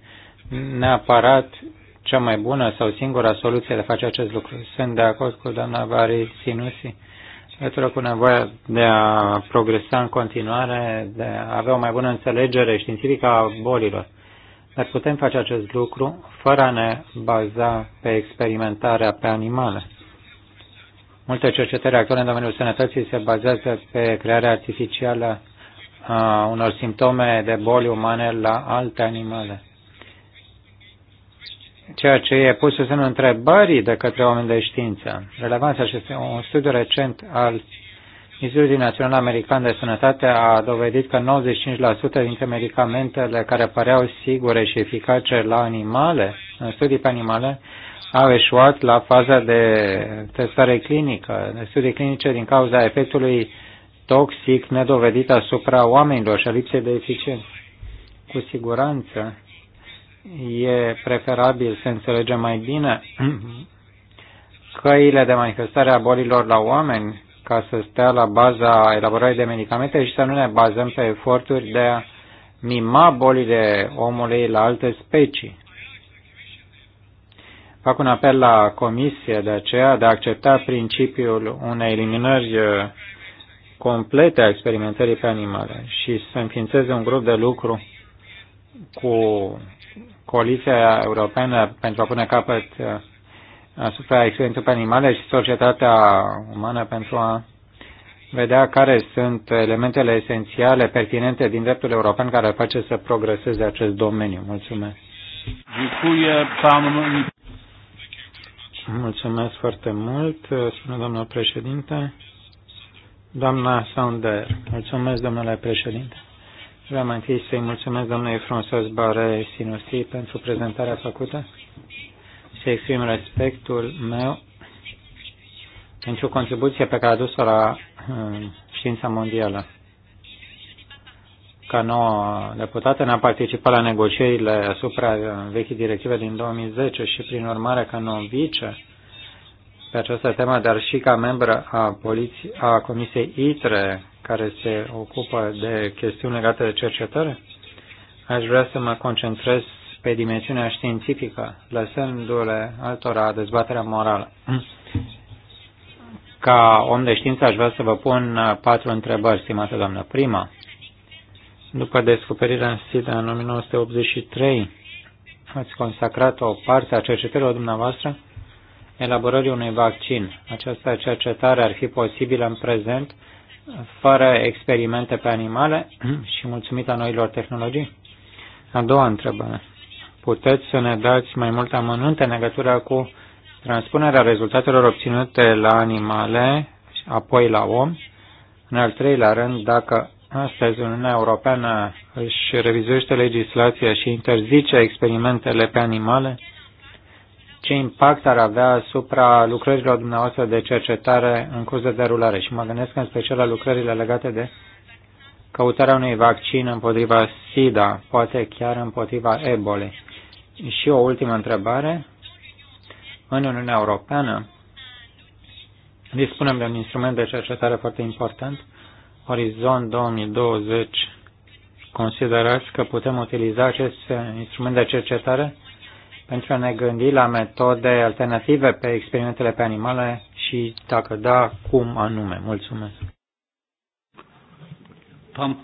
neapărat cea mai bună sau singura soluție de a face acest lucru. Sunt de acord cu doamna Vari Sinusi legătură cu nevoia de a progresa în continuare, de a avea o mai bună înțelegere științifică a bolilor. Dar putem face acest lucru fără a ne baza pe experimentarea pe animale. Multe cercetări actuale în domeniul sănătății se bazează pe crearea artificială a unor simptome de boli umane la alte animale ceea ce e pus în întrebării de către oameni de știință. Relevanța acestui un studiu recent al Institutului Național American de Sănătate a dovedit că 95% dintre medicamentele care păreau sigure și eficace la animale, în studii pe animale, au eșuat la faza de testare clinică, de deci, studii clinice din cauza efectului toxic nedovedit asupra oamenilor și a lipsei de eficiență. Cu siguranță, e preferabil să înțelegem mai bine căile de manifestare a bolilor la oameni ca să stea la baza elaborării de medicamente și să nu ne bazăm pe eforturi de a mima bolile omului la alte specii. Fac un apel la Comisie de aceea de a accepta principiul unei eliminări uh, complete a experimentării pe animale și să înființeze un grup de lucru cu Coaliția Europeană pentru a pune capăt uh, asupra experienței pe animale și societatea umană pentru a vedea care sunt elementele esențiale, pertinente din dreptul european care face să progreseze acest domeniu. Mulțumesc. Mulțumesc foarte mult, spune domnul președinte. Doamna Saunder, mulțumesc, domnule președinte. Vreau mai întâi să-i mulțumesc domnului François Barre Sinusi pentru prezentarea făcută și să exprim respectul meu pentru contribuția pe care a dus-o la uh, știința mondială. Ca nouă deputată ne-am participat la negocierile asupra vechii directive din 2010 și prin urmare ca vice pe această temă, dar și ca membră a, a Comisiei ITRE, care se ocupă de chestiuni legate de cercetare, aș vrea să mă concentrez pe dimensiunea științifică, lăsându-le altora dezbaterea morală. Ca om de știință aș vrea să vă pun patru întrebări, stimată doamnă. Prima, după descoperirea SIDA în 1983, ați consacrat o parte a cercetărilor dumneavoastră elaborării unui vaccin. Această cercetare ar fi posibilă în prezent fără experimente pe animale și mulțumită noilor tehnologii? A doua întrebare. Puteți să ne dați mai multe amănunte în legătură cu transpunerea rezultatelor obținute la animale, apoi la om? În al treilea rând, dacă astăzi Uniunea Europeană își revizuiește legislația și interzice experimentele pe animale, ce impact ar avea asupra lucrărilor dumneavoastră de cercetare în curs de derulare. Și mă gândesc în special la lucrările legate de căutarea unui vaccin împotriva SIDA, poate chiar împotriva Ebola. Și o ultimă întrebare. În Uniunea Europeană dispunem de un instrument de cercetare foarte important, Orizont 2020. Considerați că putem utiliza acest instrument de cercetare pentru a ne gândi la metode alternative pe experimentele pe animale și, dacă da, cum anume. Mulțumesc.
Pan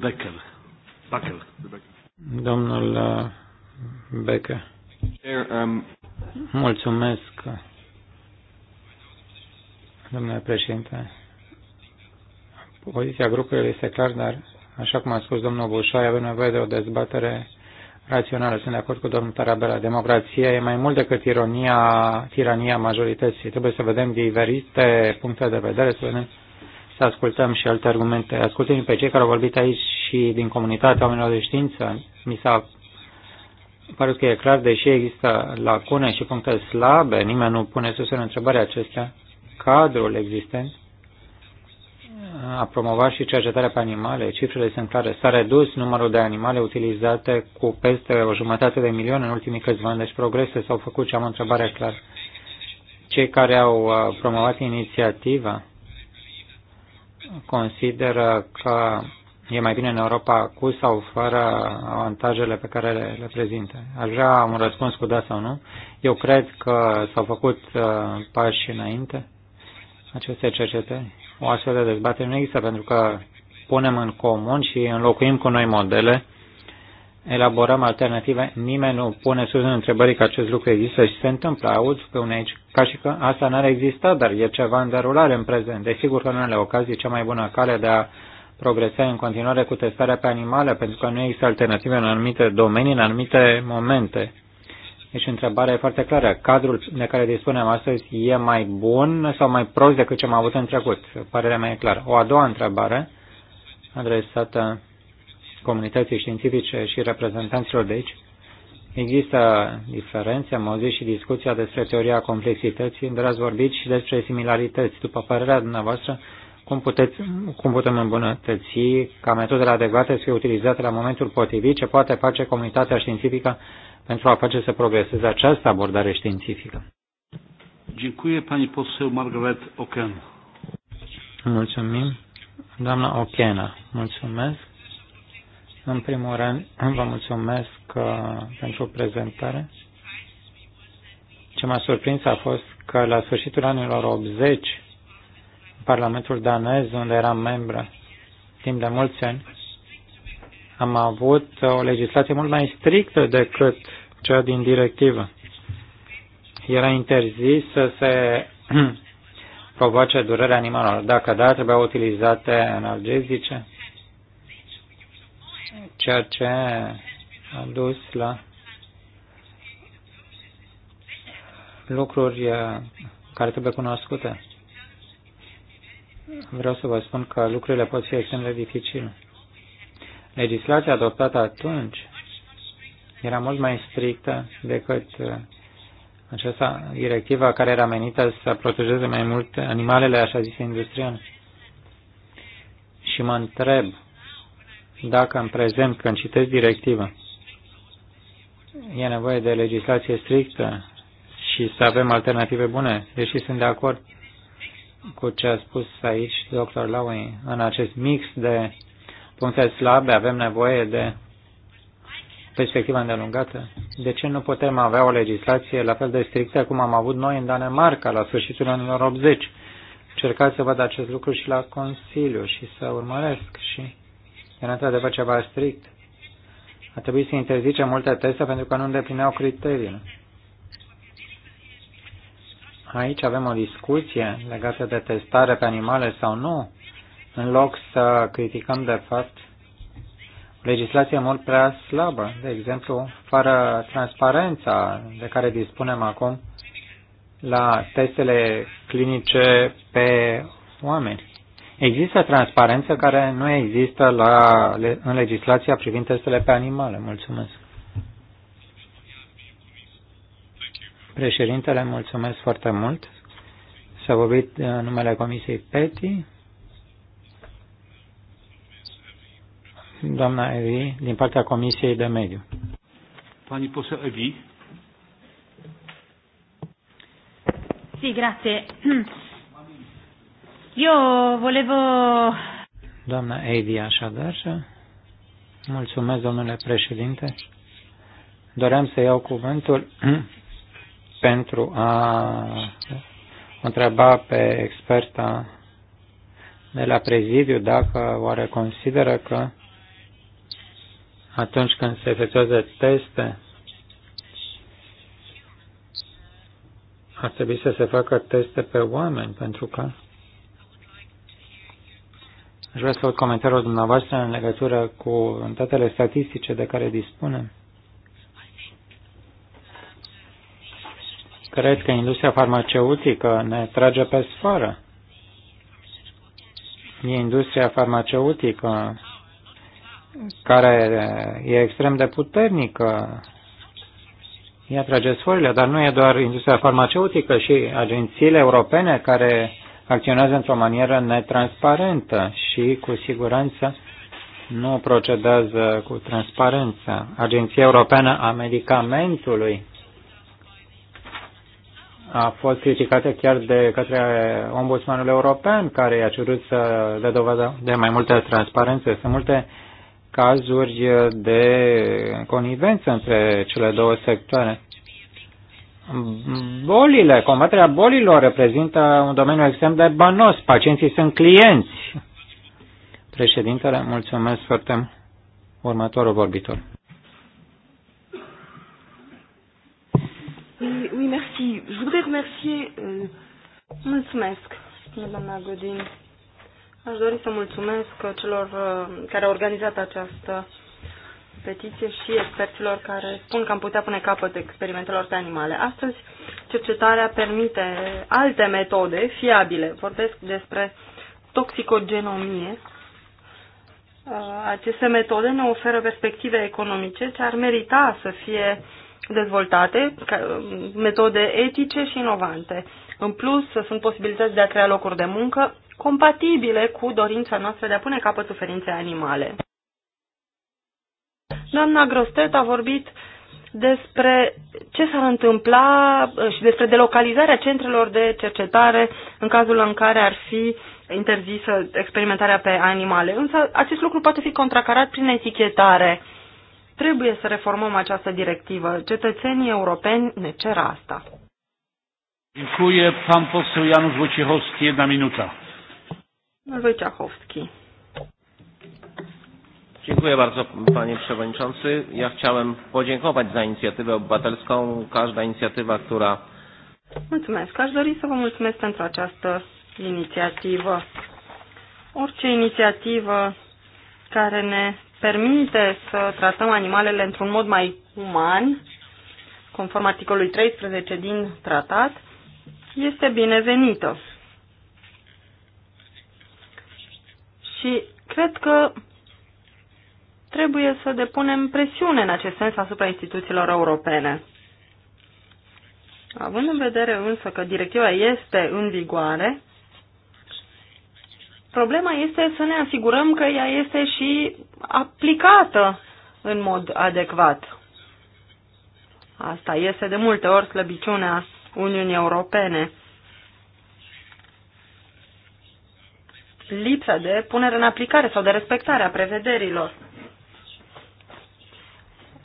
Becker. Becker.
Domnul uh, Becker. Um, Mulțumesc, domnule președinte. Poziția grupului este clar, dar, așa cum a spus domnul Bușoi, avem nevoie de o dezbatere rațională. Sunt de acord cu domnul Tarabela. Democrația e mai mult decât ironia, tirania majorității. Trebuie să vedem diferite puncte de vedere, să vedem să ascultăm și alte argumente. Ascultăm pe cei care au vorbit aici și din comunitatea oamenilor de știință. Mi s-a părut că e clar, deși există lacune și puncte slabe, nimeni nu pune sus în întrebare acestea, cadrul existent a promova și cercetarea pe animale. Cifrele sunt clare. S-a redus numărul de animale utilizate cu peste o jumătate de milion în ultimii câțiva ani, deci progrese s-au făcut și am o întrebare clar. Cei care au uh, promovat inițiativa consideră că e mai bine în Europa cu sau fără avantajele pe care le, le prezintă. Aș vrea un răspuns cu da sau nu. Eu cred că s-au făcut uh, pași înainte aceste cercetări o astfel de dezbatere nu există pentru că punem în comun și înlocuim cu noi modele, elaborăm alternative, nimeni nu pune sus în întrebări că acest lucru există și se întâmplă. Auzi pe un aici ca și că asta n-ar exista, dar e ceva în derulare în prezent. Desigur că în unele ocazii cea mai bună cale de a progresa în continuare cu testarea pe animale, pentru că nu există alternative în anumite domenii, în anumite momente. Deci întrebarea e foarte clară. Cadrul de care dispunem astăzi e mai bun sau mai prost decât ce am avut în trecut? Părerea mea e clară. O a doua întrebare adresată comunității științifice și reprezentanților de aici. Există diferențe, am auzit și discuția despre teoria complexității, dar ați vorbit și despre similarități. După părerea dumneavoastră, cum, puteți, cum putem îmbunătăți ca metodele adecvate să fie utilizate la momentul potrivit, ce poate face comunitatea științifică pentru a face să progreseze această abordare științifică.
Dziękuję pani
poseł Margaret Oken. Mulțumim. Doamna Ochena, mulțumesc. În primul rând, vă mulțumesc uh, pentru prezentare. Ce m-a surprins a fost că la sfârșitul anilor 80, Parlamentul danez, unde eram membră timp de mulți ani, am avut o legislație mult mai strictă decât cea din directivă. Era interzis să se provoace durerea animalelor. Dacă da, trebuiau utilizate analgezice, ceea ce a dus la lucruri uh, care trebuie cunoscute. Vreau să vă spun că lucrurile pot fi extrem de dificile. Legislația adoptată atunci era mult mai strictă decât uh, această directivă care era menită să protejeze mai mult animalele, așa zise, industriale. Și mă întreb dacă în prezent, când citesc directiva, e nevoie de legislație strictă și să avem alternative bune, deși sunt de acord cu ce a spus aici dr. Lowey, în acest mix de puncte slabe avem nevoie de Perspectiva îndelungată, de ce nu putem avea o legislație la fel de strictă cum am avut noi în Danemarca la sfârșitul anilor 80? Încercați să văd acest lucru și la Consiliu și să urmăresc și era într-adevăr ceva strict. A trebuit să interzice multe teste pentru că nu îndeplineau criteriile. Aici avem o discuție legată de testare pe animale sau nu, în loc să criticăm de fapt legislație mult prea slabă. De exemplu, fără transparența de care dispunem acum la testele clinice pe oameni. Există transparență care nu există la, în legislația privind testele pe animale. Mulțumesc. Președintele, mulțumesc foarte mult. S-a vorbit numele Comisiei PETI. doamna Evi, din partea Comisiei de Mediu. Pani poseł Evi.
Sì, grazie.
Eu volevo...
Doamna Evi, așadar, mulțumesc, domnule președinte. Doream să iau cuvântul pentru a întreba pe experta de la prezidiu dacă oare consideră că atunci când se efectuează teste, ar trebui să se facă teste pe oameni, pentru că aș vrea să aud comentariul dumneavoastră în legătură cu datele statistice de care dispunem. Cred că industria farmaceutică ne trage pe sfoară. E industria farmaceutică care e extrem de puternică. Ea trage sforile, dar nu e doar industria farmaceutică și agențiile europene care acționează într-o manieră netransparentă și cu siguranță nu procedează cu transparență. Agenția Europeană a Medicamentului a fost criticată chiar de către ombudsmanul european, care i-a cerut să le dovadă de mai multă transparență. Sunt multe cazuri de conivență între cele două sectoare. Bolile, combaterea bolilor reprezintă un domeniu extrem de banos. Pacienții sunt clienți. Președintele, mulțumesc foarte mult. Următorul vorbitor.
Oui, merci. Je voudrais remercier. Euh... Mulțumesc, doamna Godin. Aș dori să mulțumesc celor uh, care au organizat această petiție și experților care spun că am putea pune capăt experimentelor pe animale. Astăzi, cercetarea permite alte metode fiabile. Vorbesc despre toxicogenomie. Uh, aceste metode ne oferă perspective economice ce ar merita să fie dezvoltate, uh, metode etice și inovante. În plus, sunt posibilități de a crea locuri de muncă compatibile cu dorința noastră de a pune capăt suferinței animale. Doamna Grostet a vorbit despre ce s-ar întâmpla uh, și despre delocalizarea centrelor de cercetare în cazul în care ar fi interzisă experimentarea pe animale. Însă acest lucru poate fi contracarat prin etichetare. Trebuie să reformăm această directivă. Cetățenii europeni ne cer asta.
Dziękuję. Pan poseł Janusz Wojciechowski, jedna minuta.
Wojciechowski.
Dziękuję bardzo panie przewodniczący. Ja chciałem podziękować za inicjatywę
obywatelską. Każda inicjatywa, która
Mulțumesc. Aș dori să vă mulțumesc pentru această inițiativă. Orice inițiativă care ne permite să tratăm animalele într-un mod mai uman, conform articolului 13 din tratat, este binevenită. Și cred că trebuie să depunem presiune în acest sens asupra instituțiilor europene. Având în vedere însă că directiva este în vigoare, problema este să ne asigurăm că ea este și aplicată în mod adecvat. Asta este de multe ori slăbiciunea Uniunii Europene. lipsa de punere în aplicare sau de respectare a prevederilor.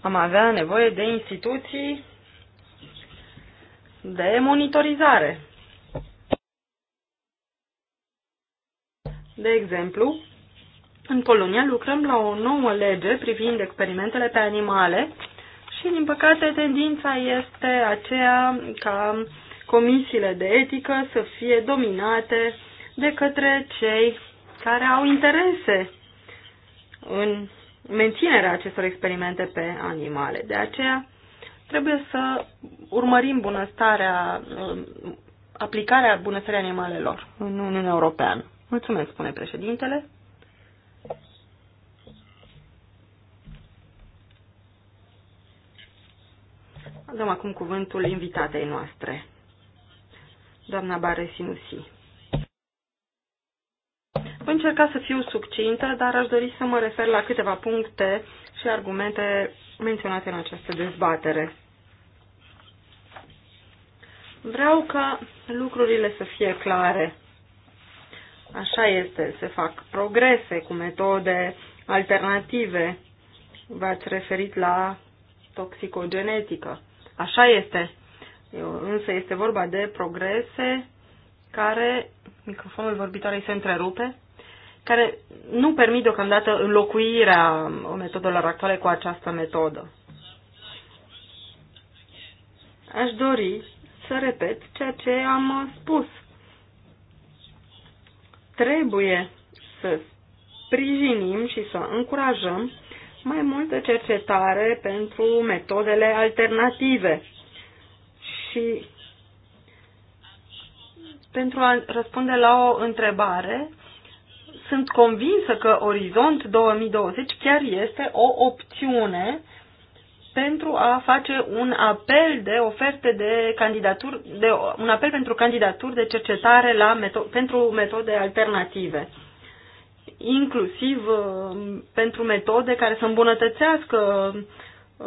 Am avea nevoie de instituții de monitorizare. De exemplu, în Polonia lucrăm la o nouă lege privind experimentele pe animale și, din păcate, tendința este aceea ca comisiile de etică să fie dominate de către cei care au interese în menținerea acestor experimente pe animale. De aceea trebuie să urmărim bunăstarea, um, aplicarea bunăstării animalelor în Uniunea Europeană. Mulțumesc, spune președintele. Dăm acum cuvântul invitatei noastre, doamna Baresinusi. Voi încerca să fiu succintă, dar aș dori să mă refer la câteva puncte și argumente menționate în această dezbatere. Vreau ca lucrurile să fie clare. Așa este, se fac progrese cu metode alternative. V-ați referit la toxicogenetică. Așa este. Însă este vorba de progrese care... Microfonul vorbitoarei se întrerupe care nu permit deocamdată înlocuirea metodelor actuale cu această metodă. Aș dori să repet ceea ce am spus. Trebuie să sprijinim și să încurajăm mai multă cercetare pentru metodele alternative și pentru a răspunde la o întrebare, sunt convinsă că Orizont 2020 chiar este o opțiune pentru a face un apel de oferte de candidaturi, de, un apel pentru candidaturi de cercetare la meto- pentru metode alternative, inclusiv uh, pentru metode care să îmbunătățească uh,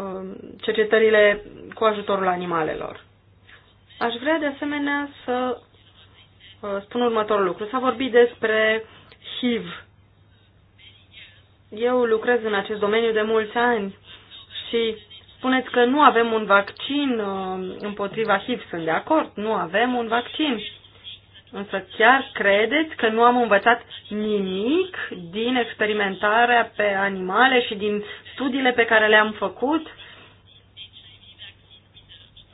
cercetările cu ajutorul animalelor. Aș vrea de asemenea să uh, spun următorul lucru. S-a vorbit despre HIV. Eu lucrez în acest domeniu de mulți ani și spuneți că nu avem un vaccin uh, împotriva HIV. Sunt de acord, nu avem un vaccin. Însă chiar credeți că nu am învățat nimic din experimentarea pe animale și din studiile pe care le-am făcut?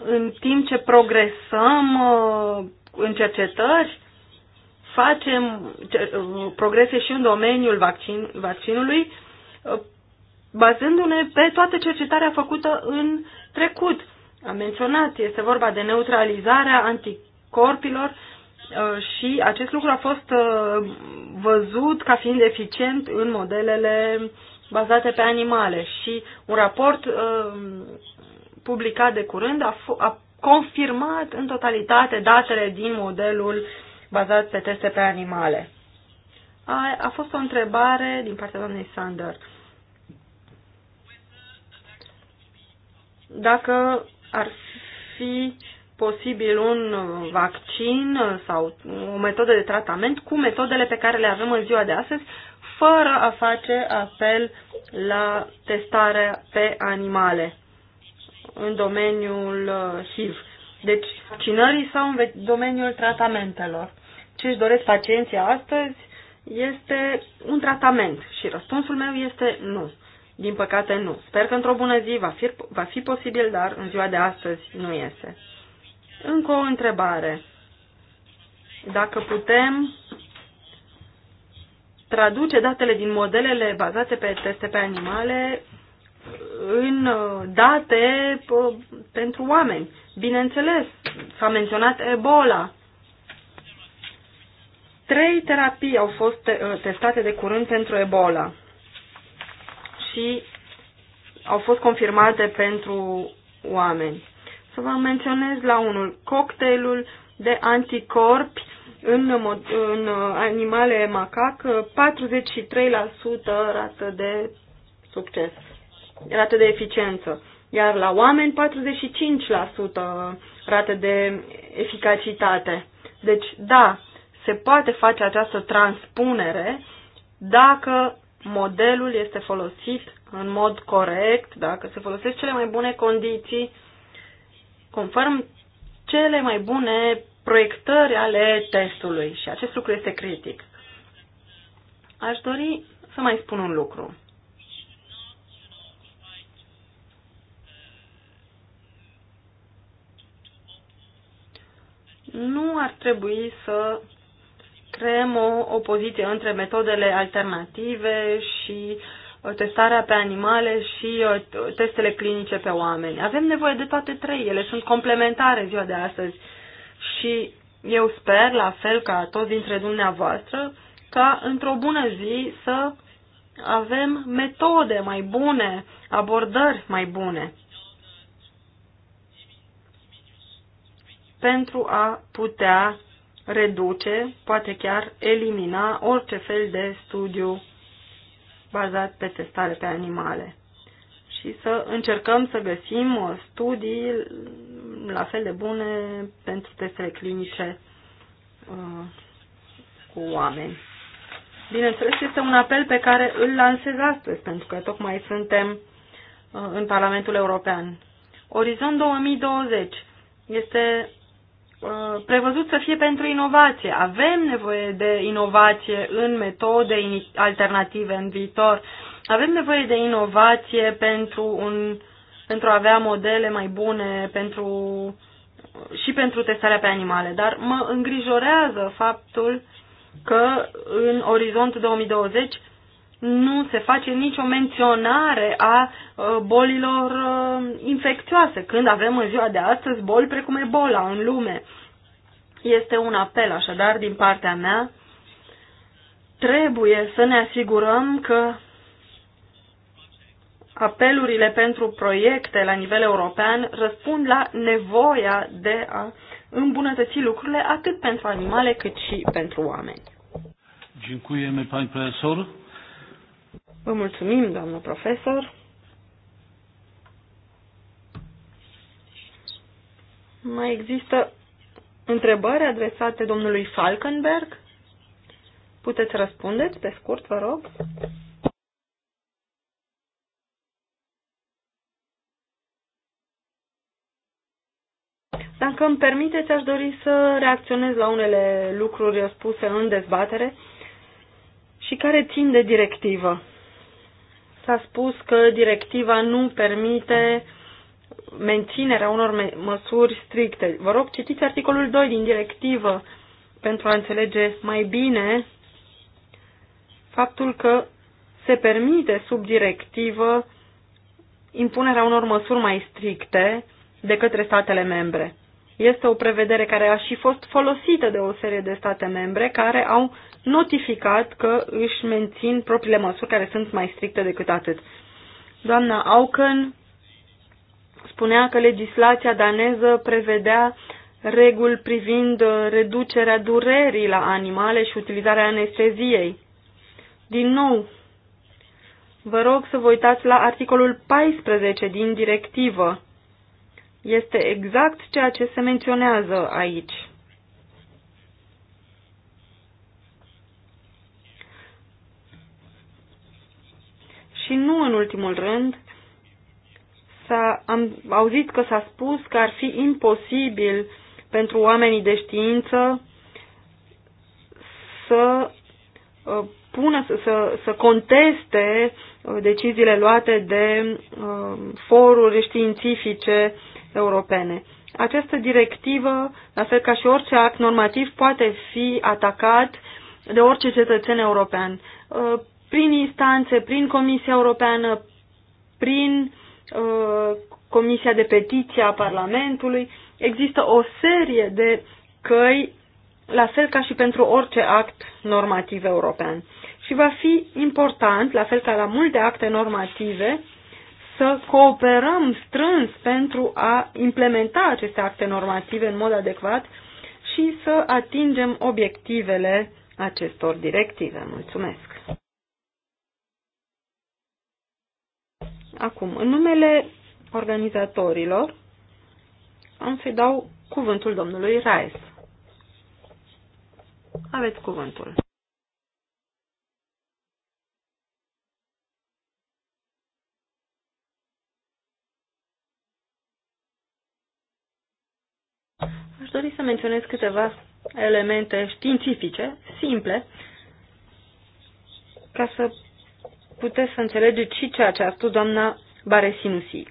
În timp ce progresăm uh, în cercetări, facem progrese și în domeniul vaccin, vaccinului, bazându-ne pe toată cercetarea făcută în trecut. Am menționat, este vorba de neutralizarea anticorpilor uh, și acest lucru a fost uh, văzut ca fiind eficient în modelele bazate pe animale și un raport uh, publicat de curând a, a confirmat în totalitate datele din modelul uh, bazat pe teste pe animale. A, a fost o întrebare din partea doamnei Sander. Dacă ar fi posibil un vaccin sau o metodă de tratament cu metodele pe care le avem în ziua de astăzi, fără a face apel la testarea pe animale în domeniul uh, HIV. Deci, vaccinării sau în domeniul tratamentelor ce își doresc pacienții astăzi este un tratament și răspunsul meu este nu. Din păcate nu. Sper că într-o bună zi va fi, va fi posibil, dar în ziua de astăzi nu iese. Încă o întrebare. Dacă putem traduce datele din modelele bazate pe teste pe animale în uh, date uh, pentru oameni. Bineînțeles, s-a menționat Ebola. Trei terapii au fost uh, testate de curând pentru Ebola și au fost confirmate pentru oameni. Să vă menționez la unul cocktailul de anticorpi în, în uh, animale macac, 43% rată de succes, rată de eficiență, iar la oameni 45% rată de eficacitate. Deci, da, se poate face această transpunere dacă modelul este folosit în mod corect, dacă se folosesc cele mai bune condiții, conform cele mai bune proiectări ale testului și acest lucru este critic. Aș dori să mai spun un lucru. Nu ar trebui să creăm o opoziție între metodele alternative și uh, testarea pe animale și uh, testele clinice pe oameni. Avem nevoie de toate trei, ele sunt complementare ziua de astăzi și eu sper, la fel ca toți dintre dumneavoastră, ca într-o bună zi să avem metode mai bune, abordări mai bune pentru a putea reduce, poate chiar elimina orice fel de studiu bazat pe testare pe animale și să încercăm să găsim studii la fel de bune pentru testele clinice uh, cu oameni. Bineînțeles, este un apel pe care îl lansez astăzi, pentru că tocmai suntem uh, în Parlamentul European. Orizont 2020 este Uh, prevăzut să fie pentru inovație. Avem nevoie de inovație în metode alternative în viitor. Avem nevoie de inovație pentru, un, pentru a avea modele mai bune pentru, și pentru testarea pe animale. Dar mă îngrijorează faptul că în orizontul 2020 nu se face nicio menționare a uh, bolilor uh, infecțioase, când avem în ziua de astăzi boli precum Ebola în lume. Este un apel, așadar, din partea mea, trebuie să ne asigurăm că apelurile pentru proiecte la nivel european răspund la nevoia de a îmbunătăți lucrurile atât pentru animale cât și pentru oameni.
Dziękujemy pani profesor.
Vă mulțumim, doamnă profesor. Mai există întrebări adresate domnului Falkenberg? Puteți răspundeți pe scurt, vă rog? Dacă îmi permiteți, aș dori să reacționez la unele lucruri spuse în dezbatere și care țin de directivă. S-a spus că directiva nu permite menținerea unor măsuri stricte. Vă rog, citiți articolul 2 din directivă pentru a înțelege mai bine faptul că se permite sub directivă impunerea unor măsuri mai stricte de către statele membre. Este o prevedere care a și fost folosită de o serie de state membre care au notificat că își mențin propriile măsuri care sunt mai stricte decât atât. Doamna Auken spunea că legislația daneză prevedea reguli privind uh, reducerea durerii la animale și utilizarea anesteziei. Din nou, vă rog să vă uitați la articolul 14 din directivă este exact ceea ce se menționează aici. Și nu în ultimul rând, s-a, am auzit că s-a spus că ar fi imposibil pentru oamenii de știință să uh, pună, să, să, conteste uh, deciziile luate de uh, foruri științifice europene. Această directivă, la fel ca și orice act normativ, poate fi atacat de orice cetățen european, uh, prin instanțe, prin Comisia Europeană, prin uh, Comisia de Petiție a Parlamentului. Există o serie de căi, la fel ca și pentru orice act normativ european. Și va fi important, la fel ca la multe acte normative, să cooperăm strâns pentru a implementa aceste acte normative în mod adecvat și să atingem obiectivele acestor directive. Mulțumesc! Acum, în numele organizatorilor, am să-i dau cuvântul domnului Raes.
Aveți cuvântul.
dori să menționez câteva elemente științifice, simple, ca să puteți să înțelegeți și ceea ce a spus doamna Baresinusi.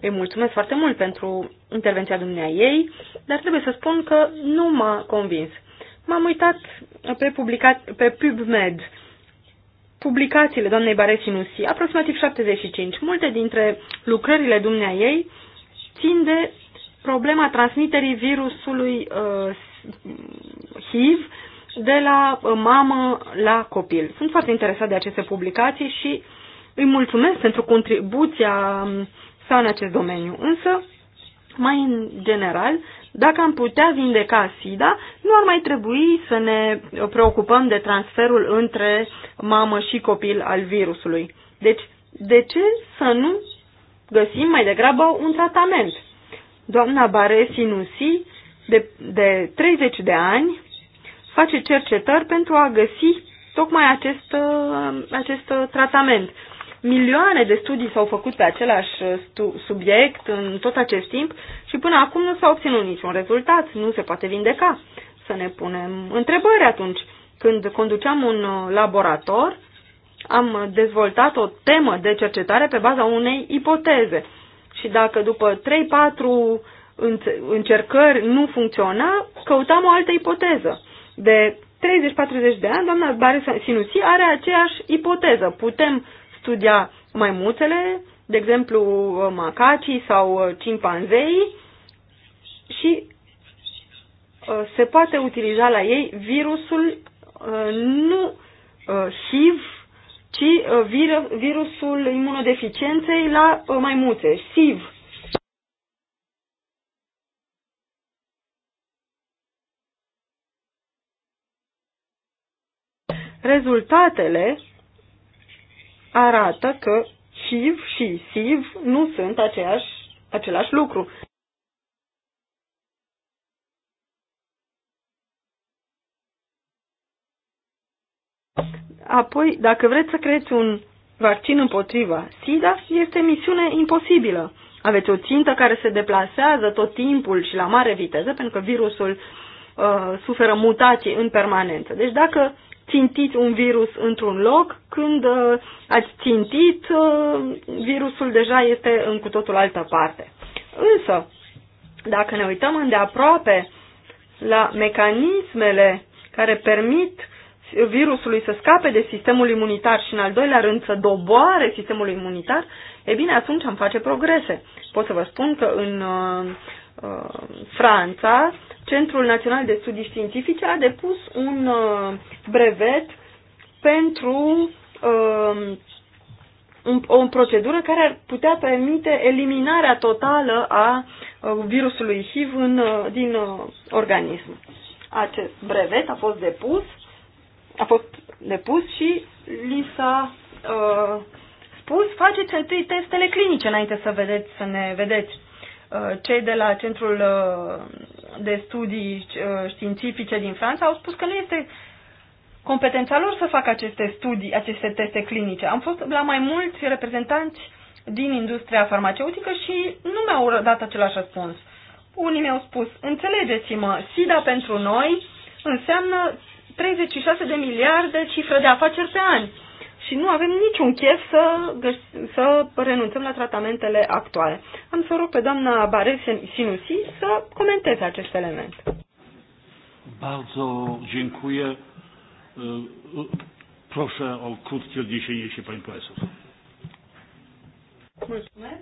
Îi mulțumesc foarte mult pentru intervenția dumnea ei, dar trebuie să spun că nu m-a convins. M-am uitat pe, publicat, pe PubMed, publicațiile doamnei Baresinusi, aproximativ 75. Multe dintre lucrările dumnea ei țin de problema transmiterii virusului HIV uh, de la uh, mamă la copil. Sunt foarte interesat de aceste publicații și îi mulțumesc pentru contribuția um, sa în acest domeniu. Însă, mai în general, dacă am putea vindeca SIDA, nu ar mai trebui să ne preocupăm de transferul între mamă și copil al virusului. Deci, de ce să nu găsim mai degrabă un tratament? Doamna Bare Sinusi, de, de 30 de ani, face cercetări pentru a găsi tocmai acest, uh, acest tratament. Milioane de studii s-au făcut pe același uh, subiect în tot acest timp și până acum nu s-a obținut niciun rezultat, nu se poate vindeca. Să ne punem întrebări atunci. Când conduceam un uh, laborator, am dezvoltat o temă de cercetare pe baza unei ipoteze. Și dacă după 3-4 încercări nu funcționa, căutam o altă ipoteză. De 30-40 de ani, doamna Bare Sinuții are aceeași ipoteză. Putem studia maimuțele, de exemplu macacii sau uh, cimpanzei și uh, se poate utiliza la ei virusul uh, nu HIV ci uh, virusul imunodeficienței la uh, maimuțe, SIV. Rezultatele arată că HIV și SIV nu sunt aceeași, același lucru. Apoi, dacă vreți să creți un vaccin împotriva SIDA, este misiune imposibilă. Aveți o țintă care se deplasează tot timpul și la mare viteză, pentru că virusul uh, suferă mutații în permanență. Deci dacă țintiți un virus într-un loc, când uh, ați țintit, uh, virusul deja este în cu totul altă parte. Însă, dacă ne uităm îndeaproape la mecanismele care permit virusului să scape de sistemul imunitar și, în al doilea rând, să doboare sistemul imunitar, e bine, atunci am face progrese. Pot să vă spun că în uh, uh, Franța, Centrul Național de Studii Științifice a depus un uh, brevet pentru uh, un, o procedură care ar putea permite eliminarea totală a uh, virusului HIV în, uh, din uh, organism. Acest brevet a fost depus uh, a fost depus și li s-a uh, spus faceți întâi testele clinice înainte să vedeți, să ne vedeți. Uh, cei de la Centrul uh, de Studii uh, Științifice din Franța au spus că nu este competența lor să facă aceste studii, aceste teste clinice. Am fost la mai mulți reprezentanți din industria farmaceutică și nu mi-au dat același răspuns. Unii mi-au spus, înțelegeți-mă, SIDA pentru noi înseamnă 36 de miliarde cifră de afaceri pe an. Și nu avem niciun chef să, să renunțăm la tratamentele actuale. Am să rog pe doamna Barel Sinusi să comenteze acest element.
Bardzo dziękuję. Proszę o krótkie odniesienie się pani profesor.
Mulțumesc.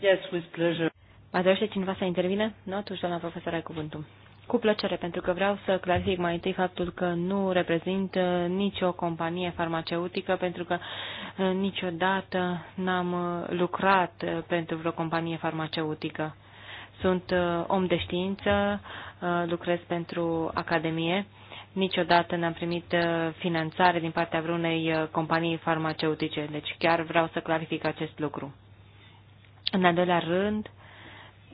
Yes, with pleasure. Mai dorește cineva să intervine? Nu? Atunci, doamna profesor, ai cuvântul. Cu plăcere, pentru că vreau să clarific mai întâi faptul că nu reprezint uh, nicio companie farmaceutică, pentru că uh, niciodată n-am uh, lucrat pentru vreo companie farmaceutică. Sunt om de știință, lucrez pentru Academie, niciodată n-am primit finanțare din partea vreunei companii farmaceutice, deci chiar vreau să clarific acest lucru. În al doilea rând, uh,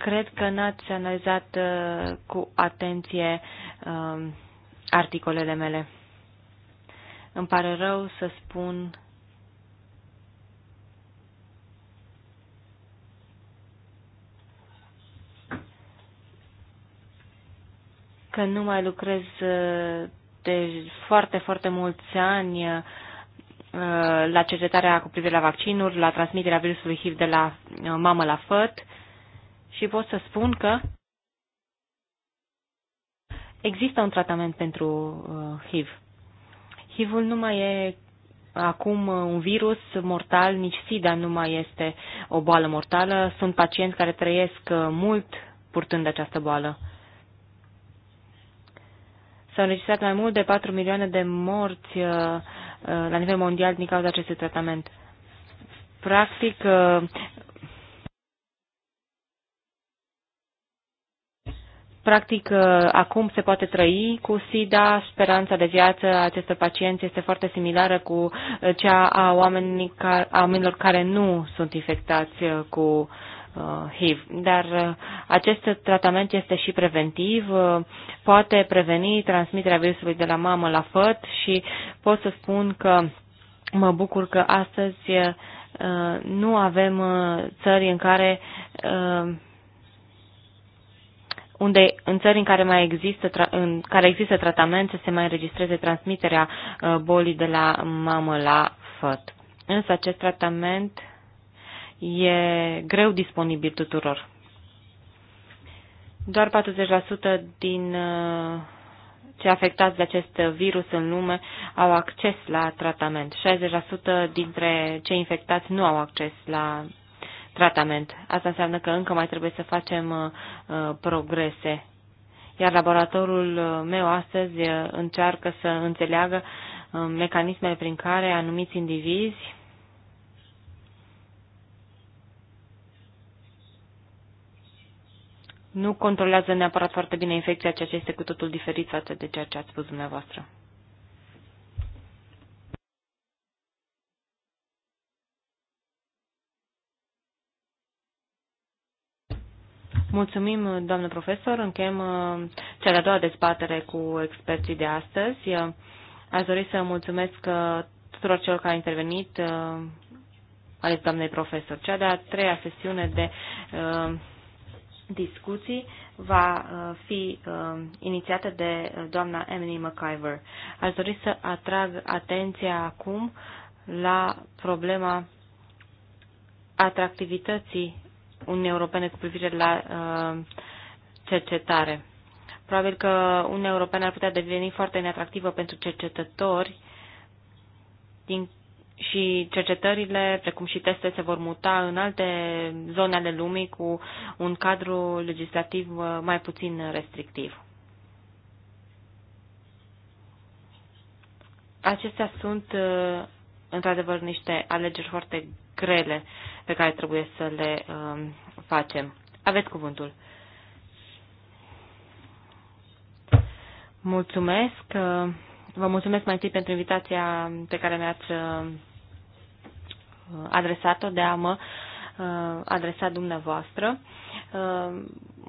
Cred că n-ați analizat uh, cu atenție um, articolele mele. Îmi pare rău să spun că nu mai lucrez uh, de foarte, foarte mulți ani uh, la cercetarea cu privire la vaccinuri, la transmiterea virusului HIV de la mamă la făt și pot să spun că există un tratament pentru uh, HIV. HIV-ul nu mai e acum uh, un virus mortal, nici SIDA nu mai este o boală mortală. Sunt pacienți care trăiesc uh, mult purtând această boală. S-au înregistrat mai mult de 4 milioane de morți la nivel mondial din cauza acestui tratament. Practic, Practic, uh, acum se poate trăi cu SIDA, speranța de viață a acestor pacienți este foarte similară cu uh, cea a, oamenilor care nu sunt infectați uh, cu HIV. Dar acest tratament este și preventiv, poate preveni transmiterea virusului de la mamă la făt și pot să spun că mă bucur că astăzi nu avem țări în care unde în țări în care, mai există, în care există tratament să se mai înregistreze transmiterea uh, bolii de la mamă la făt. Însă acest tratament e greu disponibil tuturor. Doar 40% din uh, ce afectați de acest virus în lume au acces la tratament. 60% dintre cei infectați nu au acces la tratament. Asta înseamnă că încă mai trebuie să facem uh, uh, progrese. Iar laboratorul uh, meu astăzi încearcă să înțeleagă mecanismele prin care anumiți indivizi nu controlează neapărat foarte bine infecția, ceea ce este cu totul diferit față de ceea ce ați spus dumneavoastră. Mulțumim, doamnă profesor. Încheiem uh, cea de-a doua dezbatere cu experții de astăzi. Uh, aș dori să mulțumesc uh, tuturor celor care au intervenit, ales doamnei profesor. Cea de-a treia sesiune de discuții va fi inițiată de doamna Emily McIver. Aș dori să atrag atenția acum la problema atractivității Uniunii Europene cu privire la uh, cercetare. Probabil că Uniunea Europeană ar putea deveni foarte neatractivă pentru cercetători din, și cercetările, precum și teste, se vor muta în alte zone ale lumii cu un cadru legislativ uh, mai puțin restrictiv. Acestea sunt, uh, într-adevăr, niște alegeri foarte grele pe care trebuie să le um, facem. Aveți cuvântul. Mulțumesc. Vă mulțumesc mai întâi pentru invitația pe care mi-ați uh, adresat-o de a mă uh, adresa dumneavoastră. Uh,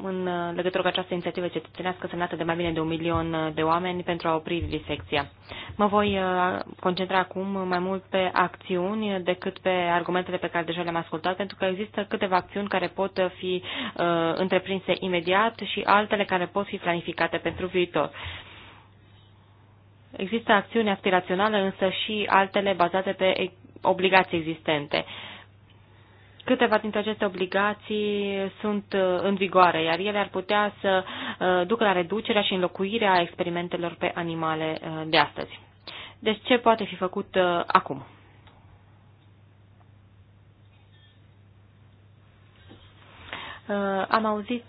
în uh, legătură cu această inițiativă cetățenească semnată de mai bine de un milion uh, de oameni pentru a opri vivisecția. Mă voi uh, concentra acum mai mult pe acțiuni decât pe argumentele pe care deja le-am ascultat, pentru că există câteva acțiuni care pot fi uh, întreprinse imediat și altele care pot fi planificate pentru viitor. Există acțiuni aspiraționale, însă și altele bazate pe obligații existente. Uh, câteva dintre aceste obligații sunt uh, în vigoare, iar ele ar putea să uh, ducă la reducerea și înlocuirea experimentelor pe animale uh, de astăzi. Deci ce poate fi făcut acum? Am auzit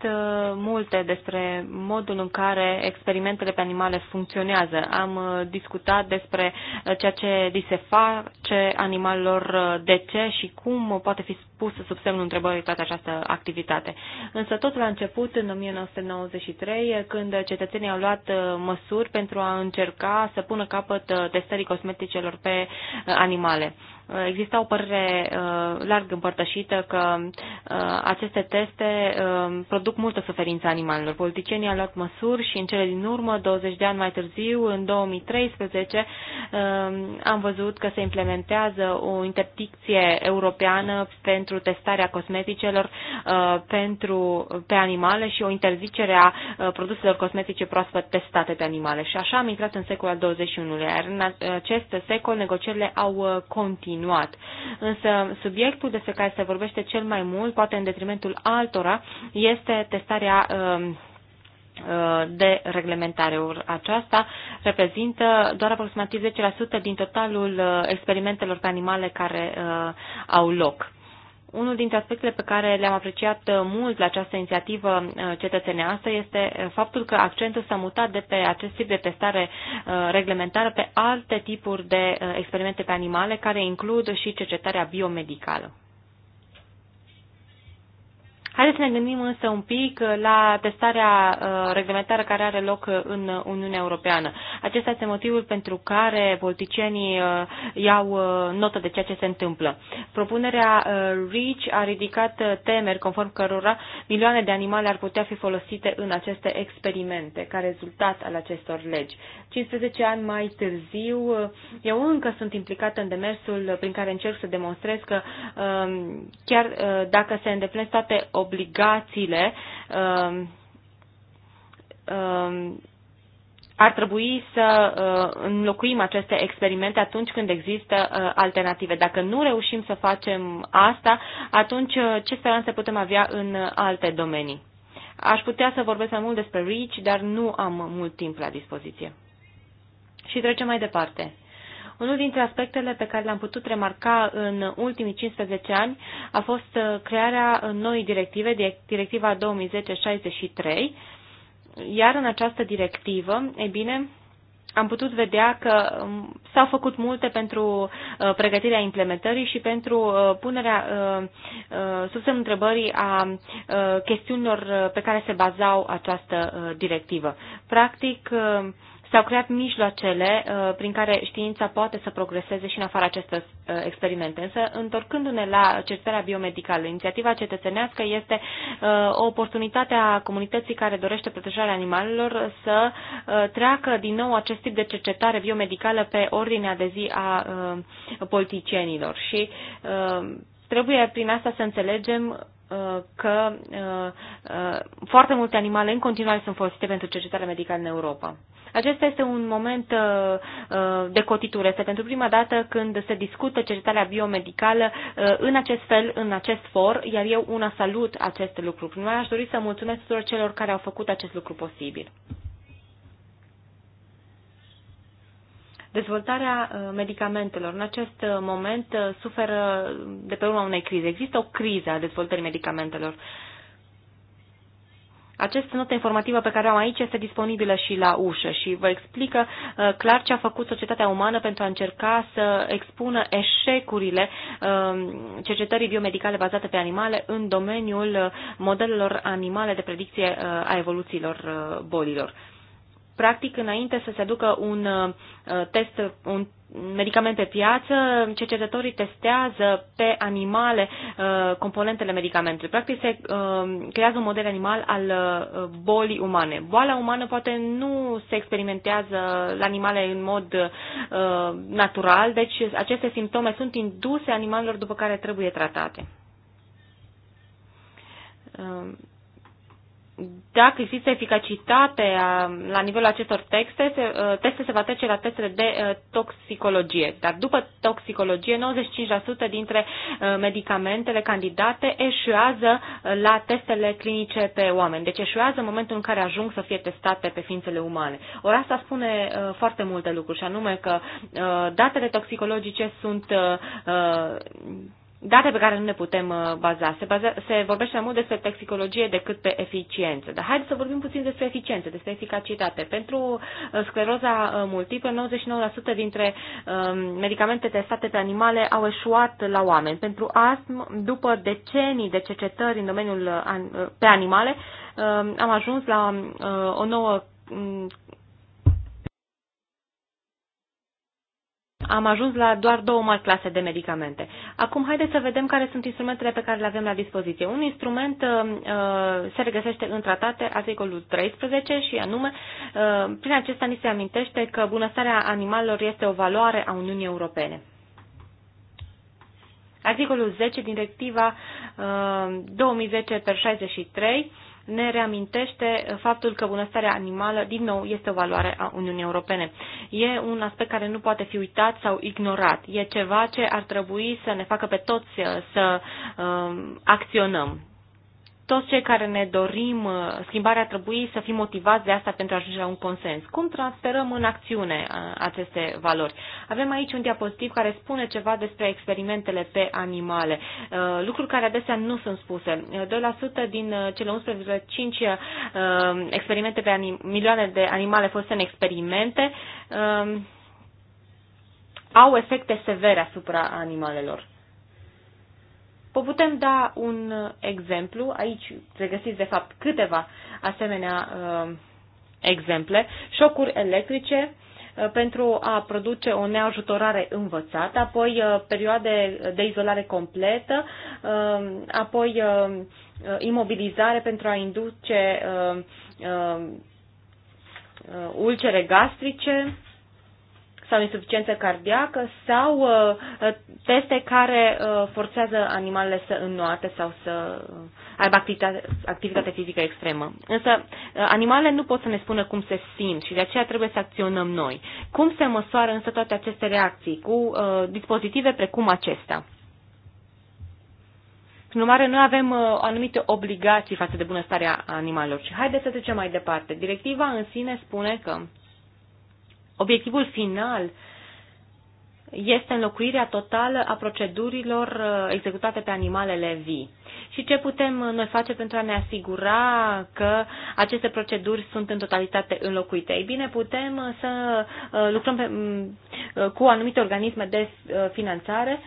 multe despre modul în care experimentele pe animale funcționează. Am discutat despre ceea ce li se face animalelor, de ce și cum poate fi pusă sub semnul întrebării toată această activitate. Însă tot la început în 1993, când cetățenii au luat uh, măsuri pentru a încerca să pună capăt uh, testării cosmeticelor pe uh, animale. Exista o părere larg împărtășită că aceste teste produc multă suferință animalelor. Politicienii au luat măsuri și în cele din urmă, 20 de ani mai târziu, în 2013, am văzut că se implementează o interdicție europeană pentru pentru testarea cosmeticelor uh, pentru, pe animale și o interzicere a uh, produselor cosmetice proaspăt testate pe animale. Și așa am intrat în secolul al XXI-lea, iar în acest secol negocierile au uh, continuat. Însă subiectul despre care se vorbește cel mai mult, poate în detrimentul altora, este testarea um, de reglementare. Aceasta reprezintă doar aproximativ 10% din totalul experimentelor pe animale care au loc. Unul dintre aspectele pe care le-am apreciat uh, mult la această inițiativă uh, cetățenească este uh, faptul că accentul s-a mutat de pe acest tip de testare reglementară pe alte tipuri de experimente pe animale care includ și cercetarea biomedicală. Haideți să ne gândim însă un pic uh, la testarea uh, reglementară care are loc uh, în Uniunea Europeană. Acesta este motivul pentru care politicienii iau notă de ceea ce se întâmplă. Propunerea REACH a ridicat temeri conform cărora milioane de animale ar putea fi folosite în aceste experimente ca rezultat al acestor legi. 15 ani mai târziu, eu încă sunt implicată în demersul prin care încerc să demonstrez că chiar dacă se îndeplinesc toate obligațiile um, um, ar trebui să uh, înlocuim aceste experimente atunci când există uh, alternative. Dacă nu reușim să facem asta, atunci uh, ce speranțe putem avea în alte domenii? Aș putea să vorbesc mai mult despre REACH, dar nu am mult timp la dispoziție. Și trecem mai departe. Unul dintre aspectele pe care le-am putut remarca în ultimii 15 ani a fost uh, crearea noii directive, directiva 2010-63, iar în această directivă, e bine, am putut vedea că um, s-au făcut multe pentru uh, pregătirea implementării și pentru uh, punerea sub semnul întrebării a chestiunilor pe care se bazau această directivă. Practic, S-au creat mijloacele uh, prin care știința poate să progreseze și în afara acestor uh, experimente. Însă, întorcându-ne la cercetarea biomedicală, inițiativa cetățenească este uh, o oportunitate a comunității care dorește protejarea animalelor să treacă din nou acest tip de cercetare biomedicală pe ordinea de zi a politicienilor. Și trebuie prin asta să înțelegem Uh, că uh, uh, foarte multe animale în continuare sunt folosite pentru cercetare medicală în Europa. Acesta este un moment de cotitură. Este pentru prima dată când se discută cercetarea biomedicală în acest fel, în acest for, iar eu una salut acest lucru. Prima aș dori să mulțumesc tuturor celor care au făcut acest lucru posibil. dezvoltarea uh, medicamentelor. În acest uh, moment uh, suferă de pe urma unei crize. Există o criză a dezvoltării medicamentelor. Această notă informativă pe care o am aici este disponibilă și la ușă și vă explică uh, clar ce a făcut societatea umană pentru a încerca să expună eșecurile uh, cercetării biomedicale bazate pe animale în domeniul modelelor animale de predicție uh, a evoluțiilor bolilor practic, înainte să se aducă un uh, test, un medicament pe piață, cercetătorii testează pe animale uh, componentele medicamentului. Practic, se uh, creează un model animal al bolii umane. Boala umană poate nu se experimentează la animale în mod natural, deci aceste simptome sunt induse animalelor după care trebuie tratate dacă există eficacitate la nivelul acestor texte, teste se va trece la testele de toxicologie. Dar după toxicologie, 95% dintre medicamentele candidate eșuează la testele clinice pe oameni. Deci eșuează în momentul în care ajung să fie testate pe ființele umane. Ori asta spune foarte multe lucruri, și anume că datele toxicologice sunt date pe care nu ne putem uh, baza. Se, baza, se vorbește mai mult despre toxicologie decât pe eficiență. Dar haideți să vorbim puțin despre eficiență, despre eficacitate. Pentru uh, scleroza uh, multiplă, 99% dintre um, medicamente testate pe animale au eșuat la oameni. Pentru astm, după decenii de cercetări în domeniul pe animale, um, am ajuns la o nouă mm, am ajuns la doar două mari clase de medicamente. Acum, haideți să vedem care sunt instrumentele pe care le avem la dispoziție. Un instrument uh, uh se regăsește în tratate, articolul 13, și anume, uh, prin acesta ni se amintește că bunăstarea animalelor este o valoare a Uniunii Europene. Articolul 10, directiva uh, 2010 63 63, ne reamintește faptul că bunăstarea animală, din nou, este o valoare a Uniunii Europene. E un aspect care nu poate fi uitat sau ignorat. E ceva ce ar trebui să ne facă pe toți uh, să um, acționăm toți cei care ne dorim uh, schimbarea trebuie să fim motivați de asta pentru a ajunge la un consens. Cum transferăm în acțiune uh, aceste valori? Avem aici un diapozitiv care spune ceva despre experimentele pe animale, uh, lucruri care adesea nu sunt spuse. 2% din cele 11,5 experimente pe milioane de animale fost în experimente um, au efecte severe asupra animalelor. Vă putem da un uh, exemplu, aici regăsiți de fapt câteva asemenea uh, exemple, șocuri electrice uh, pentru a produce o neajutorare învățată, apoi perioade de izolare completă, apoi imobilizare pentru a induce ulcere gastrice, sau insuficiență cardiacă sau uh, teste care uh, forțează animalele să înnoate sau să uh, aibă activitate, activitate fizică extremă. Însă animalele nu pot să ne spună cum se simt și de aceea trebuie să acționăm noi. Cum se măsoară însă toate aceste reacții cu uh, dispozitive precum acesta? Prin urmare, noi avem uh, anumite obligații față de bunăstarea animalelor. Și haideți să trecem mai departe. Directiva în sine spune că Obiectivul final este înlocuirea totală a procedurilor uh, executate pe animalele vii. Și ce putem uh, noi face pentru a ne asigura că aceste proceduri sunt în totalitate înlocuite? Ei bine, putem uh, să lucrăm pe, mm, cu anumite organisme de finanțare.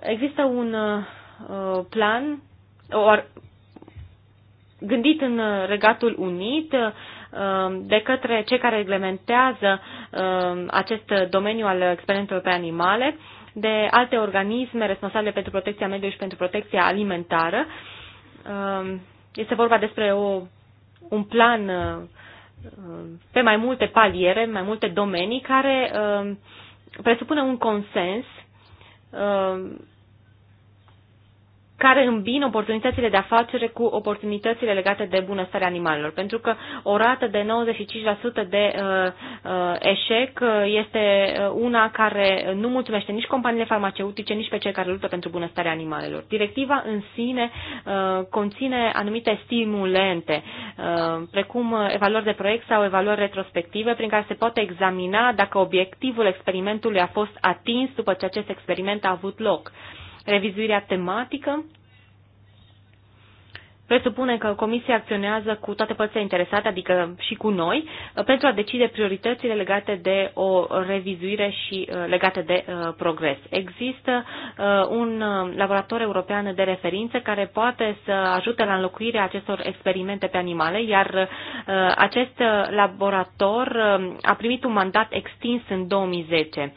Există un plan, or, gândit în Regatul Unit, Um, de către cei care reglementează um, acest domeniu al experimentelor pe animale, de alte organisme responsabile pentru protecția mediului și pentru protecția alimentară. Um, este vorba despre o, un plan uh, pe mai multe paliere, mai multe domenii, care presupune un consens care îmbină oportunitățile de afacere cu oportunitățile legate de bunăstarea animalelor. Pentru că o rată de 95% de uh, uh, eșec uh, este uh, una care nu mulțumește nici companiile farmaceutice, nici pe cei care luptă pentru bunăstarea animalelor. Directiva în sine uh, conține anumite stimulente, uh, precum evaluări de proiect sau evaluări retrospective, prin care se poate examina dacă obiectivul experimentului a fost atins după ce acest experiment a avut loc. Uh, Revizuirea tematică presupune că Comisia acționează cu toate părțile interesate, adică și cu noi, pentru a decide prioritățile legate de o revizuire și uh, legate de uh, progres. Există uh, un laborator european de referință care poate să ajute la înlocuirea acestor experimente pe animale, iar acest laborator a primit un mandat extins în 2010.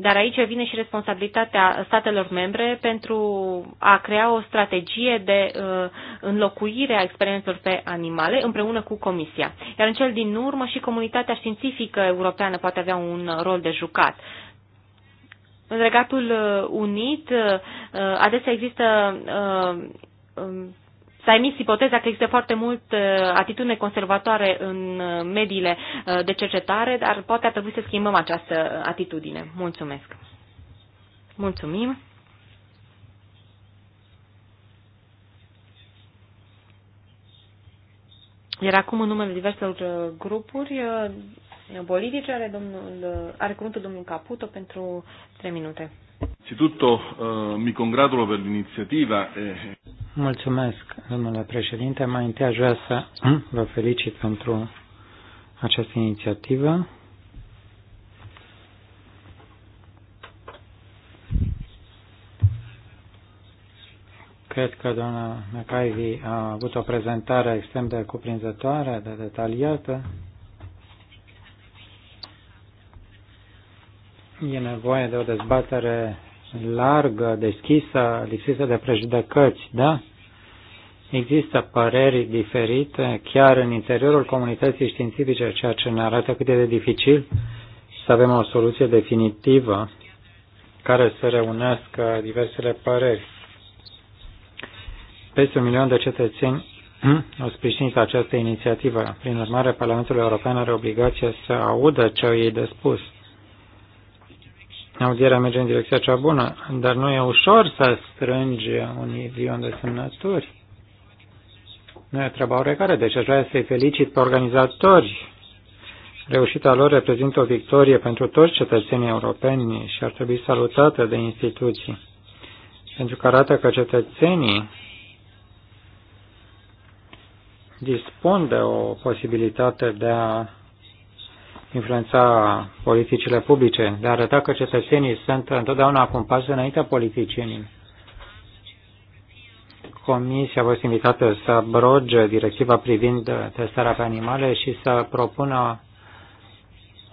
Dar aici vine și responsabilitatea statelor membre pentru a crea o strategie de uh, înlocuire a experiențelor pe animale împreună cu Comisia. Iar în cel din urmă și comunitatea științifică europeană poate avea un rol de jucat. În Regatul Unit uh, uh, adesea există um, S-a emis ipoteza că există foarte mult uh, atitudine conservatoare în uh, mediile uh, de cercetare, dar poate ar trebui să schimbăm această atitudine. Mulțumesc! Mulțumim! Iar acum, în numele diverselor grupuri politice, are, domnul, are cuvântul domnul Caputo pentru
3 minute.
Innanzitutto eh, mi congratulo per l'iniziativa.
Mulțumesc, domnule președinte. Mai întâi aș vrea să hm, vă felicit pentru această inițiativă. Cred că doamna McIvy a avut o prezentare extrem de cuprinzătoare, de detaliată. E nevoie de o dezbatere largă, deschisă, lipsită de prejudecăți, da? Există păreri diferite chiar în interiorul comunității științifice, ceea ce ne arată cât de dificil să avem o soluție definitivă care să reunească diversele păreri. Peste un milion de cetățeni au sprijinit această inițiativă. Prin urmare, Parlamentul European are obligația să audă ce au ei de spus – Audierea merge în direcția cea bună, dar nu e ușor să strânge un milion de semnături. Nu e treaba oricare, deci aș vrea să-i felicit pe organizatori. Reușita lor reprezintă o victorie pentru toți cetățenii europeni și ar trebui salutată de instituții, pentru că arată că cetățenii dispun de o posibilitate de a influența politicile publice, de a arăta că cetățenii sunt întotdeauna cu un pas înaintea politicienii. Comisia a fost invitată să abroge directiva privind testarea pe animale și să propună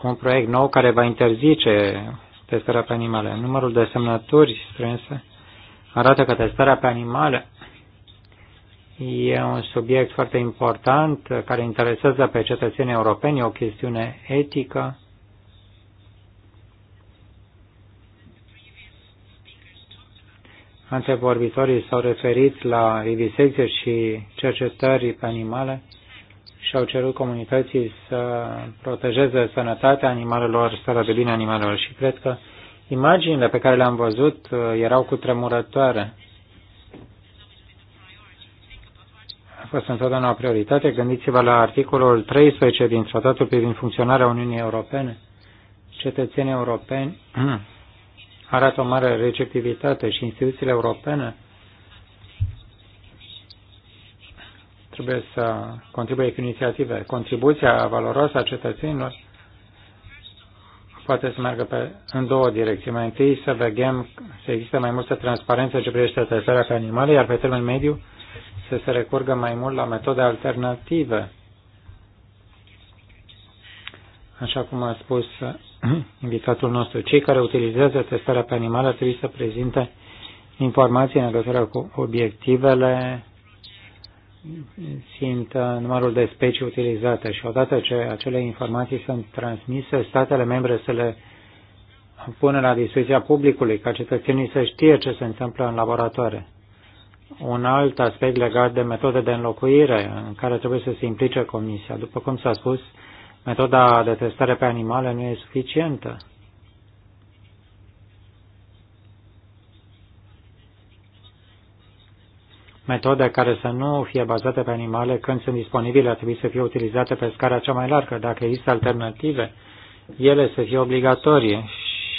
un proiect nou care va interzice testarea pe animale. Numărul de semnături strânse arată că testarea pe animale E un subiect foarte important care interesează pe cetățenii europeni, o chestiune etică. Antevorbitorii s-au referit la vivisecție și cercetări pe animale și au cerut comunității să protejeze sănătatea animalelor, starea de bine animalelor și cred că imaginile pe care le-am văzut uh, erau cutremurătoare. a fost întotdeauna o prioritate. Gândiți-vă la articolul 13 din Tratatul privind funcționarea Uniunii Europene. Cetățenii europeni arată o mare receptivitate și instituțiile europene trebuie să contribuie cu inițiative. Contribuția valoroasă a cetățenilor poate să meargă pe, în două direcții. Mai întâi să vedem să există mai multă transparență ce privește testarea pe animale, iar pe termen mediu să se recurgă mai mult la metode alternative. Așa cum a spus invitatul nostru, cei care utilizează testarea pe animale trebuie să prezinte informații în legătură cu obiectivele, simt uh, numărul de specii utilizate și odată ce acele informații sunt transmise, statele membre să le pune la dispoziția publicului, ca cetățenii să știe ce se întâmplă în laboratoare un alt aspect legat de metode de înlocuire în care trebuie să se implice comisia. După cum s-a spus, metoda de testare pe animale nu e suficientă. Metode care să nu fie bazate pe animale când sunt disponibile ar trebui să fie utilizate pe scara cea mai largă. Dacă există alternative, ele să fie obligatorii,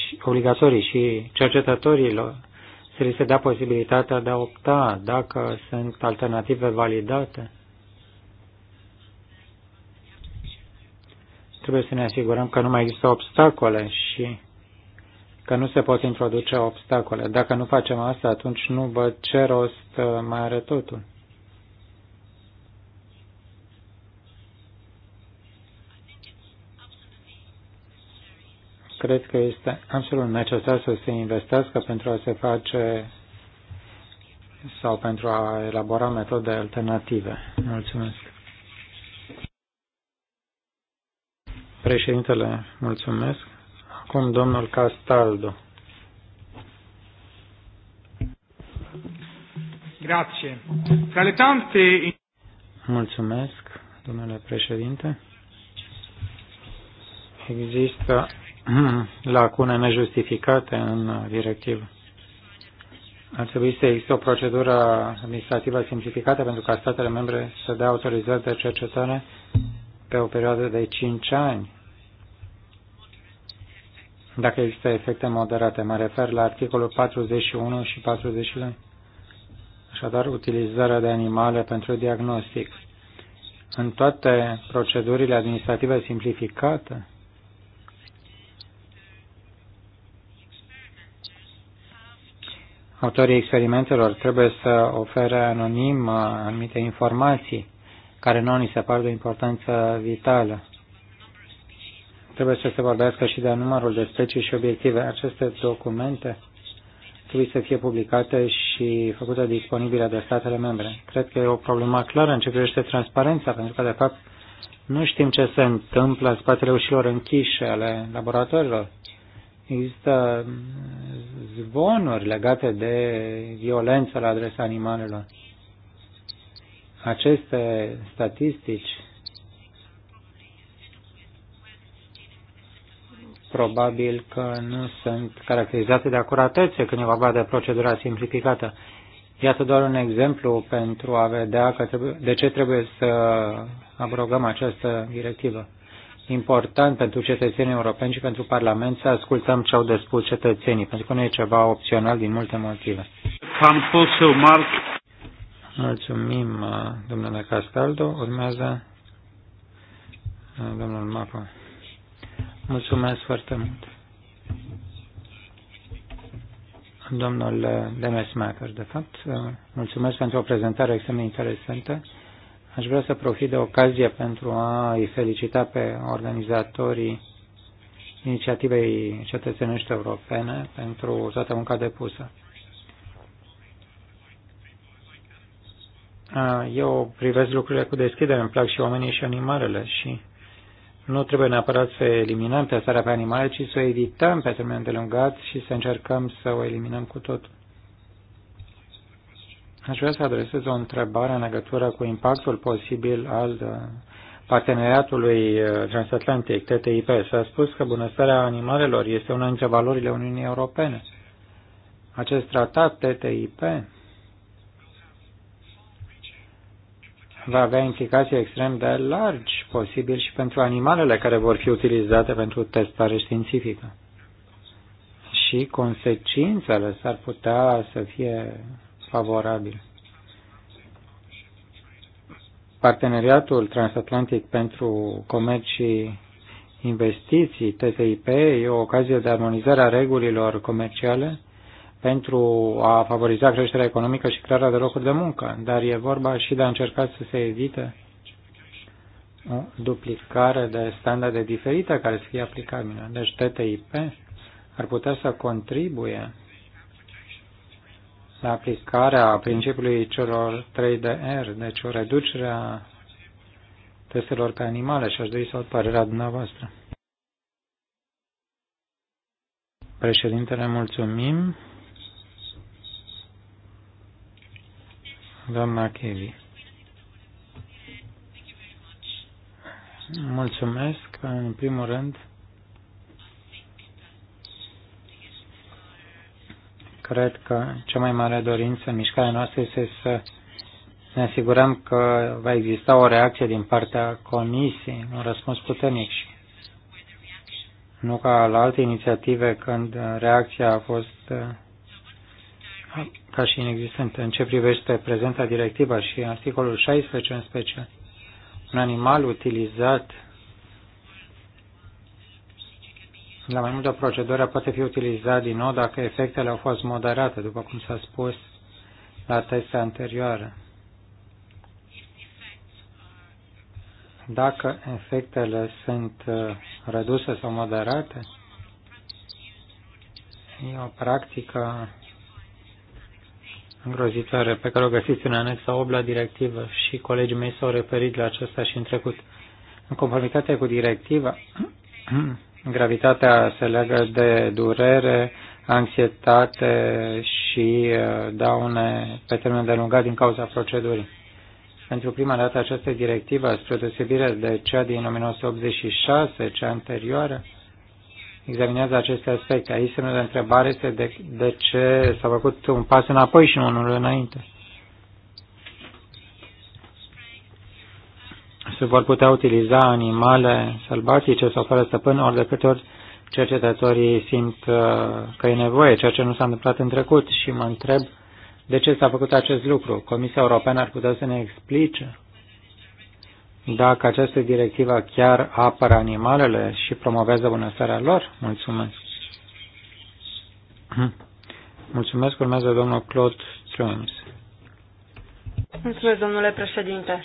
și, obligatorii și cercetătorilor să li se dea posibilitatea de a opta dacă sunt alternative validate. Trebuie să ne asigurăm că nu mai există obstacole și că nu se pot introduce obstacole. Dacă nu facem asta, atunci nu văd ce rost uh, mai are totul. Cred că este absolut necesar să se investească pentru a se face sau pentru a elabora metode alternative. Mulțumesc. Președintele, mulțumesc. Acum domnul Castaldo.
Grazie. Tra le tante...
Mulțumesc, domnule președinte. Există -hmm. lacune nejustificate în directivă. Ar trebui să existe o procedură administrativă simplificată pentru ca statele membre să dea autorizări de cercetare pe o perioadă de 5 ani dacă există efecte moderate. Mă refer la articolul 41 și 42. Așadar, utilizarea de animale pentru diagnostic. În toate procedurile administrative simplificate, autorii experimentelor trebuie să ofere anonim uh, anumite informații care nu ni se par de o importanță vitală. Trebuie să se vorbească și de numărul de specii și obiective. Aceste documente trebuie să fie publicate și făcute disponibile de statele membre. Cred că e o problemă clară în ce privește transparența, pentru că, de fapt, nu știm ce se întâmplă în spatele ușilor închise ale laboratorilor. Există mm, zvonuri legate de violență la adresa animalelor. Aceste statistici probabil că nu sunt caracterizate de acuratețe când e vorba de procedura simplificată. Iată doar un exemplu pentru a vedea că trebuie, de ce trebuie să abrogăm această directivă important pentru cetățenii europeni și pentru Parlament să ascultăm ce au de spus cetățenii, pentru că nu e ceva opțional din multe motive. Mulțumim, uh, domnule Castaldo. Urmează uh, domnul Mapa. Mulțumesc foarte mult. Domnul Demesmacher, de fapt, uh, mulțumesc pentru o prezentare extrem de interesantă. Aș vrea să profit de ocazie pentru a-i felicita pe organizatorii inițiativei cetățenești europene pentru toată munca depusă. Eu privesc lucrurile cu deschidere, îmi plac și oamenii și animalele și nu trebuie neapărat să eliminăm testarea pe animale, ci să o evităm pe termen de lungat și să încercăm să o eliminăm cu totul. Aș vrea să adresez o întrebare în legătură cu impactul posibil al uh, parteneriatului uh, transatlantic, TTIP. S-a spus că bunăstarea animalelor este una dintre valorile Uniunii Europene. Acest tratat TTIP va avea implicații extrem de largi, posibil și pentru animalele care vor fi utilizate pentru testare științifică. Și consecințele s-ar putea să fie favorabil. Parteneriatul transatlantic pentru comerț și investiții, TTIP, e o ocazie de armonizare a regulilor comerciale pentru a favoriza creșterea economică și crearea de locuri de muncă, dar e vorba și de a încerca să se evite o duplicare de standarde diferite care să fie aplicabile. Deci TTIP ar putea să contribuie la aplicarea principiului celor 3 de R, deci o reducere a testelor pe animale și aș dori să aud părerea dumneavoastră. Președintele, mulțumim. Doamna Kelly. Mulțumesc, în primul rând, Cred că cea mai mare dorință în mișcarea noastră este să ne asigurăm că va exista o reacție din partea Comisiei, un răspuns puternic și nu ca la alte inițiative când reacția a fost uh, ca și inexistentă. În ce privește prezenta directivă și articolul 16 în special, un animal utilizat la mai multe procedură poate fi utilizat din nou dacă efectele au fost moderate, după cum s-a spus la teste anterioare. Dacă efectele sunt uh, reduse sau moderate, e o practică îngrozitoare pe care o găsiți în anexa 8 la directivă și colegii mei s-au referit la aceasta și în trecut. În conformitate cu directiva, Gravitatea se legă de durere, anxietate și uh, daune pe termen de lungat din cauza procedurii. Pentru prima dată această directivă, spre deosebire de cea din 1986, cea anterioară, examinează aceste aspecte. Aici semnul de întrebare este de, de ce s-a făcut un pas înapoi și nu unul înainte. se vor putea utiliza animale sălbatice sau fără stăpân ori de câte ori cercetătorii simt uh, că e nevoie, ceea ce nu s-a întâmplat în trecut și mă întreb de ce s-a făcut acest lucru. Comisia Europeană ar putea să ne explice dacă această directivă chiar apără animalele și promovează bunăstarea lor. Mulțumesc. Mulțumesc, urmează domnul Claude Ströms.
Mulțumesc,
domnule președinte.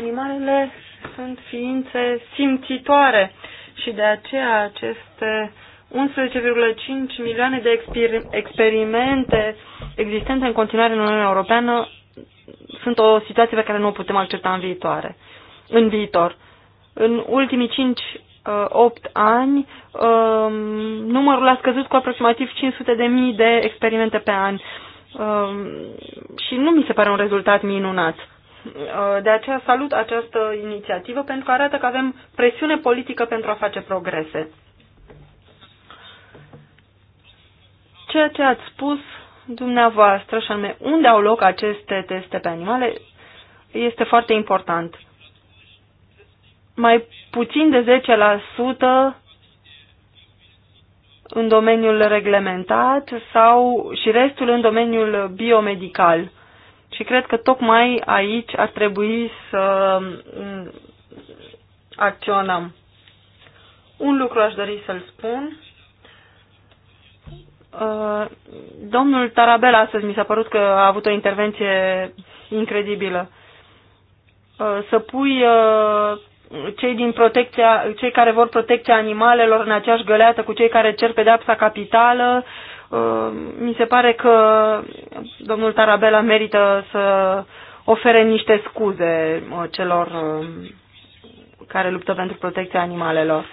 Animalele sunt ființe simțitoare și de aceea aceste 11,5 milioane de exper experimente existente în continuare în Uniunea Europeană sunt o situație pe care nu o putem accepta în viitoare. În viitor. În ultimii 5 8 uh, ani, um, numărul a scăzut cu aproximativ 500 de mii de experimente pe an. Um, și nu mi se pare un rezultat minunat. Uh, de aceea salut această inițiativă pentru că arată că avem presiune politică pentru a face progrese. Ceea ce ați spus dumneavoastră, și anume unde au loc aceste teste pe animale, este foarte important. Mai puțin de 10% în domeniul reglementat sau și restul în domeniul biomedical. Și cred că tocmai aici ar trebui să mm, acționăm. Un lucru aș dori să-l spun. Uh, domnul Tarabel astăzi mi s-a părut că a avut o intervenție incredibilă. Uh, să pui uh, cei din protecția, cei care vor protecția animalelor în aceeași găleată cu cei care cer pedeapsa capitală Uh, mi se pare că domnul Tarabella merită să ofere niște scuze uh, celor uh, care luptă pentru protecția animalelor.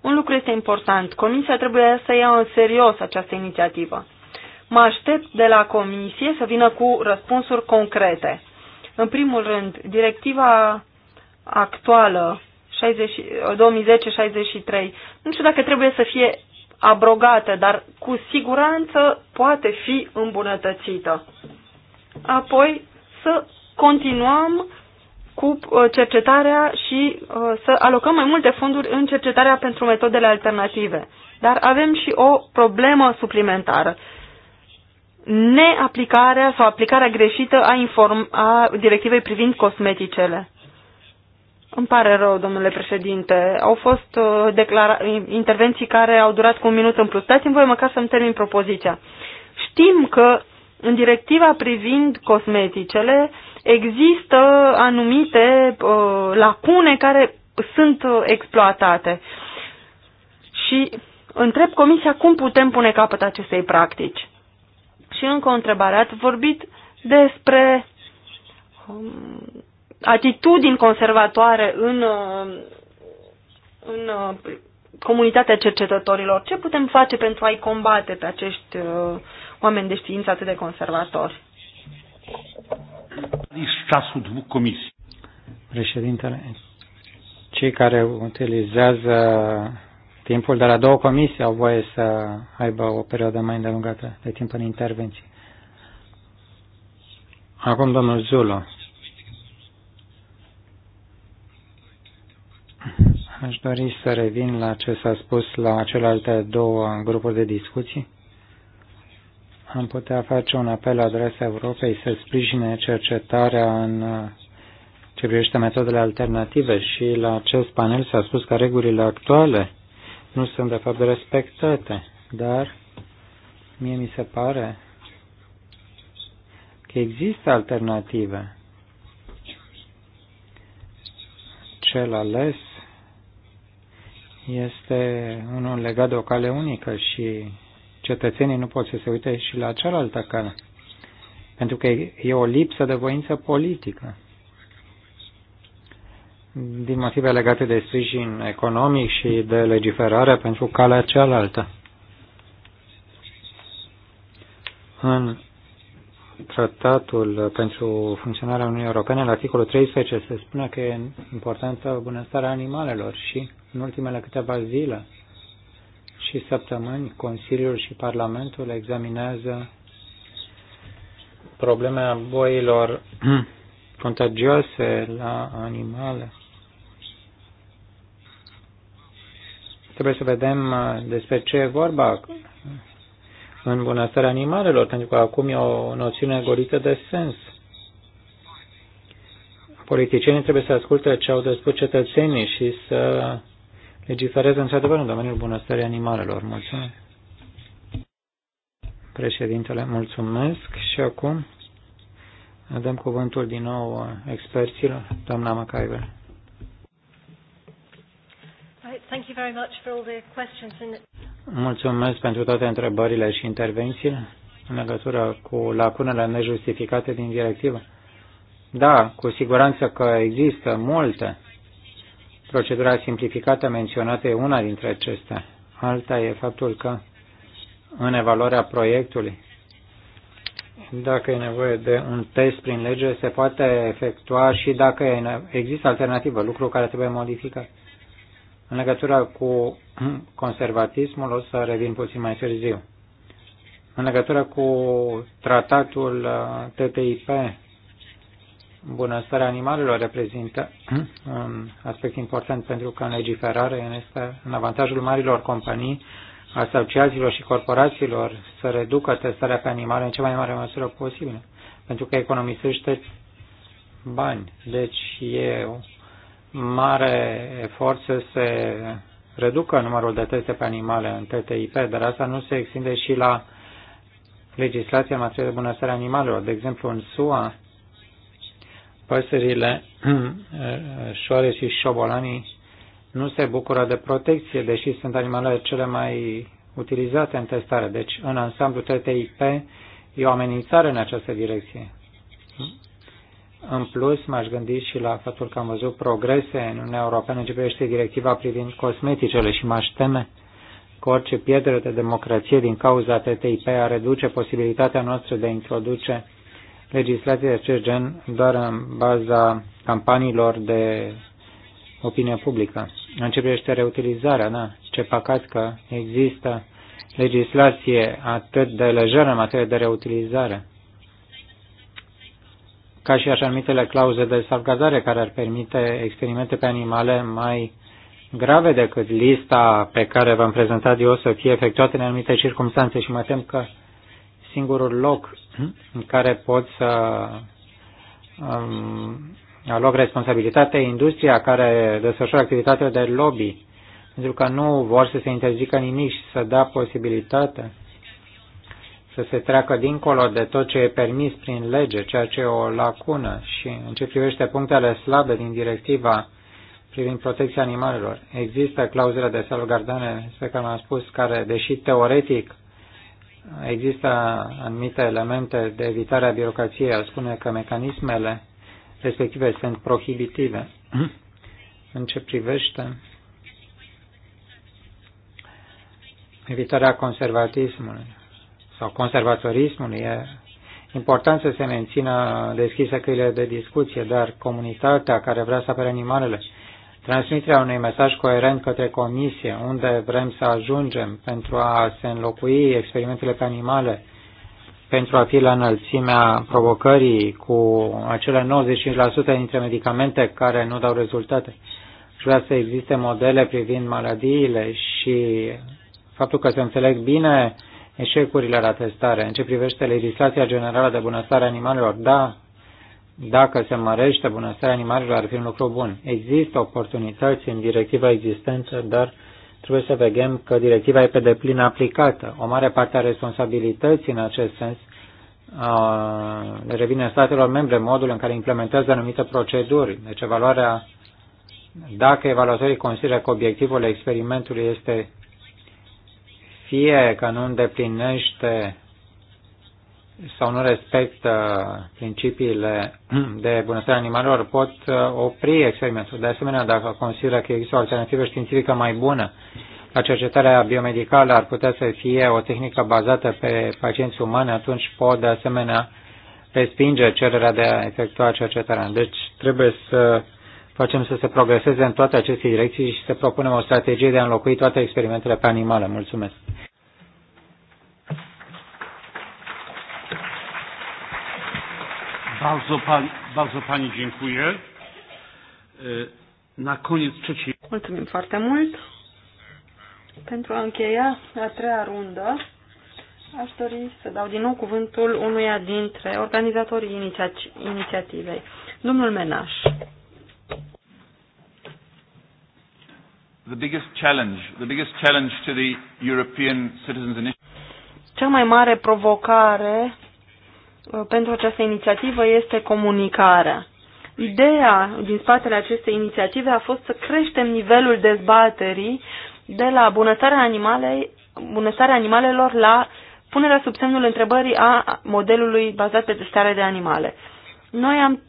Un lucru este important. Comisia trebuie să ia în serios această inițiativă. Mă aștept de la Comisie să vină cu răspunsuri concrete. În primul rând, directiva actuală 2010-63, nu știu dacă trebuie să fie abrogată, dar cu siguranță poate fi îmbunătățită. Apoi să continuăm cu uh, cercetarea și uh, să alocăm mai multe fonduri în cercetarea pentru metodele alternative. Dar avem și o problemă suplimentară. Neaplicarea sau aplicarea greșită a, inform- a directivei privind cosmeticele. Îmi pare rău, domnule președinte. Au fost uh, declara- intervenții care au durat cu un minut în plus. Dați-mi voi măcar să-mi termin propoziția. Știm că în directiva privind cosmeticele există anumite uh, lacune care sunt uh, exploatate. Și întreb Comisia cum putem pune capăt acestei practici. Și încă o întrebare. Ați vorbit despre um, atitudini conservatoare în, uh, în uh, comunitatea cercetătorilor. Ce putem face pentru a-i combate pe acești uh, oameni de știință atât de conservatori?
Președintele, cei care utilizează timpul de la două comisii au voie să aibă o perioadă mai îndelungată de timp în intervenții. Acum domnul Zulo. Aș dori să revin la ce s-a spus la celelalte două grupuri de discuții. Am putea face un apel la adresa Europei să sprijine cercetarea în ce privește metodele alternative și la acest panel s-a spus că regulile actuale nu sunt de fapt respectate, dar mie mi se pare că există alternative. Cel ales este unul legat de o cale unică și cetățenii nu pot să se uite și la cealaltă cale, pentru că e o lipsă de voință politică. Din motive legate de sprijin economic și de legiferare pentru calea cealaltă. În tratatul pentru funcționarea Uniunii Europene, la articolul 13, se spune că e importantă bunăstarea animalelor și în ultimele câteva zile și săptămâni Consiliul și Parlamentul examinează a boilor contagioase la animale. Trebuie să vedem uh, despre ce e vorba în bunăstarea animalelor, pentru că acum e o noțiune golită de sens. Politicienii trebuie să asculte ce au de spus cetățenii și să legifereze într-adevăr în domeniul bunăstării animalelor. Mulțumesc. Președintele, mulțumesc și acum dăm cuvântul din nou experților, doamna McIver. Mulțumesc pentru toate întrebările și intervențiile în legătură cu lacunele nejustificate din directivă. Da, cu siguranță că există multe. Procedura simplificată menționată e una dintre acestea. Alta e faptul că în evaluarea proiectului, dacă e nevoie de un test prin lege, se poate efectua și dacă există alternativă, lucru care trebuie modificat. În legătură cu conservatismul o să revin puțin mai târziu. În legătură cu tratatul uh, TTIP, bunăstarea animalelor reprezintă un aspect important pentru că în legiferare este în avantajul marilor companii, asociațiilor și corporațiilor să reducă testarea pe animale în cea mai mare măsură posibilă, pentru că economisește bani. Deci e mare efort să se reducă numărul de teste pe animale în TTIP, dar asta nu se extinde și la legislația în materie de bunăstare animalelor. De exemplu, în SUA, păsările șoare și șobolanii nu se bucură de protecție, deși sunt animalele cele mai utilizate în testare. Deci, în ansamblu TTIP, e o amenințare în această direcție. În plus, m-aș gândi și la faptul că am văzut progrese în Uniunea Europeană în ce privește directiva privind cosmeticele și m-aș teme că orice pierdere de democrație din cauza TTIP a reduce posibilitatea noastră de a introduce legislație de acest gen doar în baza campaniilor de opinie publică. În ce privește reutilizarea, da, ce păcat că există legislație atât de lejeră în materie de reutilizare ca și așa numitele clauze de salvgardare care ar permite experimente pe animale mai grave decât lista pe care v-am prezentat eu să fie efectuate în anumite circunstanțe și mă tem că singurul loc în care pot să um, aloc responsabilitatea industria care desfășoară activitatea de lobby, pentru că nu vor să se interzică nimic și să da posibilitatea să se treacă dincolo de tot ce e permis prin lege, ceea ce e o lacună și în ce privește punctele slabe din directiva privind protecția animalelor. Există clauzele de salvgardare despre care am spus, care, deși teoretic există anumite elemente de evitare a birocrației, ar spune că mecanismele respective sunt prohibitive. în ce privește evitarea conservatismului sau conservatorismul, e important să se mențină deschise căile de discuție, dar comunitatea care vrea să apere animalele, transmiterea unui mesaj coerent către comisie, unde vrem să ajungem pentru a se înlocui experimentele pe animale, pentru a fi la înălțimea provocării cu acele 95% dintre medicamente care nu dau rezultate. Vreau vrea să existe modele privind maladiile și faptul că se înțeleg bine uh, eșecurile la testare. În ce privește legislația generală de bunăstare animalelor, da, dacă se mărește bunăstarea animalelor, ar fi un lucru bun. Există oportunități în directiva existență, dar trebuie să vedem că directiva e pe deplin aplicată. O mare parte a responsabilității în acest sens le revine statelor membre modul în care implementează anumite proceduri. Deci evaluarea, dacă evaluatorii consideră că obiectivul experimentului este fie că nu îndeplinește sau nu respectă principiile de bunăstare animalelor, pot uh, opri experimentul. De asemenea, dacă consideră că există o alternativă științifică mai bună, la cercetarea biomedicală ar putea să fie o tehnică bazată pe pacienți umani, atunci pot de asemenea respinge cererea de a efectua cercetarea. Deci trebuie să facem să se progreseze în toate aceste direcții și să propunem o strategie de a înlocui toate experimentele pe animale. Mulțumesc!
Mulțumim foarte mult.
Pentru a încheia a treia rundă, aș dori să dau din nou cuvântul unuia dintre organizatorii inițiativei, domnul Menaș.
the biggest challenge, the biggest challenge to the European Citizens Initiative.
Cea mai mare provocare uh, pentru această inițiativă este comunicarea. Ideea din spatele acestei inițiative a fost să creștem nivelul dezbaterii de la bunăstarea, animalei, bunăstarea animalelor la punerea sub semnul întrebării a modelului bazat pe testare de animale. Noi am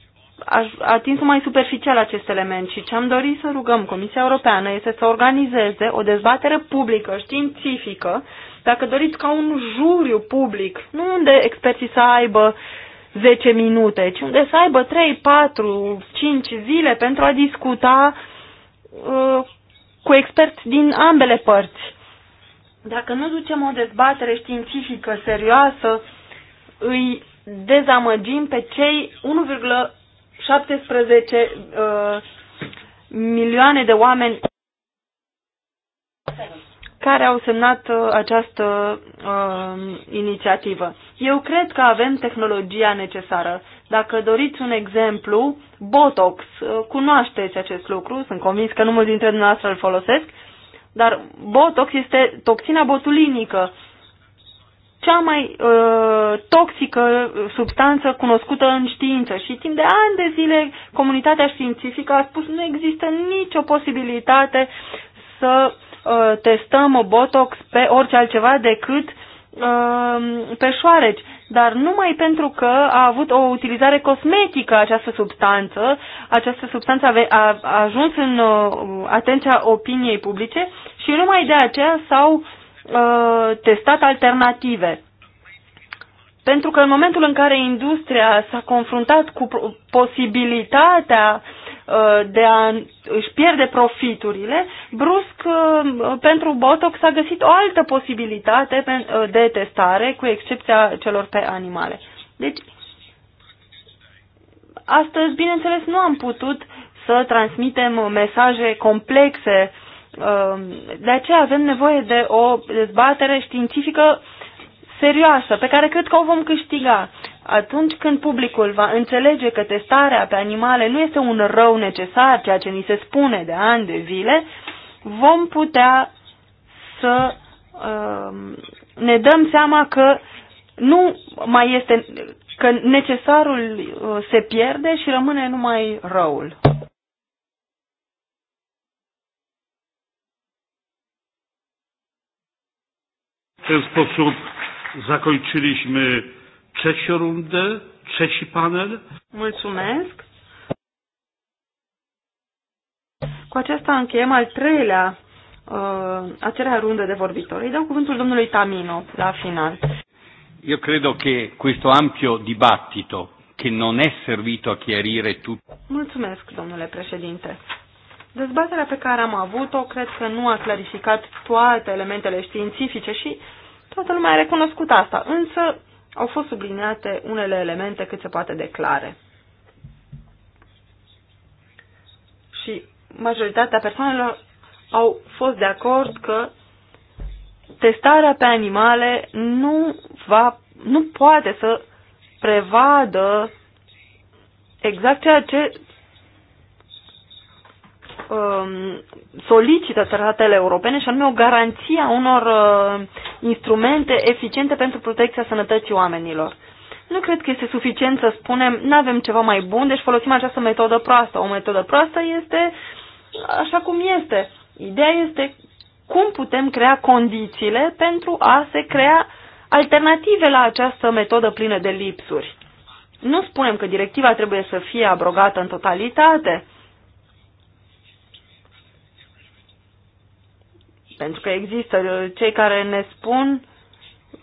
a atins mai superficial acest element și ce am dorit să rugăm Comisia Europeană este să organizeze o dezbatere publică, științifică, dacă doriți ca un juriu public, nu unde experții să aibă 10 minute, ci unde să aibă 3, 4, 5 zile pentru a discuta uh, cu experți din ambele părți. Dacă nu ducem o dezbatere științifică serioasă, îi dezamăgim pe cei 1, 17 uh, milioane de oameni care au semnat uh, această uh, inițiativă. Eu cred că avem tehnologia necesară. Dacă doriți un exemplu, Botox, uh, cunoașteți acest lucru, sunt convins că nu mulți dintre dumneavoastră îl folosesc, dar Botox este toxina botulinică cea mai uh, toxică uh, substanță cunoscută în știință și timp de ani de zile comunitatea științifică a spus nu există nicio posibilitate să uh, testăm Botox pe orice altceva decât uh, pe șoareci, dar numai pentru că a avut o utilizare cosmetică această substanță, această substanță a, a ajuns în uh, atenția opiniei publice și numai de aceea s-au uh, Uh, testat alternative. Pentru că în momentul în care industria s-a confruntat cu posibilitatea uh, de a își pierde profiturile, brusc uh, pentru Botox s-a găsit o altă posibilitate de testare, cu excepția celor pe animale. Deci, astăzi, bineînțeles, nu am putut să transmitem mesaje complexe uh, Um, de aceea avem nevoie de o dezbatere științifică serioasă, pe care cred că o vom câștiga. Atunci când publicul va înțelege că testarea pe animale nu este un rău necesar, ceea ce ni se spune de ani de zile, vom putea să uh, ne dăm seama că nu mai este, că necesarul uh, se pierde și rămâne numai răul.
ten sposób zakończyliśmy trzecią rundę, trzeci panel.
Mulțumesc. Cu aceasta încheiem al treilea, uh, a treia rundă de vorbitori. Îi dau cuvântul domnului Tamino la final.
Eu cred că questo ampio dibattito che non è servito a chiarire tutto.
Mulțumesc, domnule președinte. Dezbaterea pe care am avut-o cred că nu a clarificat toate elementele științifice și Toată lumea a recunoscut asta, însă au fost subliniate unele elemente cât se poate de clare. Și majoritatea persoanelor au fost de acord că testarea pe animale nu, va, nu poate să prevadă exact ceea ce Um, solicită statele europene și anume o garanție a unor uh, instrumente eficiente pentru protecția sănătății oamenilor. Nu cred că este suficient să spunem nu avem ceva mai bun, deci folosim această metodă proastă. O metodă proastă este așa cum este. Ideea este cum putem crea condițiile pentru a se crea alternative la această metodă plină de lipsuri. Nu spunem că directiva trebuie să fie abrogată în totalitate, Pentru că există uh, cei care ne spun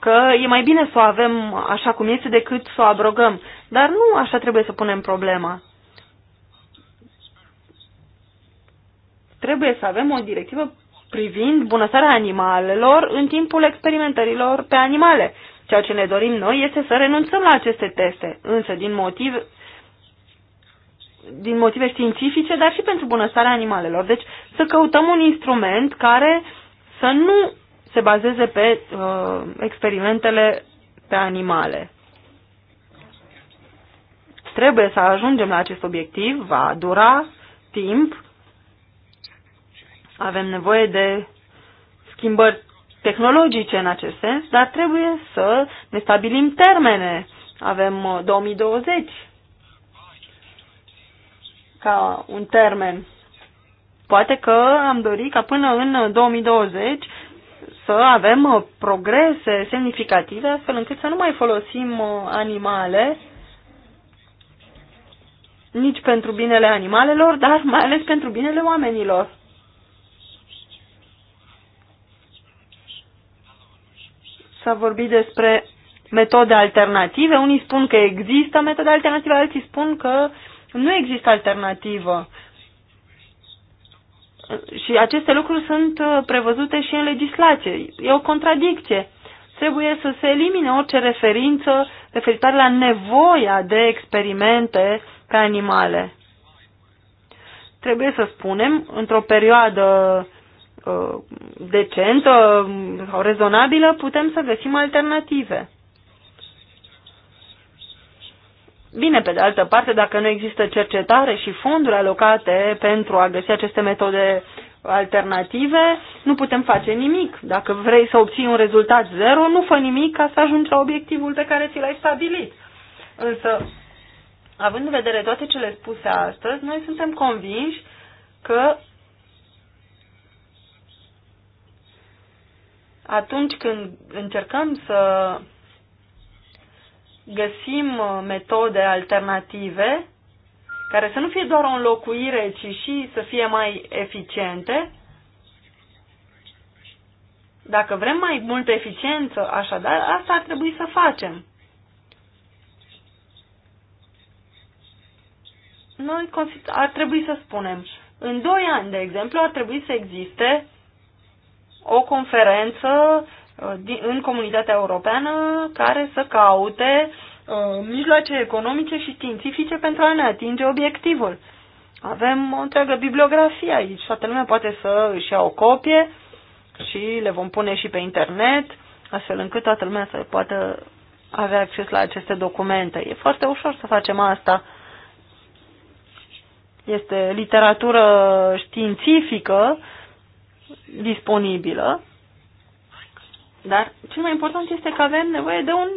că e mai bine să o avem așa cum este decât să o abrogăm. Dar nu așa trebuie să punem problema. Trebuie să avem o directivă privind bunăstarea animalelor în timpul experimentărilor pe animale. Ceea ce ne dorim noi este să renunțăm la aceste teste, însă din motiv din motive științifice, dar și pentru bunăstarea animalelor. Deci să căutăm un instrument care să nu se bazeze pe uh, experimentele pe animale. Trebuie să ajungem la acest obiectiv, va dura timp, avem nevoie de schimbări tehnologice în acest sens, dar trebuie să ne stabilim termene. Avem 2020 uh, ca un termen. Poate că am dorit ca până în 2020 să avem uh, progrese semnificative astfel încât să nu mai folosim uh, animale nici pentru binele animalelor, dar mai ales pentru binele oamenilor. S-a vorbit despre metode alternative. Unii spun că există metode alternative, alții spun că nu există alternativă și aceste lucruri sunt uh, prevăzute și în legislație. E o contradicție. Trebuie să se elimine orice referință referitoare la nevoia de experimente pe animale. Trebuie să spunem, într-o perioadă uh, decentă sau rezonabilă, putem să găsim alternative. Bine, pe de altă parte, dacă nu există cercetare și fonduri alocate pentru a găsi aceste metode alternative, nu putem face nimic. Dacă vrei să obții un rezultat zero, nu fă nimic ca să ajungi la obiectivul pe care ți l-ai stabilit. Însă, având în vedere toate cele spuse astăzi, noi suntem convinși că atunci când încercăm să găsim uh, metode alternative care să nu fie doar o înlocuire, ci și să fie mai eficiente. Dacă vrem mai multă eficiență, așadar, asta ar trebui să facem. Noi ar trebui să spunem, în doi ani, de exemplu, ar trebui să existe o conferență Uh, în comunitatea europeană care să caute uh, mijloace economice și științifice pentru a ne atinge obiectivul. Avem o întreagă bibliografie aici, toată lumea poate să își ia o copie și le vom pune și pe internet, astfel încât toată lumea să poată avea acces la aceste documente. E foarte ușor să facem asta. Este literatură științifică disponibilă dar cel mai important este că avem nevoie de un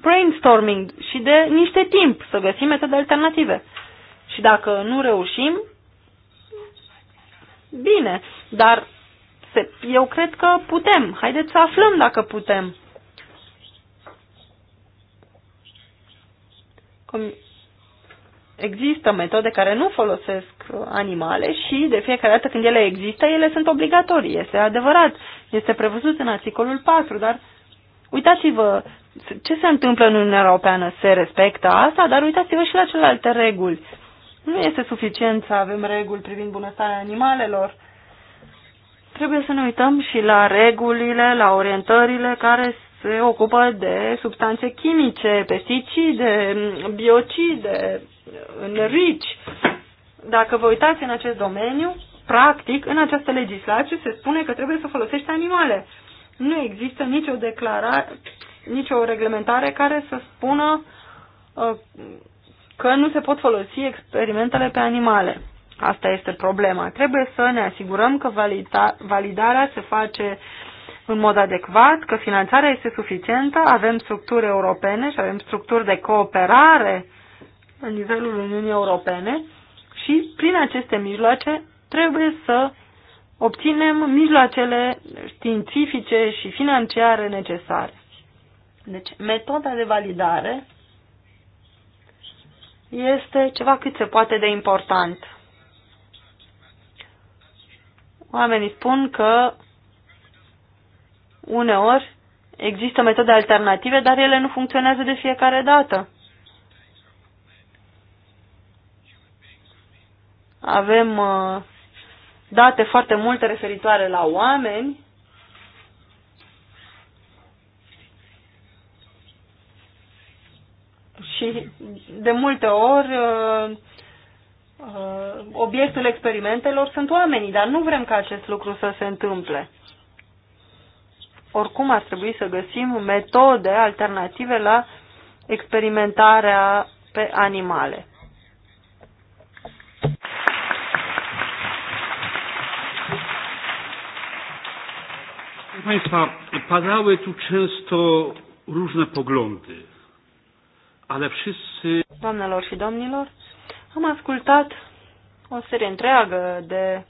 brainstorming și de niște timp să găsim metode alternative. Și dacă nu reușim, bine, dar se, eu cred că putem. Haideți să aflăm dacă putem. Com- există metode care nu folosesc uh, animale și de fiecare dată când ele există, ele sunt obligatorii. Este adevărat. Este prevăzut în articolul 4, dar uitați-vă ce se întâmplă în Uniunea Europeană. Se respectă asta, dar uitați-vă și la celelalte reguli. Nu este suficient să avem reguli privind bunăstarea animalelor. Trebuie să ne uităm și la regulile, la orientările care se ocupă de substanțe chimice, pesticide, biocide, rici. Dacă vă uitați în acest domeniu, practic, în această legislație se spune că trebuie să folosești animale. Nu există nicio declarare, nicio reglementare care să spună uh, că nu se pot folosi experimentele pe animale. Asta este problema. Trebuie să ne asigurăm că valida, validarea se face în mod adecvat, că finanțarea este suficientă, avem structuri europene și avem structuri de cooperare în nivelul Uniunii Europene și prin aceste mijloace trebuie să obținem mijloacele științifice și financiare necesare. Deci, metoda de validare este ceva cât se poate de important. Oamenii spun că Uneori există metode alternative, dar ele nu funcționează de fiecare dată. Avem uh, date foarte multe referitoare la oameni și de multe ori uh, uh, obiectul experimentelor sunt oamenii, dar nu vrem ca acest lucru să se întâmple oricum ar trebui să găsim metode alternative la experimentarea pe animale.
Państwa, padały tu często różne poglądy, ale wszyscy... Doamnelor și domnilor,
am ascultat o serie întreagă de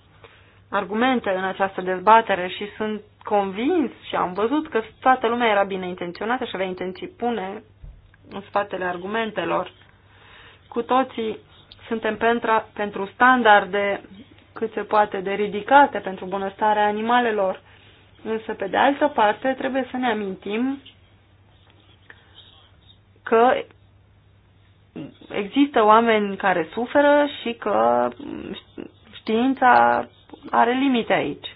argumente în această dezbatere și sunt convins și am văzut că toată lumea era bine intenționată și avea intenții pune în spatele argumentelor. Cu toții suntem pentru, pentru standarde cât se poate de ridicate pentru bunăstarea animalelor. Însă, pe de altă parte, trebuie să ne amintim că există oameni care suferă și că știința are limite aici.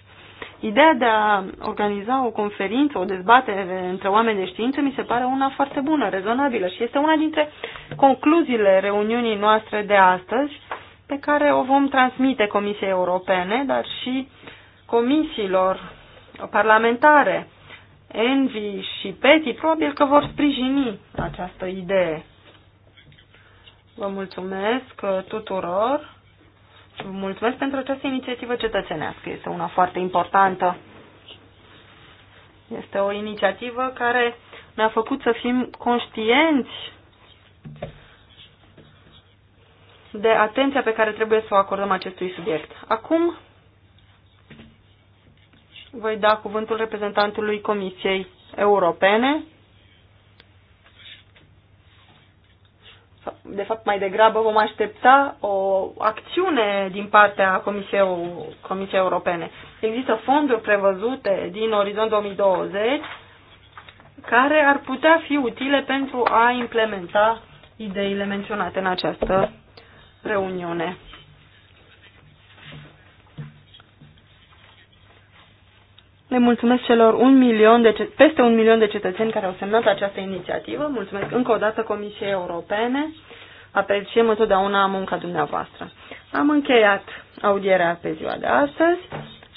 Ideea de a organiza o conferință, o dezbatere între oameni de știință mi se pare una foarte bună, rezonabilă și este una dintre concluziile reuniunii noastre de astăzi pe care o vom transmite Comisiei Europene, dar și comisiilor parlamentare, Envi și Peti, probabil că vor sprijini această idee. Vă mulțumesc uh, tuturor mulțumesc pentru această inițiativă cetățenească. Este una foarte importantă. Este o inițiativă care ne-a făcut să fim conștienți de atenția pe care trebuie să o acordăm acestui subiect. Acum voi da cuvântul reprezentantului Comisiei Europene, de fapt mai degrabă vom aștepta o acțiune din partea Comisiei, Comisiei Europene. Există fonduri prevăzute din Orizont 2020 care ar putea fi utile pentru a implementa ideile menționate în această reuniune. Le mulțumesc celor un milion de, peste un milion de cetățeni care au semnat această inițiativă. Mulțumesc încă o dată Comisiei Europene. Apreciem întotdeauna munca dumneavoastră. Am încheiat audierea pe ziua de astăzi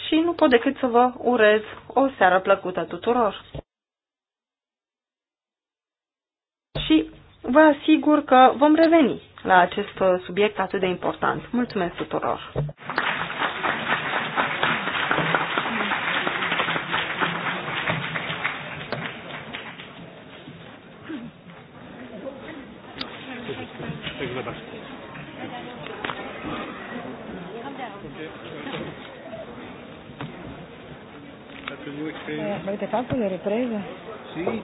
și nu pot decât să vă urez o seară plăcută tuturor. Și vă asigur că vom reveni la acest subiect atât de important. Mulțumesc tuturor! Avete fatto de riprese?
Sì,